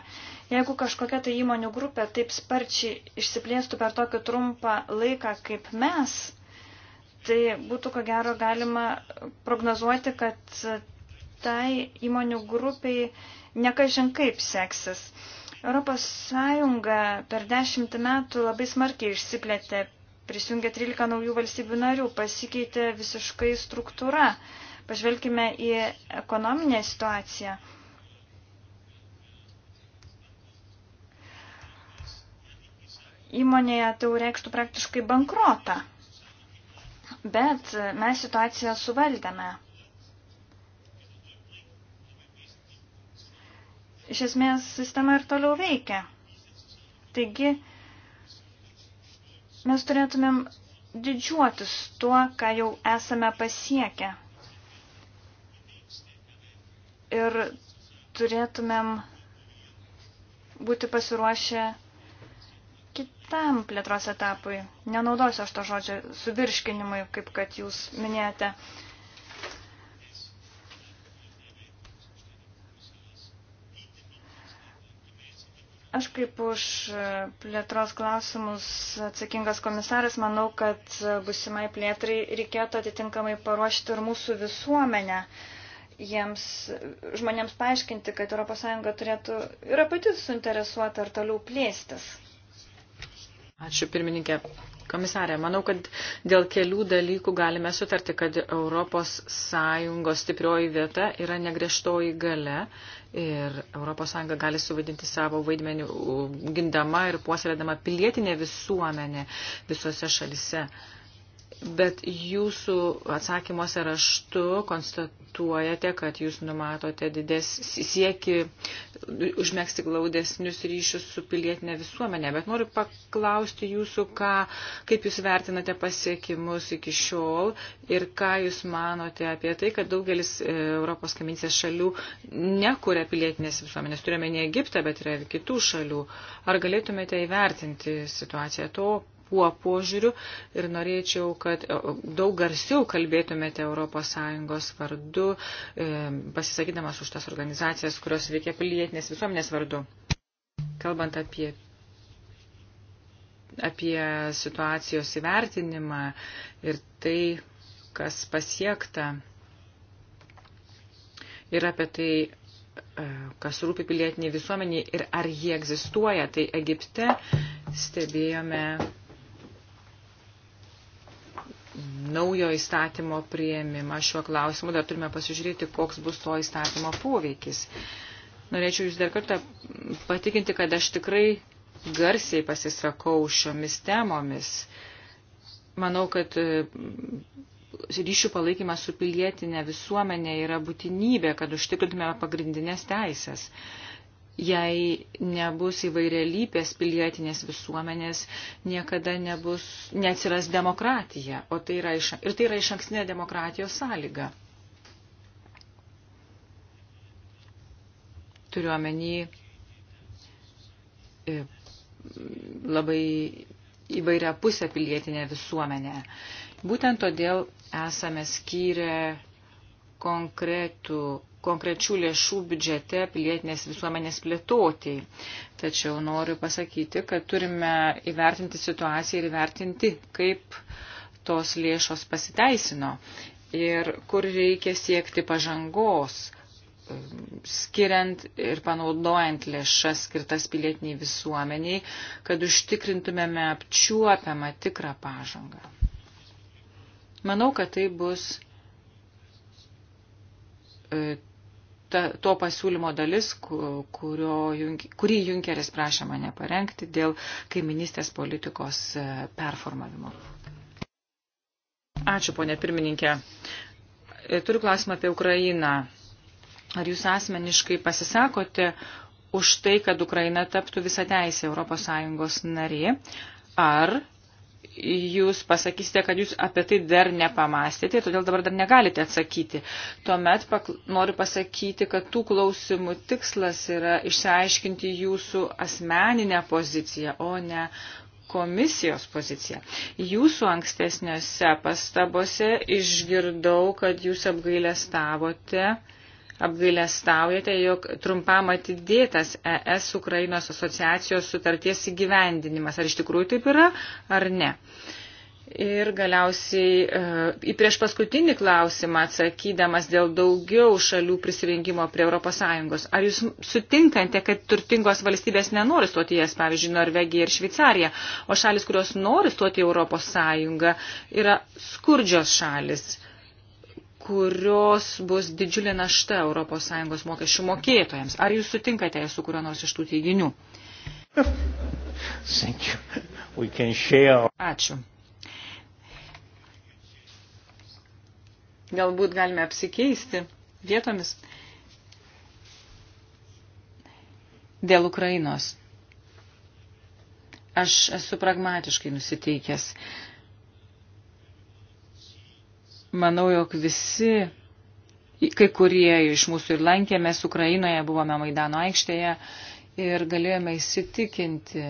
Jeigu kažkokia tai įmonių grupė taip sparčiai išsiplėstų per tokį trumpą laiką kaip mes, tai būtų ko gero galima prognozuoti, kad tai įmonių grupiai nekažin kaip seksis. Europos Sąjunga per dešimtį metų labai smarkiai išsiplėtė, prisijungė 13 naujų valstybių narių, pasikeitė visiškai struktūra. Pažvelkime į ekonominę situaciją. įmonėje tai reikštų praktiškai bankrotą. Bet mes situaciją suvaldėme. Iš esmės sistema ir toliau veikia. Taigi mes turėtumėm didžiuotis tuo, ką jau esame pasiekę. Ir turėtumėm būti pasiruošę kitam plėtros etapui. Nenaudosiu aš to žodžio suvirškinimui, kaip kad jūs minėjote. Aš kaip už plėtros klausimus atsakingas komisaras manau, kad busimai plėtrai reikėtų atitinkamai paruošti ir mūsų visuomenę. Jiems žmonėms paaiškinti, kad ES turėtų, yra pati suinteresuota ir toliau plėstis. Ačiū pirmininkė. Komisarė, manau, kad dėl kelių dalykų galime sutarti, kad ES stiprioji vieta yra negrėžtoji gale ir ES gali suvaidinti savo vaidmenį gindama ir puoselėdama pilietinę visuomenę visose šalise. Uh, Bet jūsų atsakymuose raštu konstatuojate, kad jūs numatote didės sieki užmėgsti glaudesnius ryšius su pilietinė visuomenė. Bet noriu paklausti jūsų, ką, kaip jūs vertinate pasiekimus iki šiol ir ką jūs manote apie tai, kad daugelis e, Europos kaminsės šalių nekuria pilietinės visuomenės. Turime ne Egiptą, bet yra ir kitų šalių. Ar galėtumėte įvertinti situaciją to tuo požiūriu ir norėčiau, kad e, daug garsiau kalbėtumėte ES vardu, e, pasisakydamas už tas organizacijas, kurios veikia pilietinės visuomenės vardu. Kalbant apie apie situacijos įvertinimą ir tai, kas pasiekta ir apie tai, e, kas rūpi pilietiniai visuomeniai ir ar jie egzistuoja. Tai Egipte stebėjome naujo įstatymo prieimimą šiuo klausimu, dar turime pasižiūrėti, koks bus to įstatymo poveikis. Norėčiau Jūs dar kartą patikinti, kad aš tikrai garsiai pasisakau šiomis temomis. Manau, kad e, ryšių palaikymas su pilietinė visuomenė yra būtinybė, kad užtikrintume pagrindinės teisės. Jei nebus įvairialypės pilietinės visuomenės, niekada nebus, neatsiras demokratija, o tai yra iš, ir tai yra iš ankstinė demokratijos sąlyga. Turiuomenį e, labai įvairia pusę pilietinė visuomenė. Būtent todėl esame skyrę konkretų konkrečių lėšų biudžete pilietinės visuomenės plėtotėjai. Tačiau noriu pasakyti, kad turime įvertinti situaciją ir įvertinti, kaip tos lėšos pasiteisino ir kur reikia siekti pažangos, skiriant ir panaudojant lėšas skirtas pilietiniai visuomeniai, kad užtikrintumėme apčiuopiamą tikrą pažangą. Manau, kad tai bus e, ta, to pasiūlymo dalis, kurio, kurį Junkeris prašė mane parengti dėl kaiminystės politikos e, performavimo. Ačiū, ponė pirmininkė. E, turiu klausimą apie Ukrainą. Ar jūs asmeniškai pasisakote už tai, kad Ukraina taptų visą teisę ES narė? Ar jūs pasakysite, kad jūs apie tai dar nepamastėte, todėl dabar dar negalite atsakyti. Tuomet noriu pasakyti, kad tų klausimų tikslas yra išsiaiškinti jūsų asmeninę poziciją, o ne komisijos poziciją. Jūsų ankstesniuose pastabose išgirdau, kad jūs apgailę stavote apgailestaujate, jog trumpam atidėtas ES Ukrainos asociacijos sutarties įgyvendinimas. Ar iš tikrųjų taip yra, ar ne? Ir galiausiai e, į prieš paskutinį klausimą atsakydamas dėl daugiau šalių prisirinkimo prie ES, ar jūs sutinkate, kad turtingos valstybės nenori stoti jas, e pavyzdžiui, Norvegija ir Šveicarija, o šalis, kurios nori stoti į ES, yra skurdžios šalis? kurios bus didžiulė našta ES mokesčių mokėtojams. Ar jūs sutinkate su kuriuo nors iš tų teiginių? Ačiū. Galbūt galime apsikeisti vietomis dėl Ukrainos. Aš esu pragmatiškai nusiteikęs. Manau, jog visi, kai kurie iš mūsų ir lankėmės Ukrainoje, buvome Maidano aikštėje ir galėjome įsitikinti,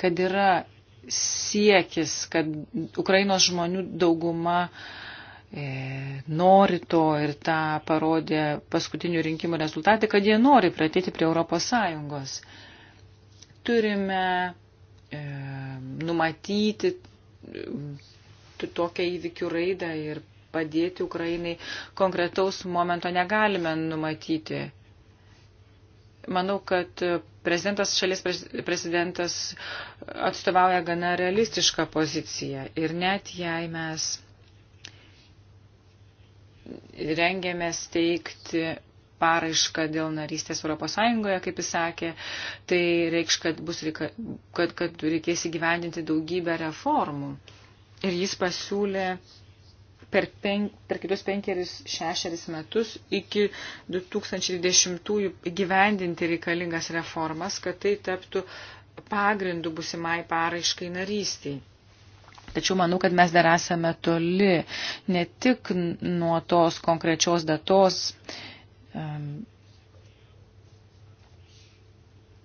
kad yra siekis, kad Ukrainos žmonių dauguma e, nori to ir tą parodė paskutinių rinkimų rezultatai, kad jie nori pratėti prie Europos Sąjungos. Turime e, numatyti tokią įvykių raidą ir padėti Ukrainai konkretaus momento negalime numatyti. Manau, kad prezidentas, šalies prezidentas atstovauja gana realistišką poziciją ir net jei mes rengėme steigti paraišką dėl narystės Europos Sąjungoje, kaip jis sakė, tai reikš, kad, bus, reika, kad, kad reikės įgyvendinti daugybę reformų ir jis pasiūlė per, pen, per kitus penkeris šešeris metus iki 2010-ųjų gyvendinti reikalingas reformas, kad tai taptų pagrindų busimai paraiškai narystiai. Tačiau manau, kad mes dar esame toli ne tik nuo tos konkrečios datos,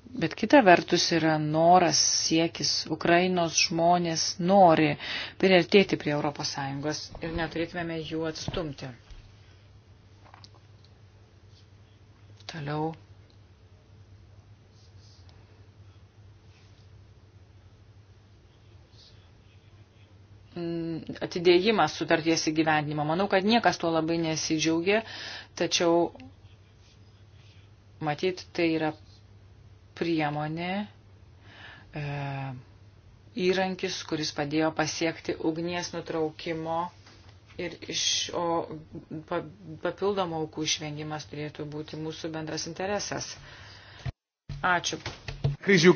Bet kita vertus yra noras, siekis, Ukrainos žmonės nori priartėti prie ES ir neturėtumėme jų atstumti. Toliau. Mm, atidėjimas sutarties įgyvendinimo. Manau, kad niekas tuo labai nesidžiaugia, tačiau matyt, tai yra priemonė, e, įrankis, kuris padėjo pasiekti ugnies nutraukimo ir iš, o papildomų aukų išvengimas turėtų būti mūsų bendras interesas. Ačiū. Kryžių.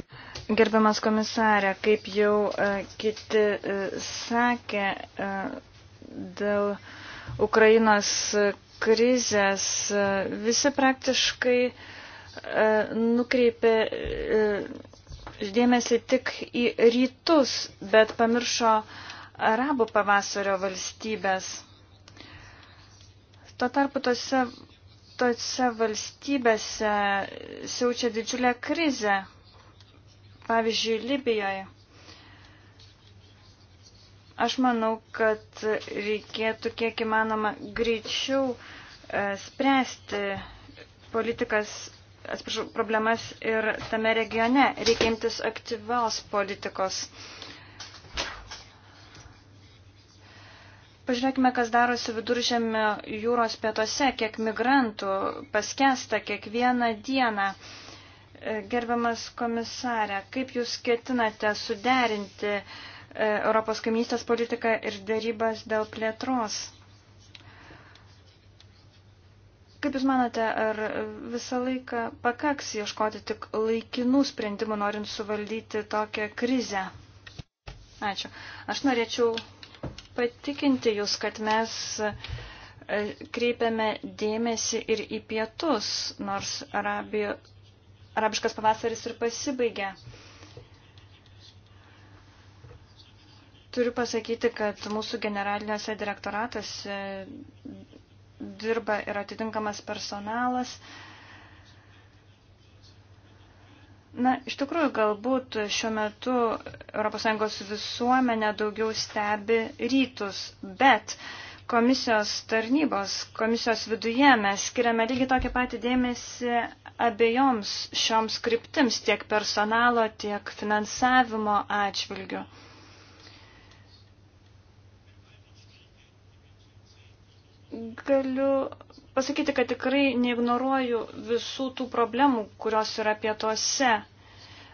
Gerbiamas komisarė, kaip jau uh, kiti uh, sakė, uh, dėl Ukrainos krizės uh, visi praktiškai uh, E, nukreipė e, dėmesį tik į rytus, bet pamiršo arabų pavasario valstybės. Tuo tarpu tose, tose valstybėse siaučia didžiulė krizė, pavyzdžiui, Libijoje. Aš manau, kad reikėtų kiek įmanoma greičiau e, spręsti politikas atsiprašau, problemas ir tame regione. Reikia imtis aktyvios politikos. Pažiūrėkime, kas darosi viduržėmio jūros pietuose, kiek migrantų paskesta kiekvieną dieną. Gerbiamas komisarė, kaip jūs ketinate suderinti e, Europos kaimynystės politiką ir dėrybas dėl plėtros? Kaip Jūs manote, ar visą laiką pakaks ieškoti tik laikinų sprendimų, norint suvaldyti tokią krizę? Ačiū. Aš norėčiau patikinti Jūs, kad mes e, kreipiame dėmesį ir į pietus, nors Arabijo, arabiškas pavasaris ir pasibaigė. Turiu pasakyti, kad mūsų generalinėse direktoratose dirba ir atitinkamas personalas. Na, iš tikrųjų, galbūt šiuo metu ES visuomenė daugiau stebi rytus, bet komisijos tarnybos, komisijos viduje mes skiriame lygiai tokį patį dėmesį abiejoms šioms kryptims tiek personalo, tiek finansavimo atžvilgių. galiu pasakyti, kad tikrai neignoruoju visų tų problemų, kurios yra pietuose.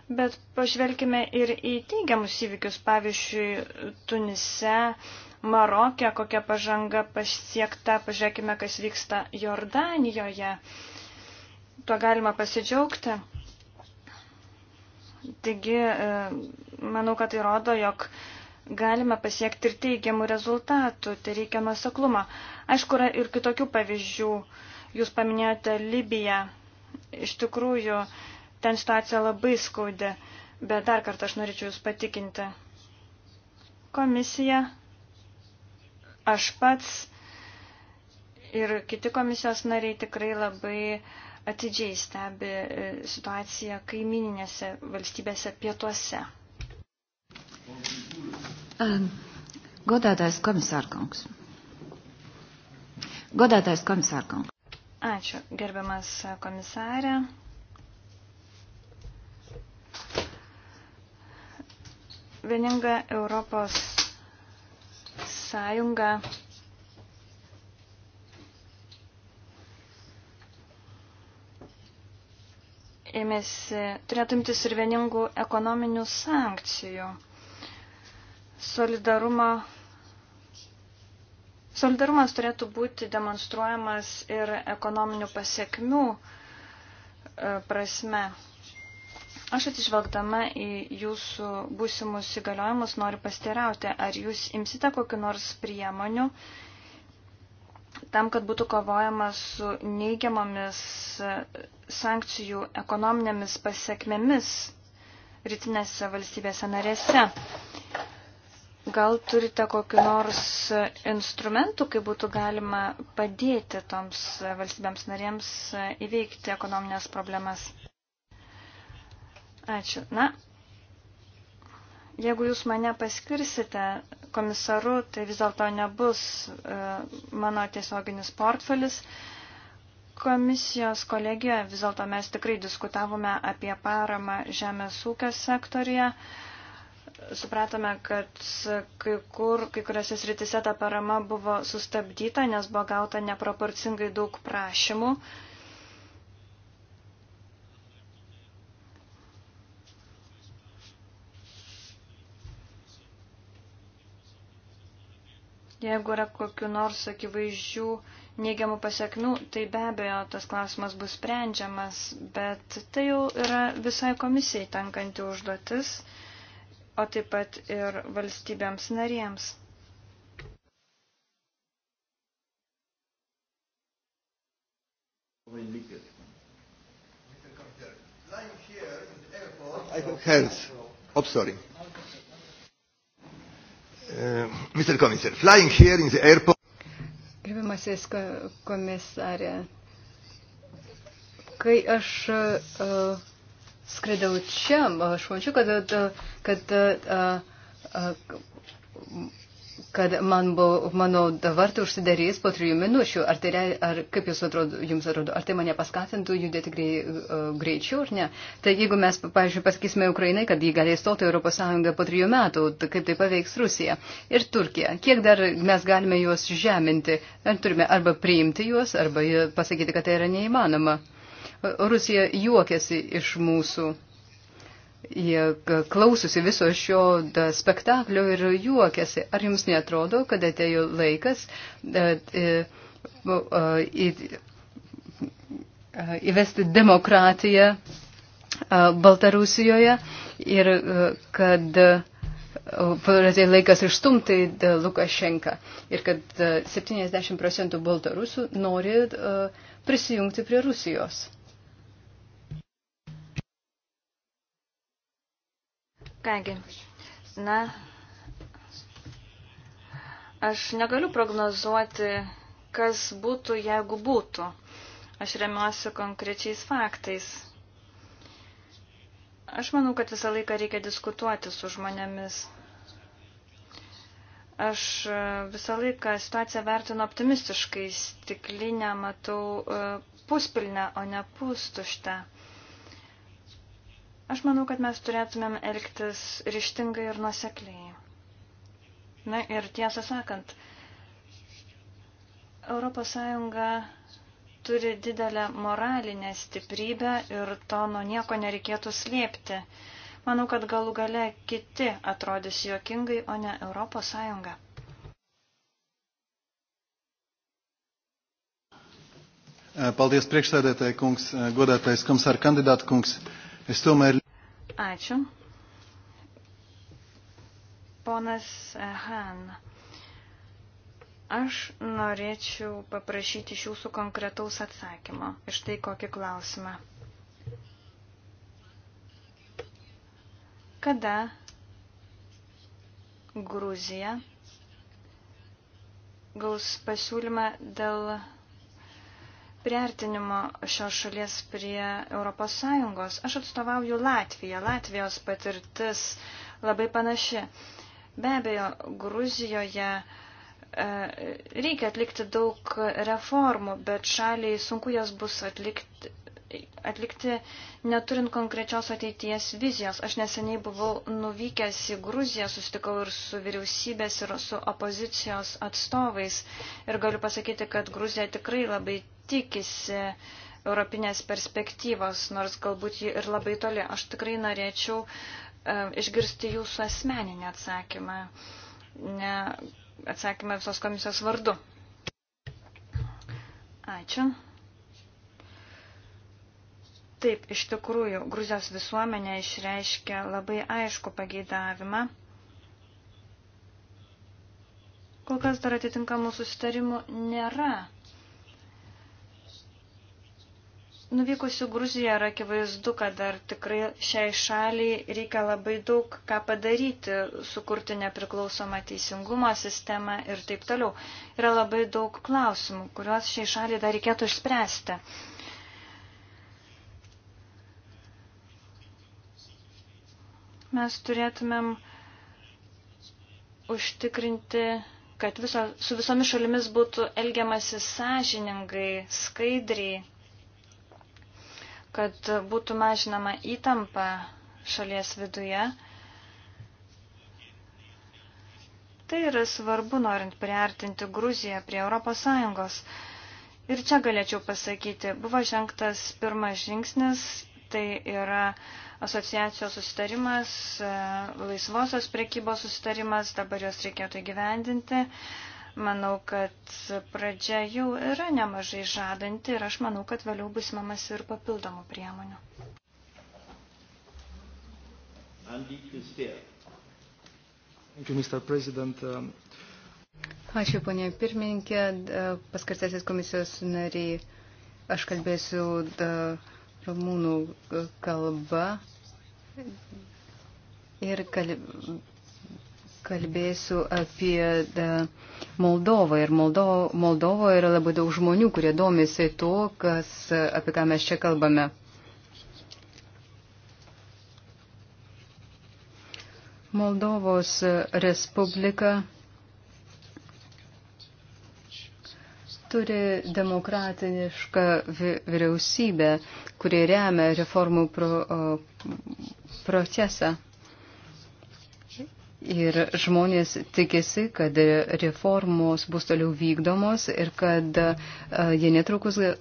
Bet pažvelkime ir į teigiamus įvykius, pavyzdžiui, Tunise, Marokė, kokia pažanga pasiekta, pažiūrėkime, kas vyksta Jordanijoje. Tuo galima pasidžiaugti. Taigi, e, manau, kad tai rodo, jog galime pasiekti ir teigiamų rezultatų, tai reikia nuoseklumo. Aišku, yra ir kitokių pavyzdžių. Jūs paminėjote Libiją. Iš tikrųjų, ten situacija labai skaudi, bet dar kartą aš norėčiau Jūs patikinti. Komisija, aš pats ir kiti komisijos nariai tikrai labai atidžiai stebi e, situaciją kaimininėse valstybėse pietuose. Godātais komisārkungs, Godātais komisārkungs. Ačiū, gerbiamas komisārė. Vieninga Europos sąjunga ėmėsi, turėtų imtis ir vieningų ekonominių sankcijų. Solidarumo Solidarumas turėtų būti demonstruojamas ir ekonominių pasiekmių e, prasme. Aš atsižvelgdama į jūsų būsimus įgaliojimus noriu pasteirauti, ar jūs imsite kokiu nors priemonių tam, kad būtų kovojama su neigiamomis e, sankcijų ekonominėmis pasiekmėmis rytinėse valstybėse narėse. Gal turite kokiu nors instrumentu, kaip būtų galima padėti toms valstybėms narėms įveikti ekonominės problemas? Ačiū. Na, jeigu jūs mane paskirsite komisaru, tai vis dėlto nebus e, mano tiesioginis portfelis. Komisijos kolegijoje vis dėlto mes tikrai diskutavome apie paramą žemės ūkio sektorijoje supratome, kad kai, kur, kai kuriuose sritise ta parama buvo sustabdyta, nes buvo gauta neproporcingai daug prašymų. Jeigu yra kokiu nors akivaizdžių neigiamų pasiekmių, tai be abejo tas klausimas bus sprendžiamas, bet tai jau yra visai komisijai tenkanti užduotis o taip pat ir valstybėms narėms. I have hands. Oh, sorry. Uh, Mr. Commissioner, flying here in the airport. Gerbiamasis komisarė, kai aš uh, skridau čia, aš mačiau, kad, kad, kad man buvo, mano vartai užsidarys po trijų minučių. Ar tai, ar, kaip jūs atrodo, jums atrodo, ar tai mane paskatintų judėti grei, greičiau ar ne? Tai jeigu mes, pavyzdžiui, pasakysime Ukrainai, kad jį gali įstoti Europos Sąjungą po trijų metų, tai kaip tai paveiks Rusija ir Turkija? Kiek dar mes galime juos žeminti? Ar turime arba priimti juos, arba pasakyti, kad tai yra neįmanoma? Rusija juokiasi iš mūsų. Jie klausosi viso šio spektaklio ir juokiasi. Ar jums netrodo, kad atėjo laikas e, įvesti demokratiją Baltarusijoje ir kad pradėjo laikas išstumti Lukašenką ir kad 70 procentų baltarusų nori prisijungti prie Rusijos. Kągi, na, aš negaliu prognozuoti, kas būtų, jeigu būtų. Aš remiuosi konkrečiais faktais. Aš manau, kad visą laiką reikia diskutuoti su žmonėmis. Aš e, visą laiką situaciją vertinu optimistiškai, stiklinę matau e, puspilnę, o ne pustuštę. Aš manau, kad mes turėtumėm elgtis ryštingai ir nusekliai. Na ir tiesą sakant, ES turi didelę moralinę stiprybę ir to nuo nieko nereikėtų slėpti. Manau, kad galų gale kiti atrodys juokingai, o ne ES. Paldies priekšsēdētāji kungs, godātais komisāra kandidāta kungs. Uh, Ačiū. Ponas Han, aš norėčiau paprašyti iš jūsų konkretaus atsakymo. Iš tai kokį klausimą. Kada Gruzija gaus pasiūlymą dėl priartinimo šios šalies prie ES. Aš atstovauju Latviją. Latvijos patirtis labai panaši. Be abejo, Gruzijoje e, reikia atlikti daug reformų, bet šaliai sunku jas bus atlikti, atlikti neturint konkrečios ateities vizijos. Aš neseniai buvau nuvykęs į Gruziją, sustikau ir su vyriausybės, ir su opozicijos atstovais. Ir galiu pasakyti, kad Gruzija tikrai labai tikisi europinės perspektyvos, nors galbūt ji ir labai toli. Aš tikrai norėčiau e, išgirsti jūsų asmeninį atsakymą, ne atsakymą visos komisijos vardu. Ačiū. Taip, iš tikrųjų, Gruzijos visuomenė išreiškia labai aišku pageidavimą. Kol kas dar atitinkamų susitarimų nėra. Nuvykusių Gruziją yra akivaizdu, kad dar tikrai šiai šaliai reikia labai daug ką padaryti, sukurti nepriklausomą teisingumo sistemą ir taip toliau. Yra labai daug klausimų, kuriuos šiai šaliai dar reikėtų išspręsti. mes turėtumėm užtikrinti, kad viso, su visomis šalimis būtų elgiamasi sąžiningai, skaidriai, kad būtų mažinama įtampa šalies viduje. Tai yra svarbu, norint priartinti Gruziją prie Europos Sąjungos. Ir čia galėčiau pasakyti, buvo žengtas pirmas žingsnis, tai yra uh, asociacijos susitarimas, e, laisvosios prekybos susitarimas, dabar jos reikėtų įgyvendinti. Manau, kad pradžia jau yra nemažai žadanti ir aš manau, kad vėliau bus mamas ir papildomų priemonių. Um, Ačiū, ponė pirmininkė, paskartasis komisijos nariai. Aš kalbėsiu. Da, rumūnų kalba ir kalbėsiu apie e, Moldovą. Ir Moldo, Moldovoje yra labai daug žmonių, kurie domisi tuo, kas, apie ką mes čia kalbame. Moldovos Respublika turi demokratinišką vyriausybę, kuri remia reformų pro, procesą. Ir žmonės tikisi, kad reformos bus toliau vykdomos ir kad e, jie netrukus e,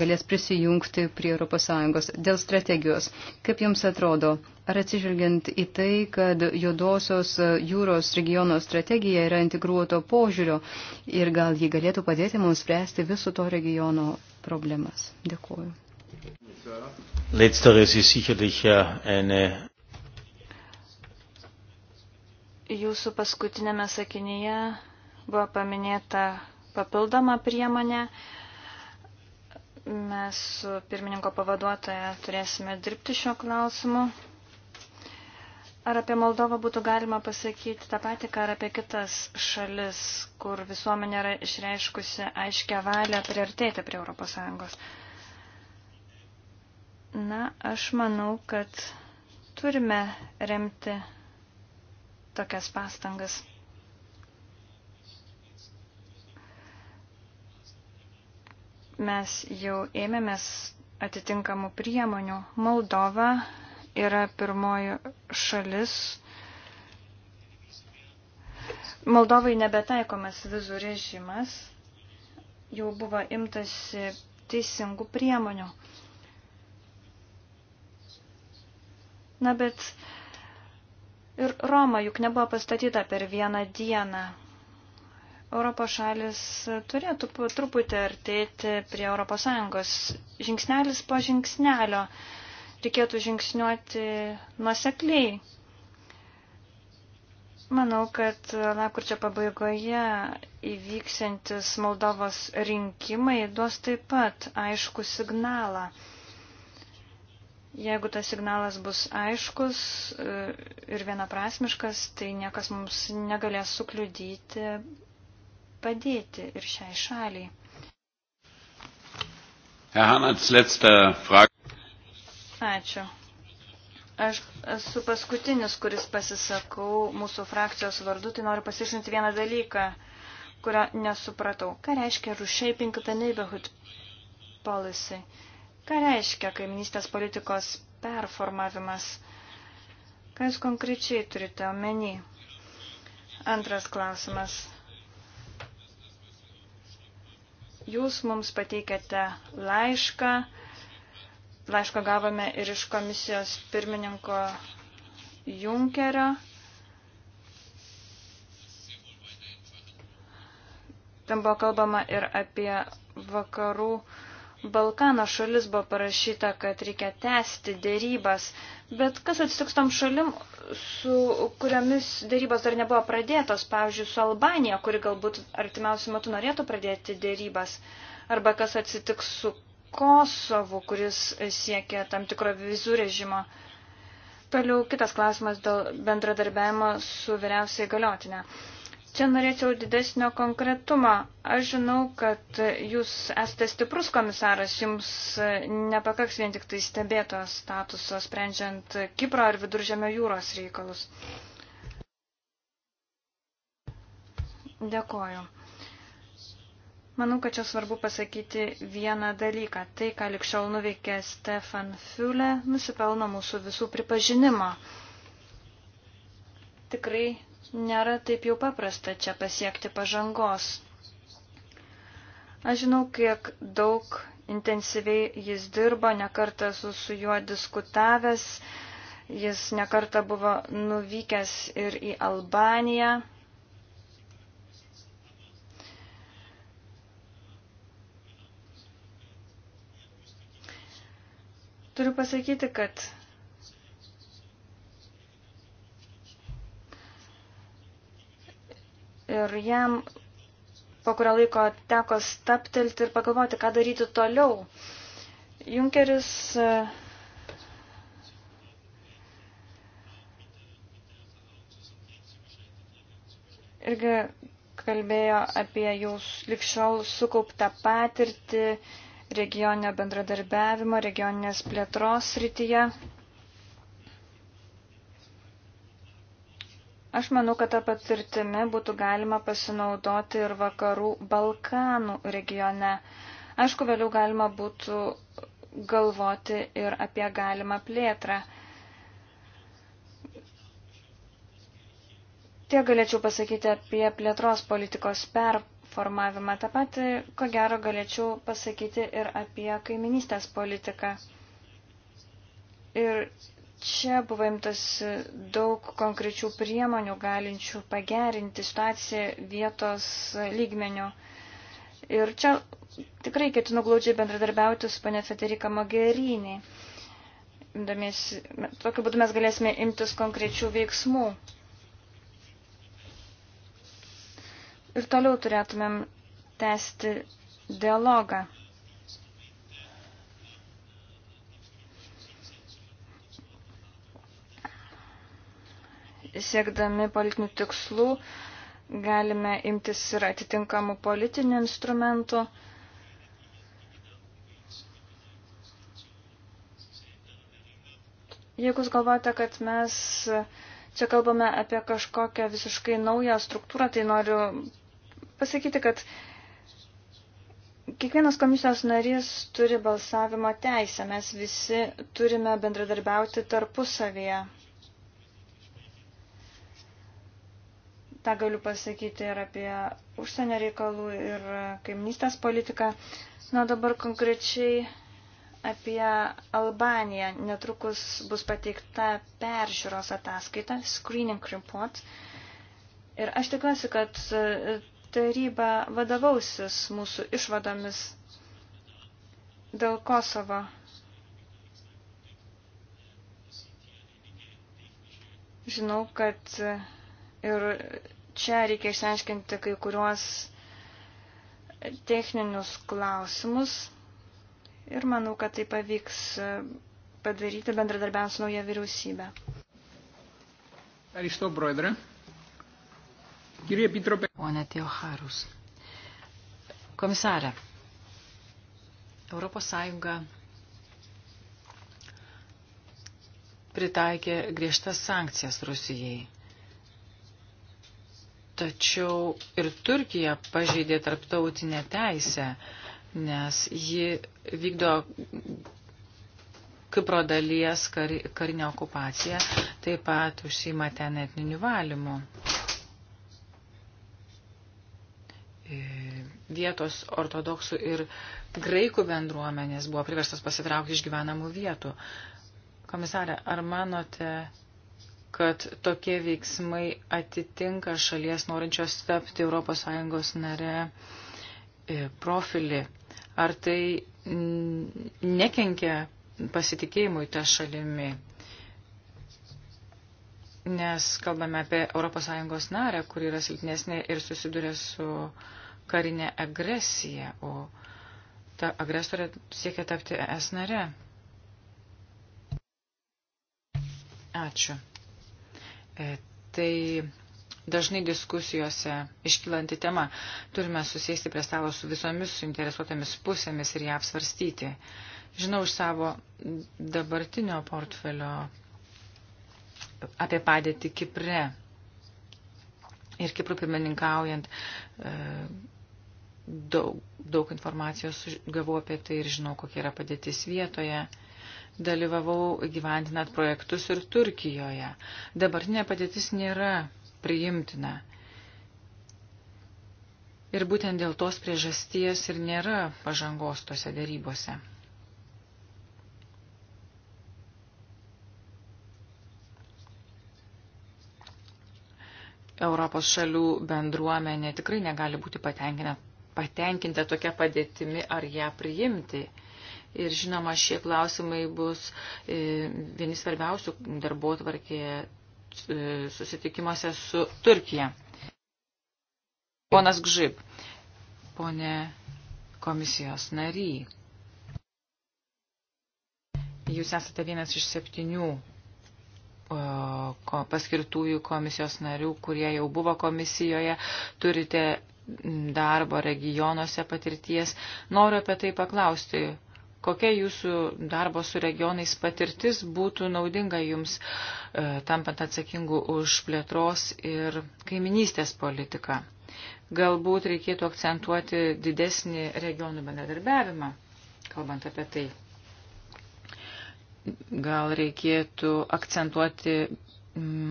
galės prisijungti prie ES dėl strategijos. Kaip jums atrodo, ar atsižvelgiant į tai, kad juodosios jūros regiono strategija yra integruoto požiūrio ir gal ji galėtų padėti mums spręsti viso to regiono problemas? Dėkuoju. Letzteres ist sicherlich äh, eine Jūsų paskutinėme sakinyje buvo paminėta papildoma priemonė. Mes su pirmininko pavaduotoje turėsime dirbti šiuo klausimu. Ar apie Moldovą būtų galima pasakyti tą patį, ką ar apie kitas šalis, kur visuomenė yra išreiškusi aiškę valią priartėti prie ES? Na, aš manau, kad turime remti tokias pastangas. Mes jau ėmėmės atitinkamų priemonių. Moldova yra pirmoji šalis. Moldovai nebetaikomas vizų režimas. Jau buvo imtasi teisingų priemonių. Na, bet uh, Ir Roma juk nebuvo pastatyta per vieną dieną. Europos šalis turėtų truputį artėti prie ES. Žingsnelis po žingsnelio reikėtų žingsniuoti nuosekliai. Manau, kad lapkurčio pabaigoje įvyksiantis Moldovos rinkimai duos taip pat aišku signalą Jeigu tas signalas bus aiškus e, ir vienaprasmiškas, tai niekas mums negalės sukliudyti padėti ir šiai šaliai. Ačiū. Aš esu paskutinis, kuris pasisakau mūsų frakcijos vardu, tai noriu pasišinti vieną dalyką, kurio nesupratau. Ką reiškia reshaping the neighborhood policy? Uh, Ką reiškia kaiminystės politikos performavimas? Ką jūs konkrečiai turite omeny? Antras klausimas. Jūs mums pateikėte laišką. Laišką gavome ir iš komisijos pirmininko Junkerio. Ten buvo kalbama ir apie vakarų Balkano šalis buvo parašyta, kad reikia tęsti dėrybas, bet kas atsitiks tom šalim, su kuriamis dėrybos dar nebuvo pradėtos, pavyzdžiui, su Albanija, kuri galbūt artimiausiu metu norėtų pradėti dėrybas, arba kas atsitiks su Kosovu, kuris siekia tam tikro vizų režimo. Toliau kitas klausimas dėl bendradarbiavimo su vyriausiai galiotinė. Čia norėčiau didesnio konkretumo. Aš žinau, kad jūs esate stiprus komisaras, jums nepakaks vien tik tai stebėto statuso, sprendžiant Kipro ar Viduržėmio jūros reikalus. Dėkoju. Manau, kad čia svarbu pasakyti vieną dalyką. Tai, ką likščiau nuveikė Stefan Fiule, nusipelno mūsų visų pripažinimo. Tikrai nėra taip jau paprasta čia pasiekti pažangos. Aš žinau, kiek daug intensyviai jis dirbo, nekartą esu su juo diskutavęs, jis nekartą buvo nuvykęs ir į Albaniją. Turiu pasakyti, kad ir jam po kurio laiko teko staptelti ir pagalvoti, ką daryti toliau. Junkeris e, irgi kalbėjo apie jau likščiau sukauptą patirtį regioninio bendradarbiavimo, regioninės plėtros rytyje. Aš manau, kad tą patirtimį būtų galima pasinaudoti ir vakarų Balkanų regione. Aišku, vėliau galima būtų galvoti ir apie galimą plėtrą. Tiek galėčiau pasakyti apie plėtros politikos performavimą. Ta pati, ko gero, galėčiau pasakyti ir apie kaiminystės politiką. Ir Čia buvo imtas daug konkrečių priemonių galinčių pagerinti situaciją vietos lygmenių. Ir čia tikrai ketinu glaudžiai bendradarbiauti su pane Federika Mogerinė. Tokiu būdu mes galėsime imtis konkrečių veiksmų. Ir toliau turėtumėm tęsti dialogą. siekdami politinių tikslų galime imtis ir atitinkamų politinių instrumentų. Jeigu jūs galvojate, kad mes čia kalbame apie kažkokią visiškai naują struktūrą, tai noriu pasakyti, kad kiekvienas komisijos narys turi balsavimo teisę, mes visi turime bendradarbiauti tarpusavėje. Ta galiu pasakyti ir apie užsienio reikalų ir e, kaimnystės politiką. Na dabar konkrečiai apie Albaniją. Netrukus bus pateikta peržiūros ataskaita, screening report. Ir aš tikiuosi, kad e, taryba vadovausis mūsų išvadomis dėl Kosovo. Žinau, kad e, ir čia reikia išsiaiškinti kai kuriuos techninius klausimus ir manau, kad tai pavyks e, padaryti bendradarbiant su nauja vyriausybė. Ευχαριστώ, Πρόεδρε. Κύριε Επίτροπε. Pone Teoharus. Komisarė, Europos Sąjunga pritaikė griežtas sankcijas Rusijai. Tačiau ir Turkija pažeidė tarptautinę teisę, nes ji vykdo Kipro dalies kar, karinę okupaciją, taip pat užsima ten etniniu valymu. E, vietos ortodoksų ir graikų bendruomenės buvo priverstas pasitraukti iš gyvenamų vietų. Komisarė, ar manote, kad tokie veiksmai atitinka šalies norinčios tapti ES nare e, profilį. Ar tai nekenkia pasitikėjimui tą šalimi? Nes kalbame apie ES narę, kuri yra silpnesnė ir susiduria su karinė agresija, o ta agresorė siekia tapti es nare. Ačiū. E, tai dažnai diskusijose iškylanti tema. Turime susėsti prie stalo su visomis suinteresuotomis pusėmis ir ją apsvarstyti. Žinau iš savo dabartinio portfelio apie padėtį Kipre ir Kiprų pirmininkaujant. E, daug, daug informacijos gavau apie tai ir žinau, kokia yra padėtis vietoje dalyvavau gyventinant projektus ir Turkijoje. Dabartinė padėtis nėra priimtina. Ir būtent dėl tos priežasties ir nėra pažangos tose dėrybose. Europos šalių bendruomenė tikrai negali būti patenkinta, patenkinta tokia padėtimi ar ją priimti. Ir žinoma, šie klausimai bus e, vieni svarbiausių darbo tvarkėje susitikimuose su Turkija. Ponas Gžib, ponė komisijos nary. Jūs esate vienas iš septynių e, paskirtųjų komisijos narių, kurie jau buvo komisijoje, turite darbo regionuose patirties. Noriu apie tai paklausti, Kokia jūsų darbo su regionais patirtis būtų naudinga jums, e, tampant atsakingu už plėtros ir kaiminystės politiką? Galbūt reikėtų akcentuoti didesnį regionų bendradarbiavimą, kalbant apie tai. Gal reikėtų akcentuoti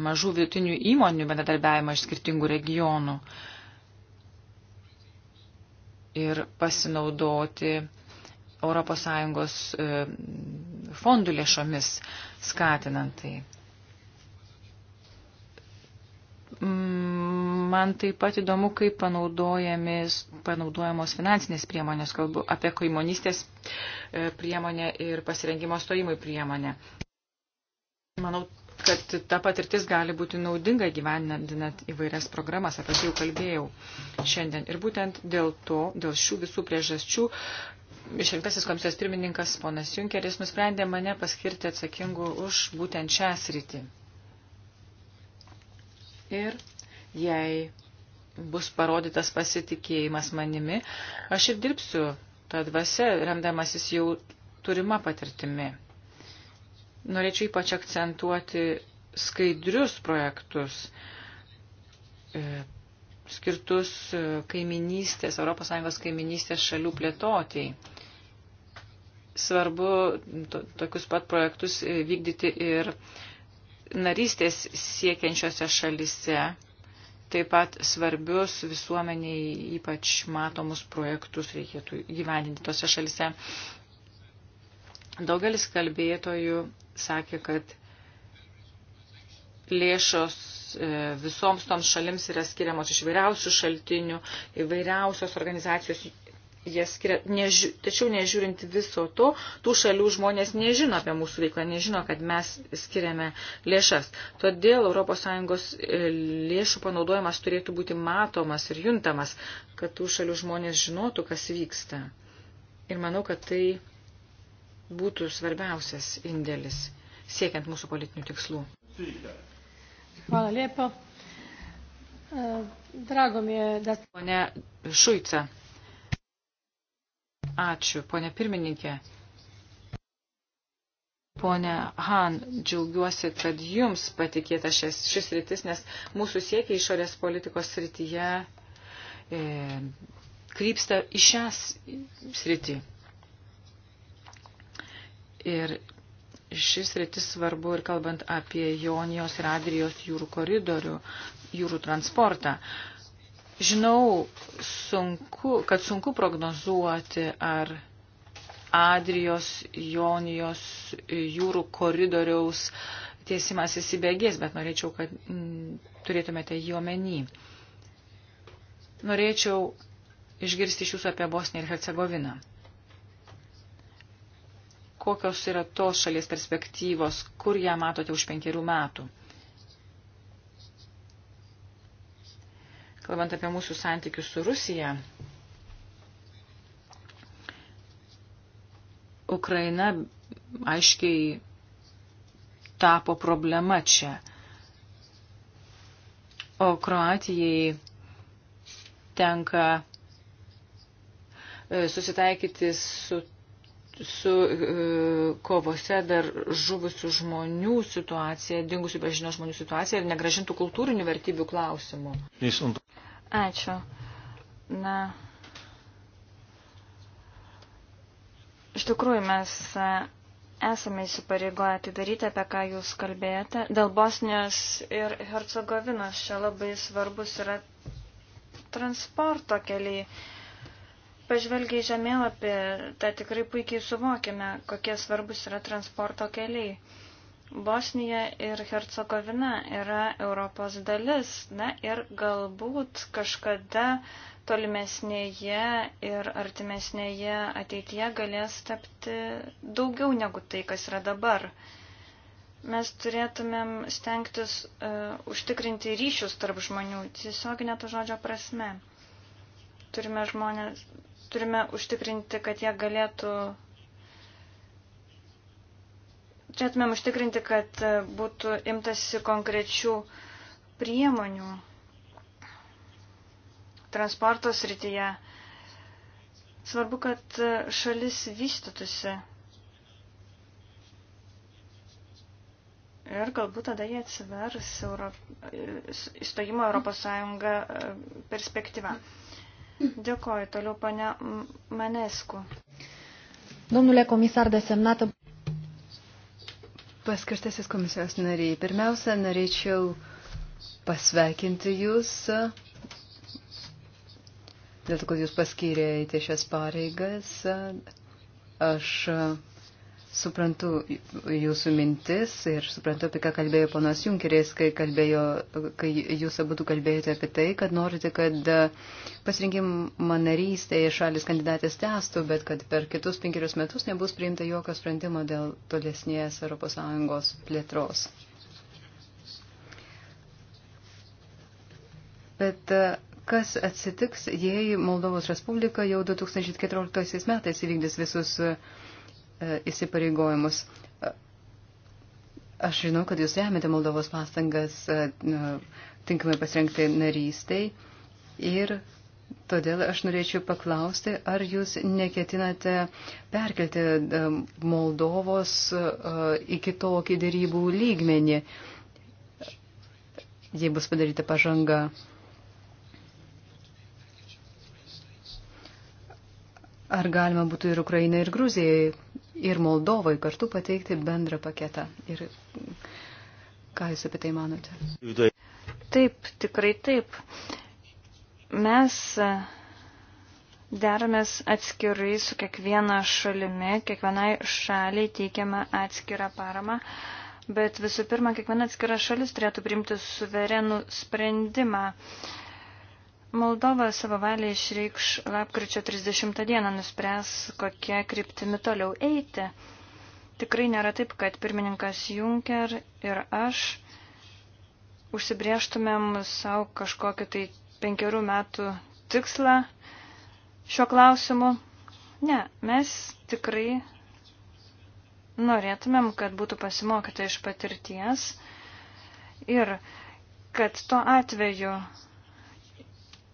mažų vietinių įmonių bendradarbiavimą iš skirtingų regionų ir pasinaudoti uh, ES e, fondų lėšomis skatinant tai. Mm, man taip pat įdomu, kaip panaudojamos finansinės priemonės, kalbu apie kaimonystės e, priemonę ir pasirengimo stojimui priemonę. Manau, kad ta patirtis gali būti naudinga gyveninant įvairias programas, apie tai jau kalbėjau šiandien. Ir būtent dėl to, dėl šių visų priežasčių, išrinktasis komisijos pirmininkas ponas Junkeris nusprendė mane paskirti atsakingu už būtent šią sritį. Ir jei bus parodytas pasitikėjimas manimi, aš ir dirbsiu tą dvasę, remdamasis jau turima patirtimi. Norėčiau ypač akcentuoti skaidrius projektus, e, skirtus e, kaiminystės, ES kaiminystės šalių plėtotėjai svarbu to, tokius pat projektus vykdyti ir narystės siekiančiose šalise, taip pat svarbius visuomeniai ypač matomus projektus reikėtų gyvendinti tose šalise. Daugelis kalbėtojų sakė, kad lėšos e, visoms toms šalims yra skiriamos iš vairiausių šaltinių, įvairiausios organizacijos jie skiria. Neži, tačiau nežiūrint viso to, tų šalių žmonės nežino apie mūsų veiklą, nežino, kad mes skiriame lėšas. Todėl ES e, lėšų panaudojimas turėtų būti matomas ir juntamas, kad tų šalių žmonės žinotų, kas vyksta. Ir manau, kad tai būtų svarbiausias indėlis siekiant mūsų politinių tikslų. Hvala lijepo. E, drago mi je da... Pone Šujca, Ačiū, ponė pirmininkė. Pone Han, džiaugiuosi, kad jums patikėta šis, šis rytis, nes mūsų siekiai išorės politikos srityje e, krypsta į šią sritį. Ir šis rytis svarbu ir kalbant apie Jonijos ir Adrijos jūrų koridorių, jūrų transportą. E, Žinau, sunku, kad sunku prognozuoti, ar Adrijos, Jonijos jūrų koridoriaus tiesimas įsibėgės, bet norėčiau, kad m, mm, turėtumėte jį omeny. Norėčiau išgirsti iš jūsų apie Bosniją ir Hercegoviną. Kokios yra tos šalies perspektyvos, kur ją matote už penkerių metų? kalbant apie mūsų santykius su Rusija, Ukraina aiškiai tapo problema čia. O Kroatijai tenka e, susitaikyti su su e, kovose dar žuvusių žmonių situacija, dingusių bažinio žmonių situacija ir negražintų kultūrinių vertybių klausimų. Ačiū. Na, iš tikrųjų mes e, esame įsipareigoję tai daryti, apie ką jūs kalbėjote. Dėl Bosnijos ir Hercegovinos čia labai svarbus yra transporto keliai pažvelgiai žemėlapį, tą tikrai puikiai suvokime, kokie svarbus yra transporto keliai. Bosnija ir Hercegovina yra Europos dalis, na ir galbūt kažkada tolimesnėje ir artimesnėje ateityje galės tapti daugiau negu tai, kas yra dabar. Mes turėtumėm stengtis uh, užtikrinti ryšius tarp žmonių, tiesiog neto žodžio prasme. Turime žmonės, turime užtikrinti, kad jie galėtų. Turėtumėm užtikrinti, kad būtų imtasi konkrečių priemonių transporto srityje. Svarbu, kad šalis vystytųsi. Ir galbūt tada jie atsivers Euro... įstojimo Europos Sąjungą e, perspektyvą. Mm. Dėkoju toliau, pane Manesku. Domnule komisar desemnat. Paskirtasis komisijos nariai. Pirmiausia, norėčiau pasveikinti Jūs dėl to, kad Jūs paskyrėte šias pareigas. Aš Suprantu jūsų mintis ir suprantu, apie ką kalbėjo ponas Junkeris, kai, kalbėjo, kai jūs abu kalbėjote apie tai, kad norite, kad e, pasirinkimą narystėje šalis kandidatės testų, bet kad per kitus penkerius metus nebus priimta jokio sprendimo dėl tolesnės ES plėtros. Bet e, kas atsitiks, jei Moldovos Respublika jau 2014 metais įvykdys visus E, įsipareigojimus. E, aš žinau, kad jūs remiate Moldovos pastangas e, tinkamai pasirinkti narystiai ir todėl aš norėčiau paklausti, ar jūs neketinate perkelti Moldovos į kitokį dėrybų lygmenį, jei bus padaryta pažanga. Ar galima būtų ir Ukrainai, ir Gruzijai, ir Moldovai kartu pateikti bendrą paketą? Ir ką Jūs apie tai manote? Taip, tikrai taip. Mes deramės atskirai su kiekviena šalimi, kiekvienai šaliai teikiame atskirą paramą, bet visų pirma, kiekviena atskira šalis turėtų priimti suverenų sprendimą. Uh, Moldova savo valią išreikš lapkričio 30 dieną, nuspręs, kokie kryptimi toliau eiti. Tikrai nėra taip, kad pirmininkas Juncker ir aš užsibrieštumėm savo kažkokį tai penkerių metų tikslą šiuo klausimu. Ne, mes tikrai norėtumėm, kad būtų pasimokyta iš patirties ir kad tuo atveju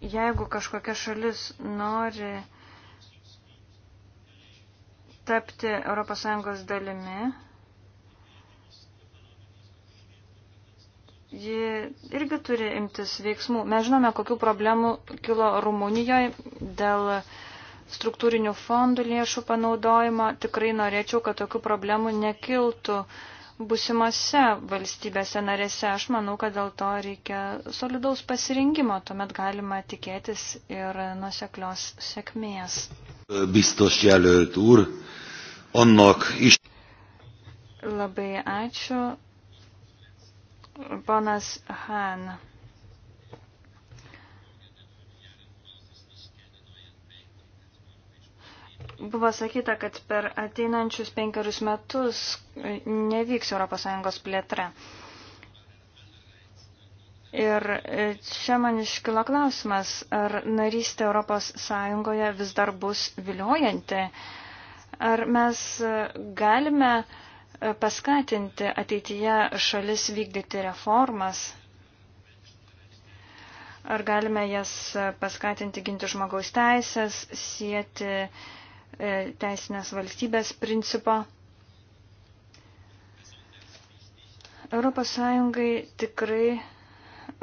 Jeigu kažkokia šalis nori tapti ES dalimi, ji irgi turi imtis veiksmų. Mes žinome, kokių problemų kilo Rumunijoje dėl struktūrinių fondų lėšų panaudojimo. Tikrai norėčiau, kad tokių problemų nekiltų busimose valstybėse narėse. Aš manau, kad dėl to reikia solidaus pasirinkimo, tuomet galima tikėtis ir nuseklios sėkmės. Biztos jelölt úr, annak is. Labai ačiū. Ponas Han. Buvo sakyta, kad per ateinančius penkerius metus nevyks ES plėtra. Ir čia man iškilo klausimas, ar narystė ES vis dar bus viliojanti, ar mes galime paskatinti ateityje šalis vykdyti reformas? Ar galime jas paskatinti ginti žmogaus teisės, sieti E, teisinės valstybės principo. ES tikrai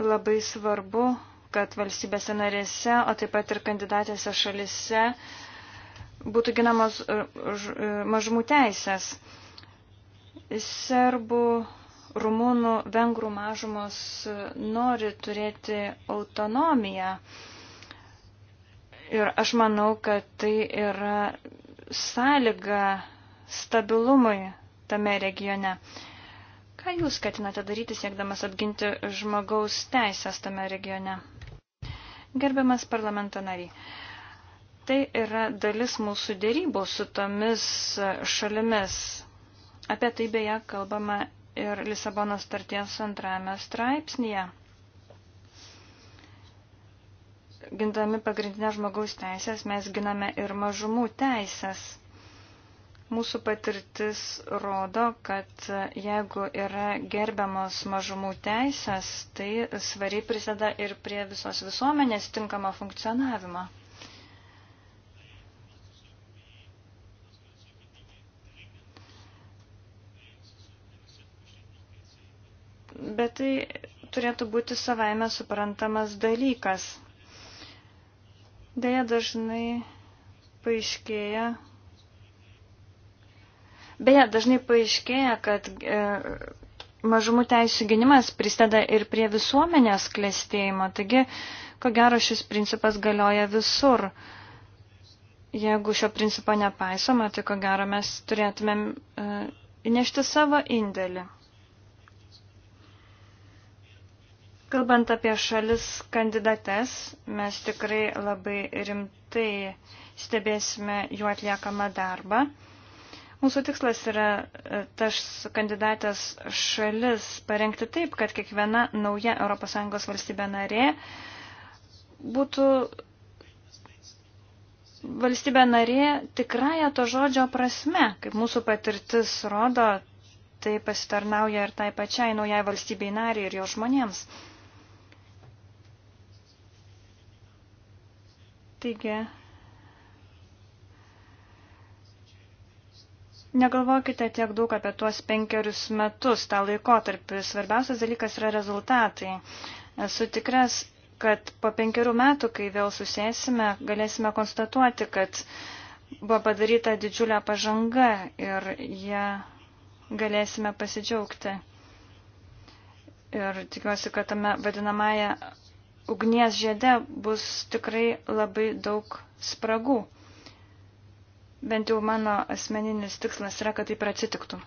labai svarbu, kad valstybėse narėse, o taip pat ir kandidatėse šalise būtų ginamos e, e, mažumų teisės. Serbų, rumūnų, vengrų mažumos nori turėti autonomiją Ir aš manau, kad tai yra sąlyga stabilumui tame regione. Ką jūs skatinate daryti, siekdamas apginti žmogaus teisės tame regione? Gerbiamas parlamento nariai, tai yra dalis mūsų dėrybų su tomis šalimis. Apie tai beje kalbama ir Lisabono starties antrame straipsnėje gindami pagrindinę žmogaus teisės, mes giname ir mažumų teisės. Mūsų patirtis rodo, kad jeigu yra gerbiamos mažumų teisės, tai svariai prisada ir prie visos visuomenės tinkamo funkcionavimo. Bet tai turėtų būti savaime suprantamas dalykas. Deja dažnai paaiškėja. Beje, dažnai paaiškėja, kad e, mažumų teisų gynimas prisideda ir prie visuomenės klėstėjimo. Taigi, ko gero, šis principas galioja visur. Jeigu šio principo nepaisoma, tai ko gero mes turėtumėm e, įnešti savo indėlį. Kalbant apie šalis kandidates, mes tikrai labai rimtai stebėsime jų atliekamą darbą. Mūsų tikslas yra e, tas kandidatės šalis parengti taip, kad kiekviena nauja ES valstybė narė būtų valstybė narė tikrąją to žodžio prasme, kaip mūsų patirtis rodo, tai pasitarnauja ir tai pačiai naujai valstybei nariai ir jo žmonėms. Taigi, negalvokite tiek daug apie tuos penkerius metus, tą laikotarpį. Svarbiausias dalykas yra rezultatai. Esu tikras, kad po penkerių metų, kai vėl susėsime, galėsime konstatuoti, kad buvo padaryta didžiulė pažanga ir ją galėsime pasidžiaugti. Ir tikiuosi, kad tame vadinamąją ugnies žiede bus tikrai labai daug spragų. Bent jau mano asmeninis tikslas yra, kad taip ir atsitiktų.